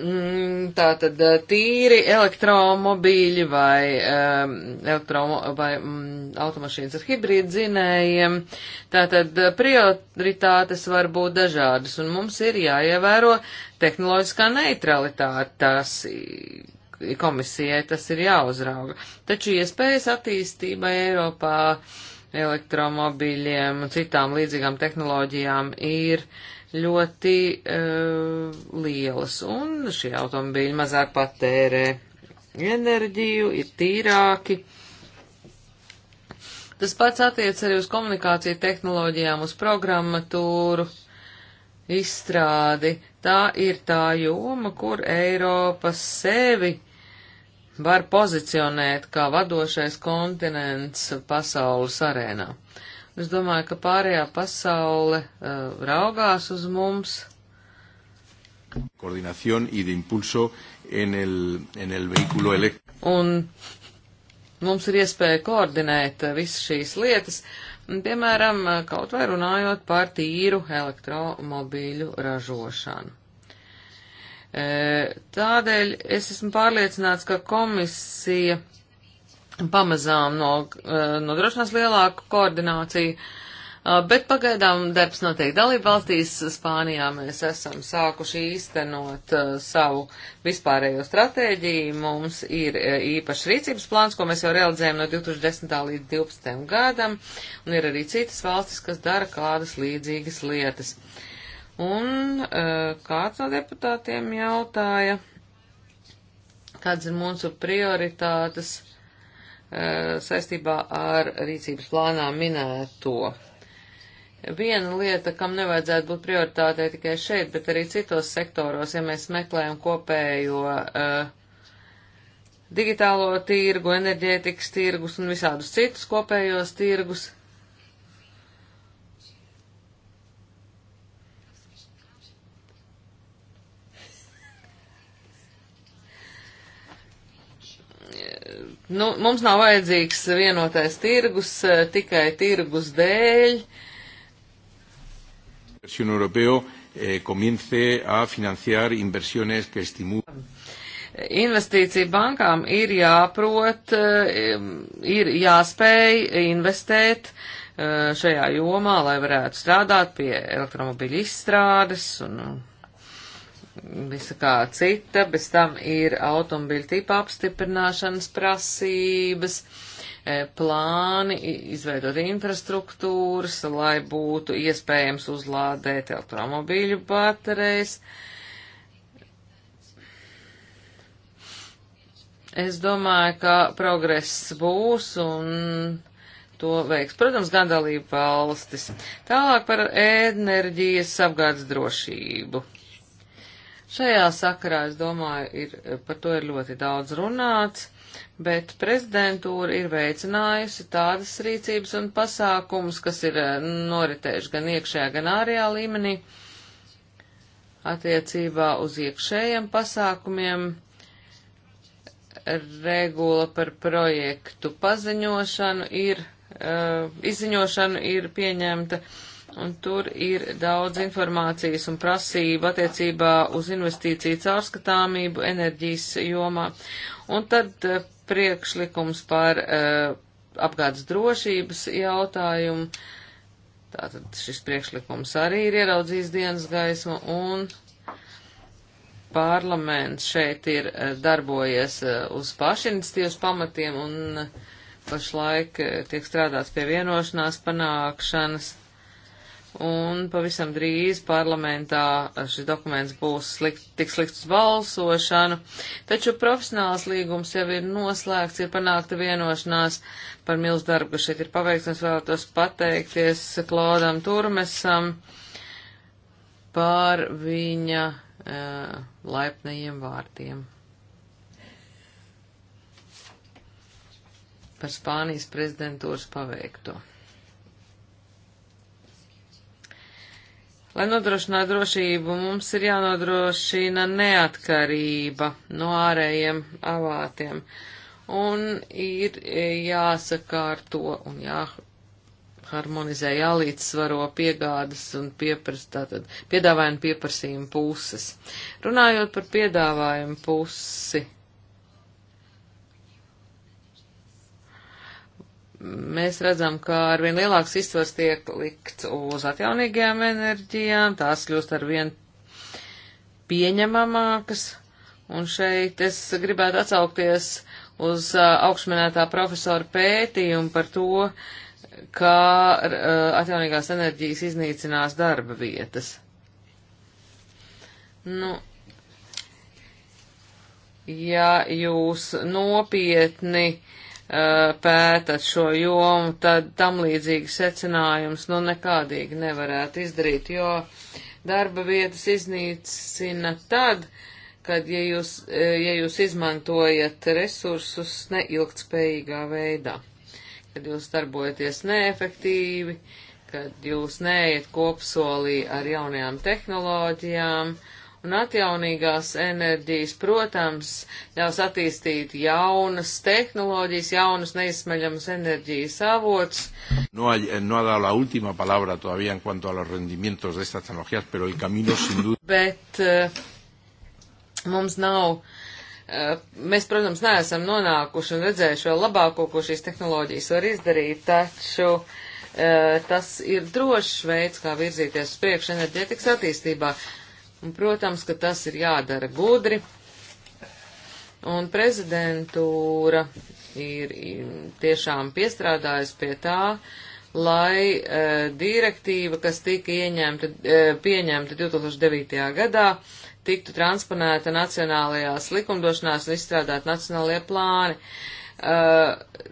Mm, tātad eh, tīri elektromobīļi vai, um, elektromo, vai um, automašīnas ar hibrīdu dzinējiem. Tātad eh, prioritātes var būt dažādas un mums ir jāievēro tehnoloģiskā neutralitāte. Tas komisijai tas ir jāuzrauga. Taču iespējas attīstībai Eiropā elektromobīļiem un citām līdzīgām tehnoloģijām ir uh, ļoti uh, lielas, un šie automobīļi mazāk patērē enerģiju, ir tīrāki. Tas pats attiec arī uz komunikāciju tehnoloģijām, uz programmatūru, izstrādi. Tā ir tā joma, kur Eiropa sevi var pozicionēt kā vadošais kontinents pasaules arēnā. Uh, Es domāju, ka pārējā pasaule uh, raugās uz mums. Koordinācija y de impulso en el, en el vehículo eléctrico. Un mums ir iespēja koordinēt eh, visas šīs lietas, piemēram, eh, kaut vai runājot par tīru elektromobīļu ražošanu. Tādēļ es esmu pārliecināts, ka komisija pamazām no, eh, nodrošinās lielāku koordināciju, eh, bet pagaidām darbs notiek dalību valstīs. Spānijā mēs esam sākuši īstenot eh, savu vispārējo stratēģiju. Mums ir īpašs rīcības plāns, ko mēs jau realizējam no 2010. līdz 2012. gadam, un ir arī citas valstis, kas dara kādas līdzīgas lietas. Un kāds no deputātiem jautāja, kādas ir mūsu prioritātes E, saistībā ar rīcības plānā minēto. Viena lieta, kam nevajadzētu būt prioritātei tikai šeit, bet arī citos sektoros, ja mēs meklējam kopējo uh, digitālo tirgu, enerģētikas tirgus un visādus citus kopējos tirgus, Nu, mums nav vajadzīgs vienotais tirgus eh, tikai tirgus dēļ. Europeo, eh, a financiar inversiones que estimulan investīciju bankām ir jāprot, eh, ir jāspēj investēt eh, šajā jomā, lai varētu strādāt pie elektromobīļu izstrādes un visa kā cita, bez tam ir automobiļu tipa apstiprināšanas prasības, e, plāni izveidot infrastruktūras, lai būtu iespējams uzlādēt elektromobīļu baterijas. Es domāju, ka progress būs un to veiks, protams, gan dalību valstis. Tālāk par enerģijas apgādes drošību. Šajā sakarā, es domāju, ir, par to ir ļoti daudz runāts, bet prezidentūra ir veicinājusi tādas rīcības un pasākumus, kas ir eh, noritējuši gan iekšējā, gan ārējā līmenī attiecībā uz iekšējiem pasākumiem. Regula par projektu paziņošanu ir, uh, izziņošanu ir pieņemta uh, un tur ir daudz informācijas un prasība attiecībā uz investīciju caurskatāmību enerģijas jomā. Un tad eh, priekšlikums par uh, apgādes drošības jautājumu. Tātad šis priekšlikums arī ir ieraudzījis dienas gaismu un parlaments šeit ir eh, darbojies uz pašinicitīvas pamatiem un pašlaik tiek strādāts pie vienošanās panākšanas un pavisam drīz parlamentā šis dokuments būs slikt, tik slikts balsošanu, taču profesionāls līgums jau ir noslēgts, ir panākta vienošanās par milz darbu, kas šeit ir paveikts, un es vēlētos pateikties Klaudam Turmesam par viņa e, laipnajiem vārtiem. Par Spānijas prezidentūras paveikto. Lai nodrošinātu drošību, mums ir jānodrošina neatkarība no ārējiem avātiem. Un ir jāsakārto un jāharmonizē, jālīdzsvaro piegādas un piepras, tātad piedāvājuma pieprasījuma puses. Runājot par piedāvājumu pusi. mēs redzam, ka arvien lielāks izsvars tiek likts uz atjaunīgajām enerģijām, tās kļūst arvien pieņemamākas, un šeit es gribētu atsaukties uz augšminētā profesora pētījumu par to, kā atjaunīgās enerģijas iznīcinās darba vietas. Nu, ja jūs nopietni uh, Uh, pētat šo jomu, tad tam līdzīgi secinājums nu nekādīgi nevarētu izdarīt, jo darba vietas iznīcina tad, kad, ja jūs, uh, ja jūs izmantojat resursus neilgtspējīgā veidā, kad jūs darbojaties neefektīvi, kad jūs neiet kopsolī ar jaunajām tehnoloģijām, uh, Un atjaunīgās enerģijas, protams, ļaus attīstīt jaunas tehnoloģijas, jaunas neizsmeļamas enerģijas avots. No, hay, no ha dado la última palabra todavía en cuanto a los rendimientos de estas tecnologías, pero el camino sin duda. Bet uh, mums nav. Uh, mēs, protams, neesam nonākuši un redzējuši vēl labāko, ko šīs tehnoloģijas var izdarīt, taču uh, tas ir drošs veids, kā virzīties uz priekšu enerģētikas attīstībā. Un, protams, ka tas ir jādara gudri, un prezidentūra ir tiešām piestrādājusi pie tā, lai e, direktīva, kas tika ieņemta, e, pieņemta 2009. gadā, tiktu transponēta nacionālajās likumdošanās un izstrādāt nacionālajie plāni. E,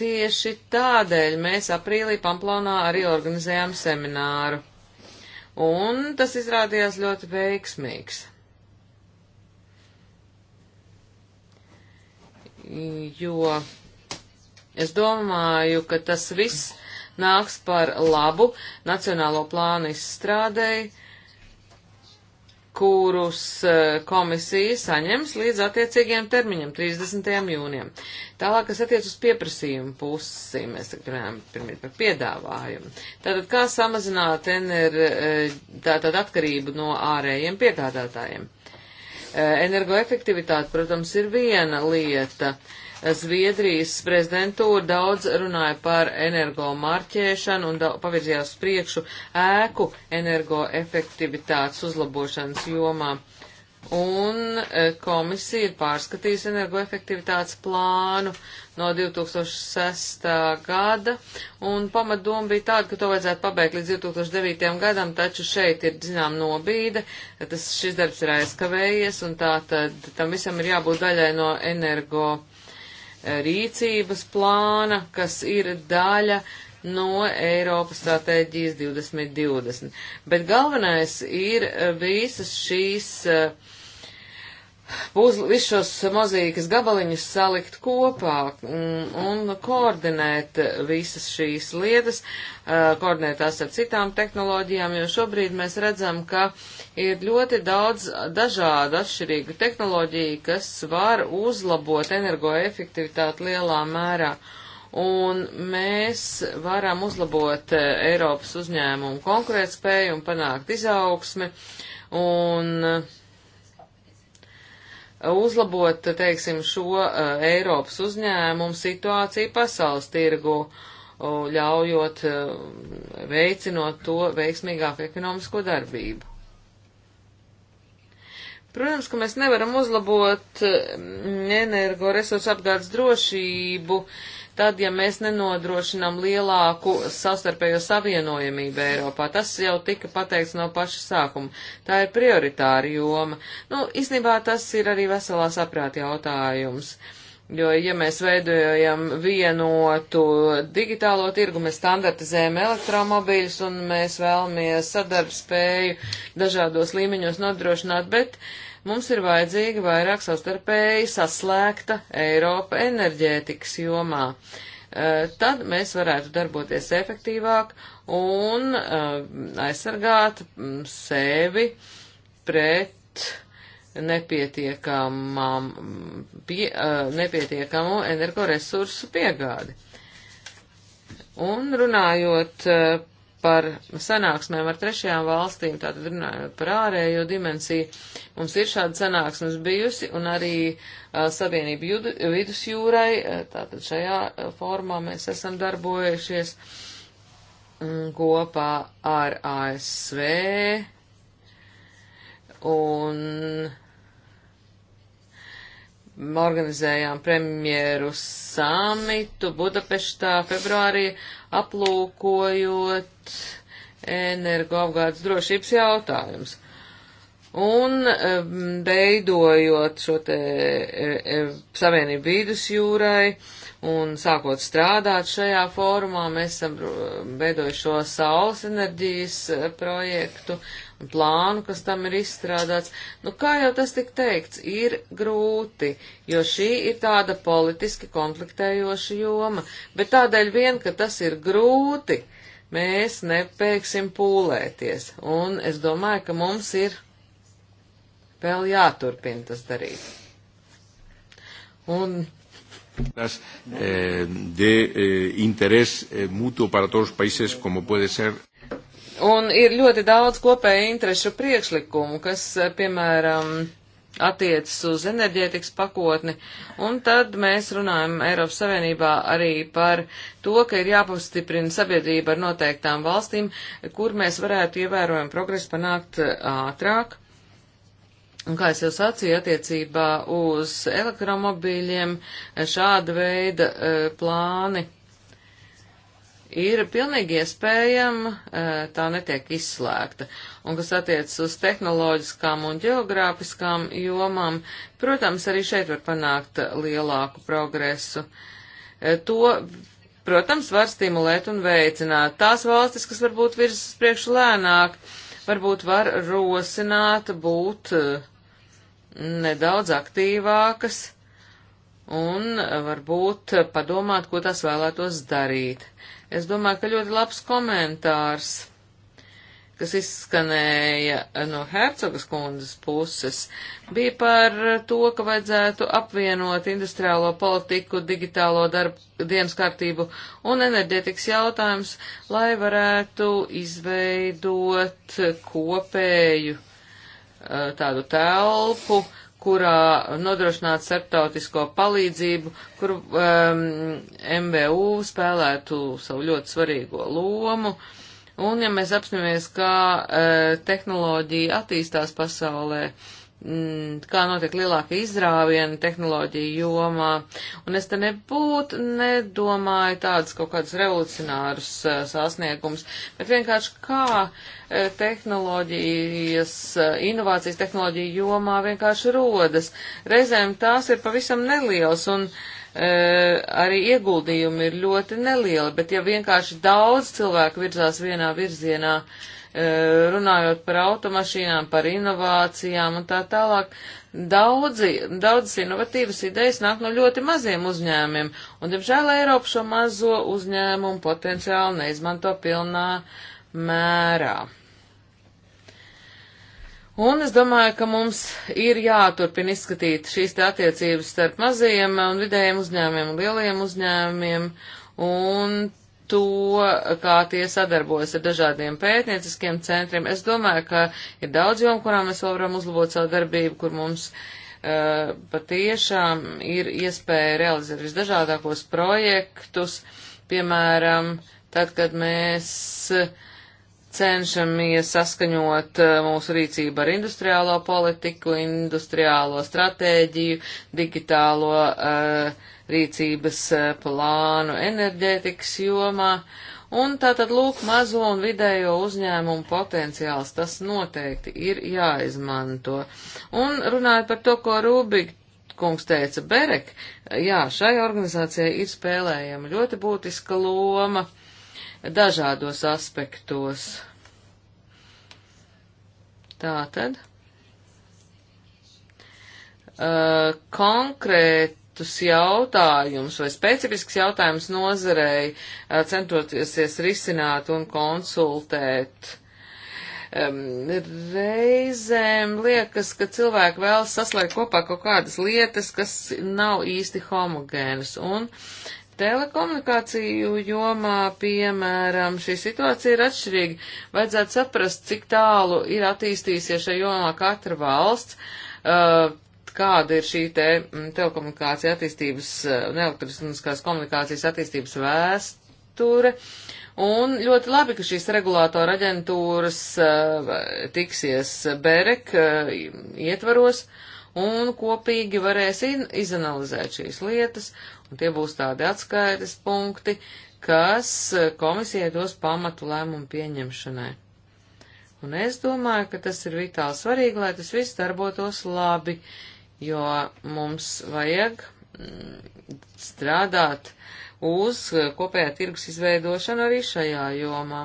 tieši tādēļ mēs aprīlī Pamplonā arī organizējām semināru un tas izrādījās ļoti veiksmīgs. Jo es domāju, ka tas viss nāks par labu nacionālo plānu izstrādēji, kurus eh, komisija saņems līdz attiecīgiem termiņam, 30. jūnijam. Tālāk, kas attiec uz pieprasījumu pusi, mēs runājam pirmie par piedāvājumu. Tātad, kā samazināt ener, eh, tātad atkarību no ārējiem piegādātājiem? Eh, energoefektivitāte, protams, ir viena lieta. Uh, Zviedrijas prezidentūra daudz runāja par energo marķēšanu un pavirzījās priekšu ēku energoefektivitātes uzlabošanas jomā. Un e, komisija ir pārskatījusi energoefektivitātes plānu no 2006. gada, un pamatdoma bija tāda, ka to vajadzētu pabeigt līdz 2009. gadam, taču šeit ir, zinām, nobīde, tas šis darbs ir aizkavējies, un tā tad tam visam ir jābūt daļai no energo rīcības plāna, kas ir daļa no Eiropas stratēģijas 2020. Bet galvenais ir visas šīs uh, uz visus šos mozīkas gabaliņus salikt kopā un, un koordinēt visas šīs lietas, koordinēt tās ar citām tehnoloģijām, jo šobrīd mēs redzam, ka ir ļoti daudz dažādu atšķirīgu tehnoloģiju, kas var uzlabot energoefektivitāti lielā mērā. Un mēs varam uzlabot Eiropas uzņēmumu konkurētspēju un panākt izaugsmi. Un uh, uzlabot, teiksim, šo uh, Eiropas uzņēmumu situāciju pasaules tirgu, uh, ļaujot, uh, veicinot to veiksmīgāku ekonomisko darbību. Protams, ka mēs nevaram uzlabot eh, energoresursu apgādes drošību, uh, tad, ja mēs nenodrošinām lielāku savstarpējo savienojamību Eiropā. Tas jau tika pateikts no paša sākuma. Tā ir prioritāra joma. Nu, īstenībā tas ir arī veselā saprāta jautājums. Jo, ja mēs veidojam vienotu digitālo tirgu, mēs standartizējam elektromobīļus un mēs vēlamies sadarbspēju dažādos līmeņos nodrošināt, bet uh, Mums ir vajadzīga vairāk savstarpēji saslēgta Eiropa enerģētikas jomā. Eh, tad mēs varētu darboties efektīvāk un eh, aizsargāt mm, sevi pret nepietiekamam, pie, eh, nepietiekamu energoresursu piegādi. Un runājot par sanāksmēm ar trešajām valstīm, tātad runājot par ārējo dimensiju, mums ir šāda sanāksmes bijusi, un arī uh, Savienība judu, vidusjūrai, uh, tātad šajā uh, formā mēs esam darbojušies mm, kopā ar ASV, un organizējām premjeru samitu Budapeštā februārī, aplūkojot energoapgādes drošības jautājumus. Un beidojot šo te e, e, savienību vīdus jūrai un sākot strādāt šajā fórumā, mēs esam beidojuši šo saules enerģijas e, projektu, un plānu, kas tam ir izstrādāts. Nu, kā jau tas tik teikts, ir grūti, jo šī ir tāda politiski konfliktējoša joma, bet tādēļ vien, ka tas ir grūti, mēs nepēksim pūlēties, un es domāju, ka mums ir vēl jāturpina tas darīt. Un eh, de eh, interés eh, mutuo para todos los países como puede ser Un ir ļoti daudz kopēju interešu priekšlikumu, kas, eh, piemēram, attiecas uz enerģētikas pakotni, un tad mēs runājam Eiropas Savienībā arī par to, ka ir jāpastiprina sabiedrība ar noteiktām valstīm, kur mēs varētu ievērojami progresu panākt eh, ātrāk. Un kā es jau sacīju, attiecībā uz elektromobīļiem eh, šāda veida plāni ir pilnīgi iespējama, e, tā netiek izslēgta. Un kas attiecas uz tehnoloģiskām un geogrāfiskām jomām, protams, arī šeit var panākt lielāku progresu. E, to, protams, var stimulēt un veicināt. Tās valstis, kas varbūt virsas priekš lēnāk, varbūt var rosināt būt e, nedaudz aktīvākas un varbūt padomāt, ko tās vēlētos darīt. Es domāju, ka ļoti labs komentārs, kas izskanēja no Hercogas kundzes puses, bija par to, ka vajadzētu apvienot industriālo politiku, digitālo darbu dienas kārtību un enerģetikas jautājums, lai varētu izveidot kopēju eh, tādu telpu, uh, kurā nodrošināt starptautisko palīdzību, kur um, MVU spēlētu savu ļoti svarīgo lomu. Un, ja mēs apstāmies, kā uh, tehnoloģija attīstās pasaulē, uh, Mm, kā notiek lielāka izrāviena tehnoloģija jomā, un es te nebūtu nedomāju tādus kaut kādus revolucionārus eh, sasniegumus, bet vienkārši kā eh, tehnoloģijas, eh, inovācijas tehnoloģija jomā vienkārši rodas. Reizēm tās ir pavisam nelielas, un e, arī ieguldījumi ir ļoti nelieli, bet ja vienkārši daudz cilvēku virzās vienā virzienā, e, E, runājot par automašīnām, par inovācijām un tā tālāk. Daudzi, daudzas inovatīvas idejas nāk no ļoti maziem uzņēmiem, un, diemžēl, Eiropa šo mazo uzņēmumu potenciāli neizmanto pilnā mērā. Un es domāju, ka mums ir jāturpina izskatīt šīs te attiecības starp mazajiem un vidējiem uzņēmiem un lielajiem uzņēmiem, un to, kā tie sadarbojas ar dažādiem pētnieciskiem centriem. Es domāju, ka ir daudz jom, kurām mēs vēl varam uzlabot savu darbību, kur mums uh, patiešām ir iespēja realizēt visdažādākos projektus, piemēram, tad, kad mēs cenšamies saskaņot eh, mūsu rīcību ar industriālo politiku, industriālo stratēģiju, digitālo uh, rīcības e, plānu enerģētikas jomā, un tātad lūk mazo un vidējo uzņēmumu potenciāls, tas noteikti ir jāizmanto. Un runājot par to, ko Rūbik kungs teica, Berek, jā, šai organizācijai ir spēlējama ļoti būtiska loma dažādos aspektos. Tātad. Uh, konkrēti konkrētus jautājumus vai specifisks jautājums nozarei eh, centoties risināt un konsultēt. Reizēm liekas, ka cilvēki vēlas saslēgt kopā kaut kādas lietas, kas nav īsti homogēnas. Un telekomunikāciju jomā, piemēram, šī situācija ir atšķirīga. Vajadzētu saprast, cik tālu ir attīstījusies šajā jomā katra valsts. Uh, kāda ir šī te mm, telekomunikācija attīstības un eh, elektroniskās komunikācijas attīstības vēsture. Un ļoti labi, ka šīs regulātora aģentūras eh, tiksies BEREK eh, ietvaros un kopīgi varēs izanalizēt šīs lietas, un tie būs tādi atskaites punkti, kas komisijai dos pamatu lēmumu pieņemšanai. Un es domāju, ka tas ir vitāli svarīgi, lai tas viss darbotos labi, jo mums vajag mm, strādāt uz kopējā tirgus izveidošanu arī šajā jomā.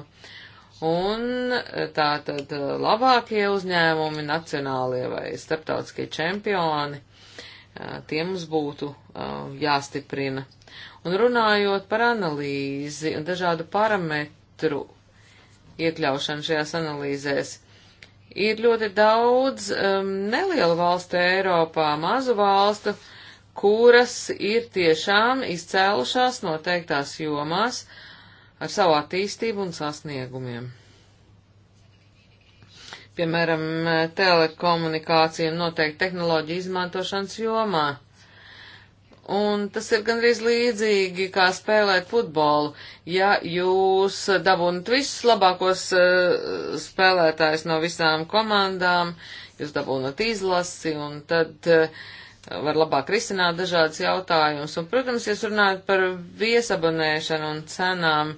Un eh, tā tad eh, labākie uzņēmumi, nacionālie vai starptautiskie čempioni, eh, tie mums būtu jāstiprina. Un runājot par analīzi un dažādu parametru iekļaušanu šajās analīzēs, ir ļoti daudz um, nelielu valstu Eiropā, mazu valstu, kuras ir tiešām izcēlušās noteiktās jomās ar savu attīstību un sasniegumiem. Piemēram, telekomunikācija un noteikti tehnoloģija izmantošanas jomā. Un tas ir gandrīz līdzīgi, kā spēlēt futbolu. Ja jūs dabūnat visus labākos uh, spēlētājus no visām komandām, jūs dabūnat izlasi un tad uh, var labāk risināt dažādas jautājumus. Un, protams, jūs runājat par viesabonēšanu un cenām.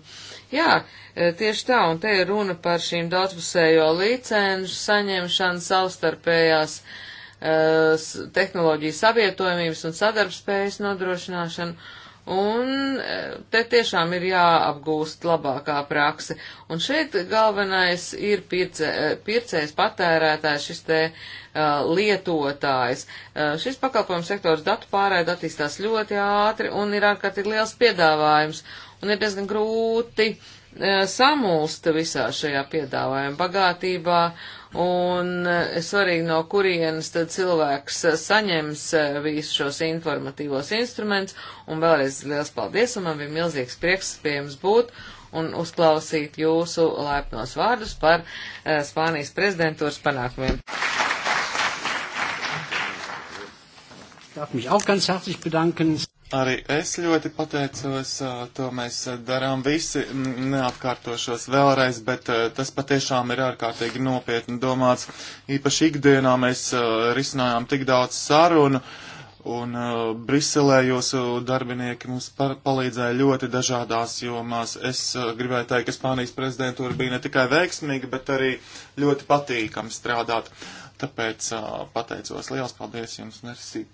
Jā, eh, tieši tā, un te ir runa par šīm daudzpusējo licenšu saņemšanu savstarpējās. Uh, Eh, tehnoloģiju savietojumības un sadarbspējas nodrošināšanu. Un eh, te tiešām ir jāapgūst labākā prakse. Un šeit galvenais ir pirce, eh, pircējs, patērētājs, šis te uh, lietotājs. Uh, šis pakalpojums sektors datu pārēd attīstās ļoti ātri un ir ārkārtīgi liels piedāvājums. Un ir diezgan grūti uh, samulst visā šajā piedāvājuma bagātībā un eh, svarīgi no kurienes tad cilvēks eh, saņems eh, visus šos informatīvos instrumentus, un vēlreiz liels paldies, un man bija milzīgs prieks pie jums būt un uzklausīt jūsu laipnos vārdus par Spānijas prezidentūras panākumiem. Darf mich auch ganz herzlich bedanken. Arī es ļoti pateicos, to mēs darām visi, neatkārtošos vēlreiz, bet tas patiešām ir ārkārtīgi nopietni domāts. Īpaši ikdienā mēs risinājām tik daudz sarunu, un Briselē jūsu darbinieki mums palīdzēja ļoti dažādās jomās. Es gribēju teikt, ka Spānijas prezidentūra bija ne tikai veiksmīga, bet arī ļoti patīkam strādāt. Tāpēc pateicos. Liels paldies jums, Merci!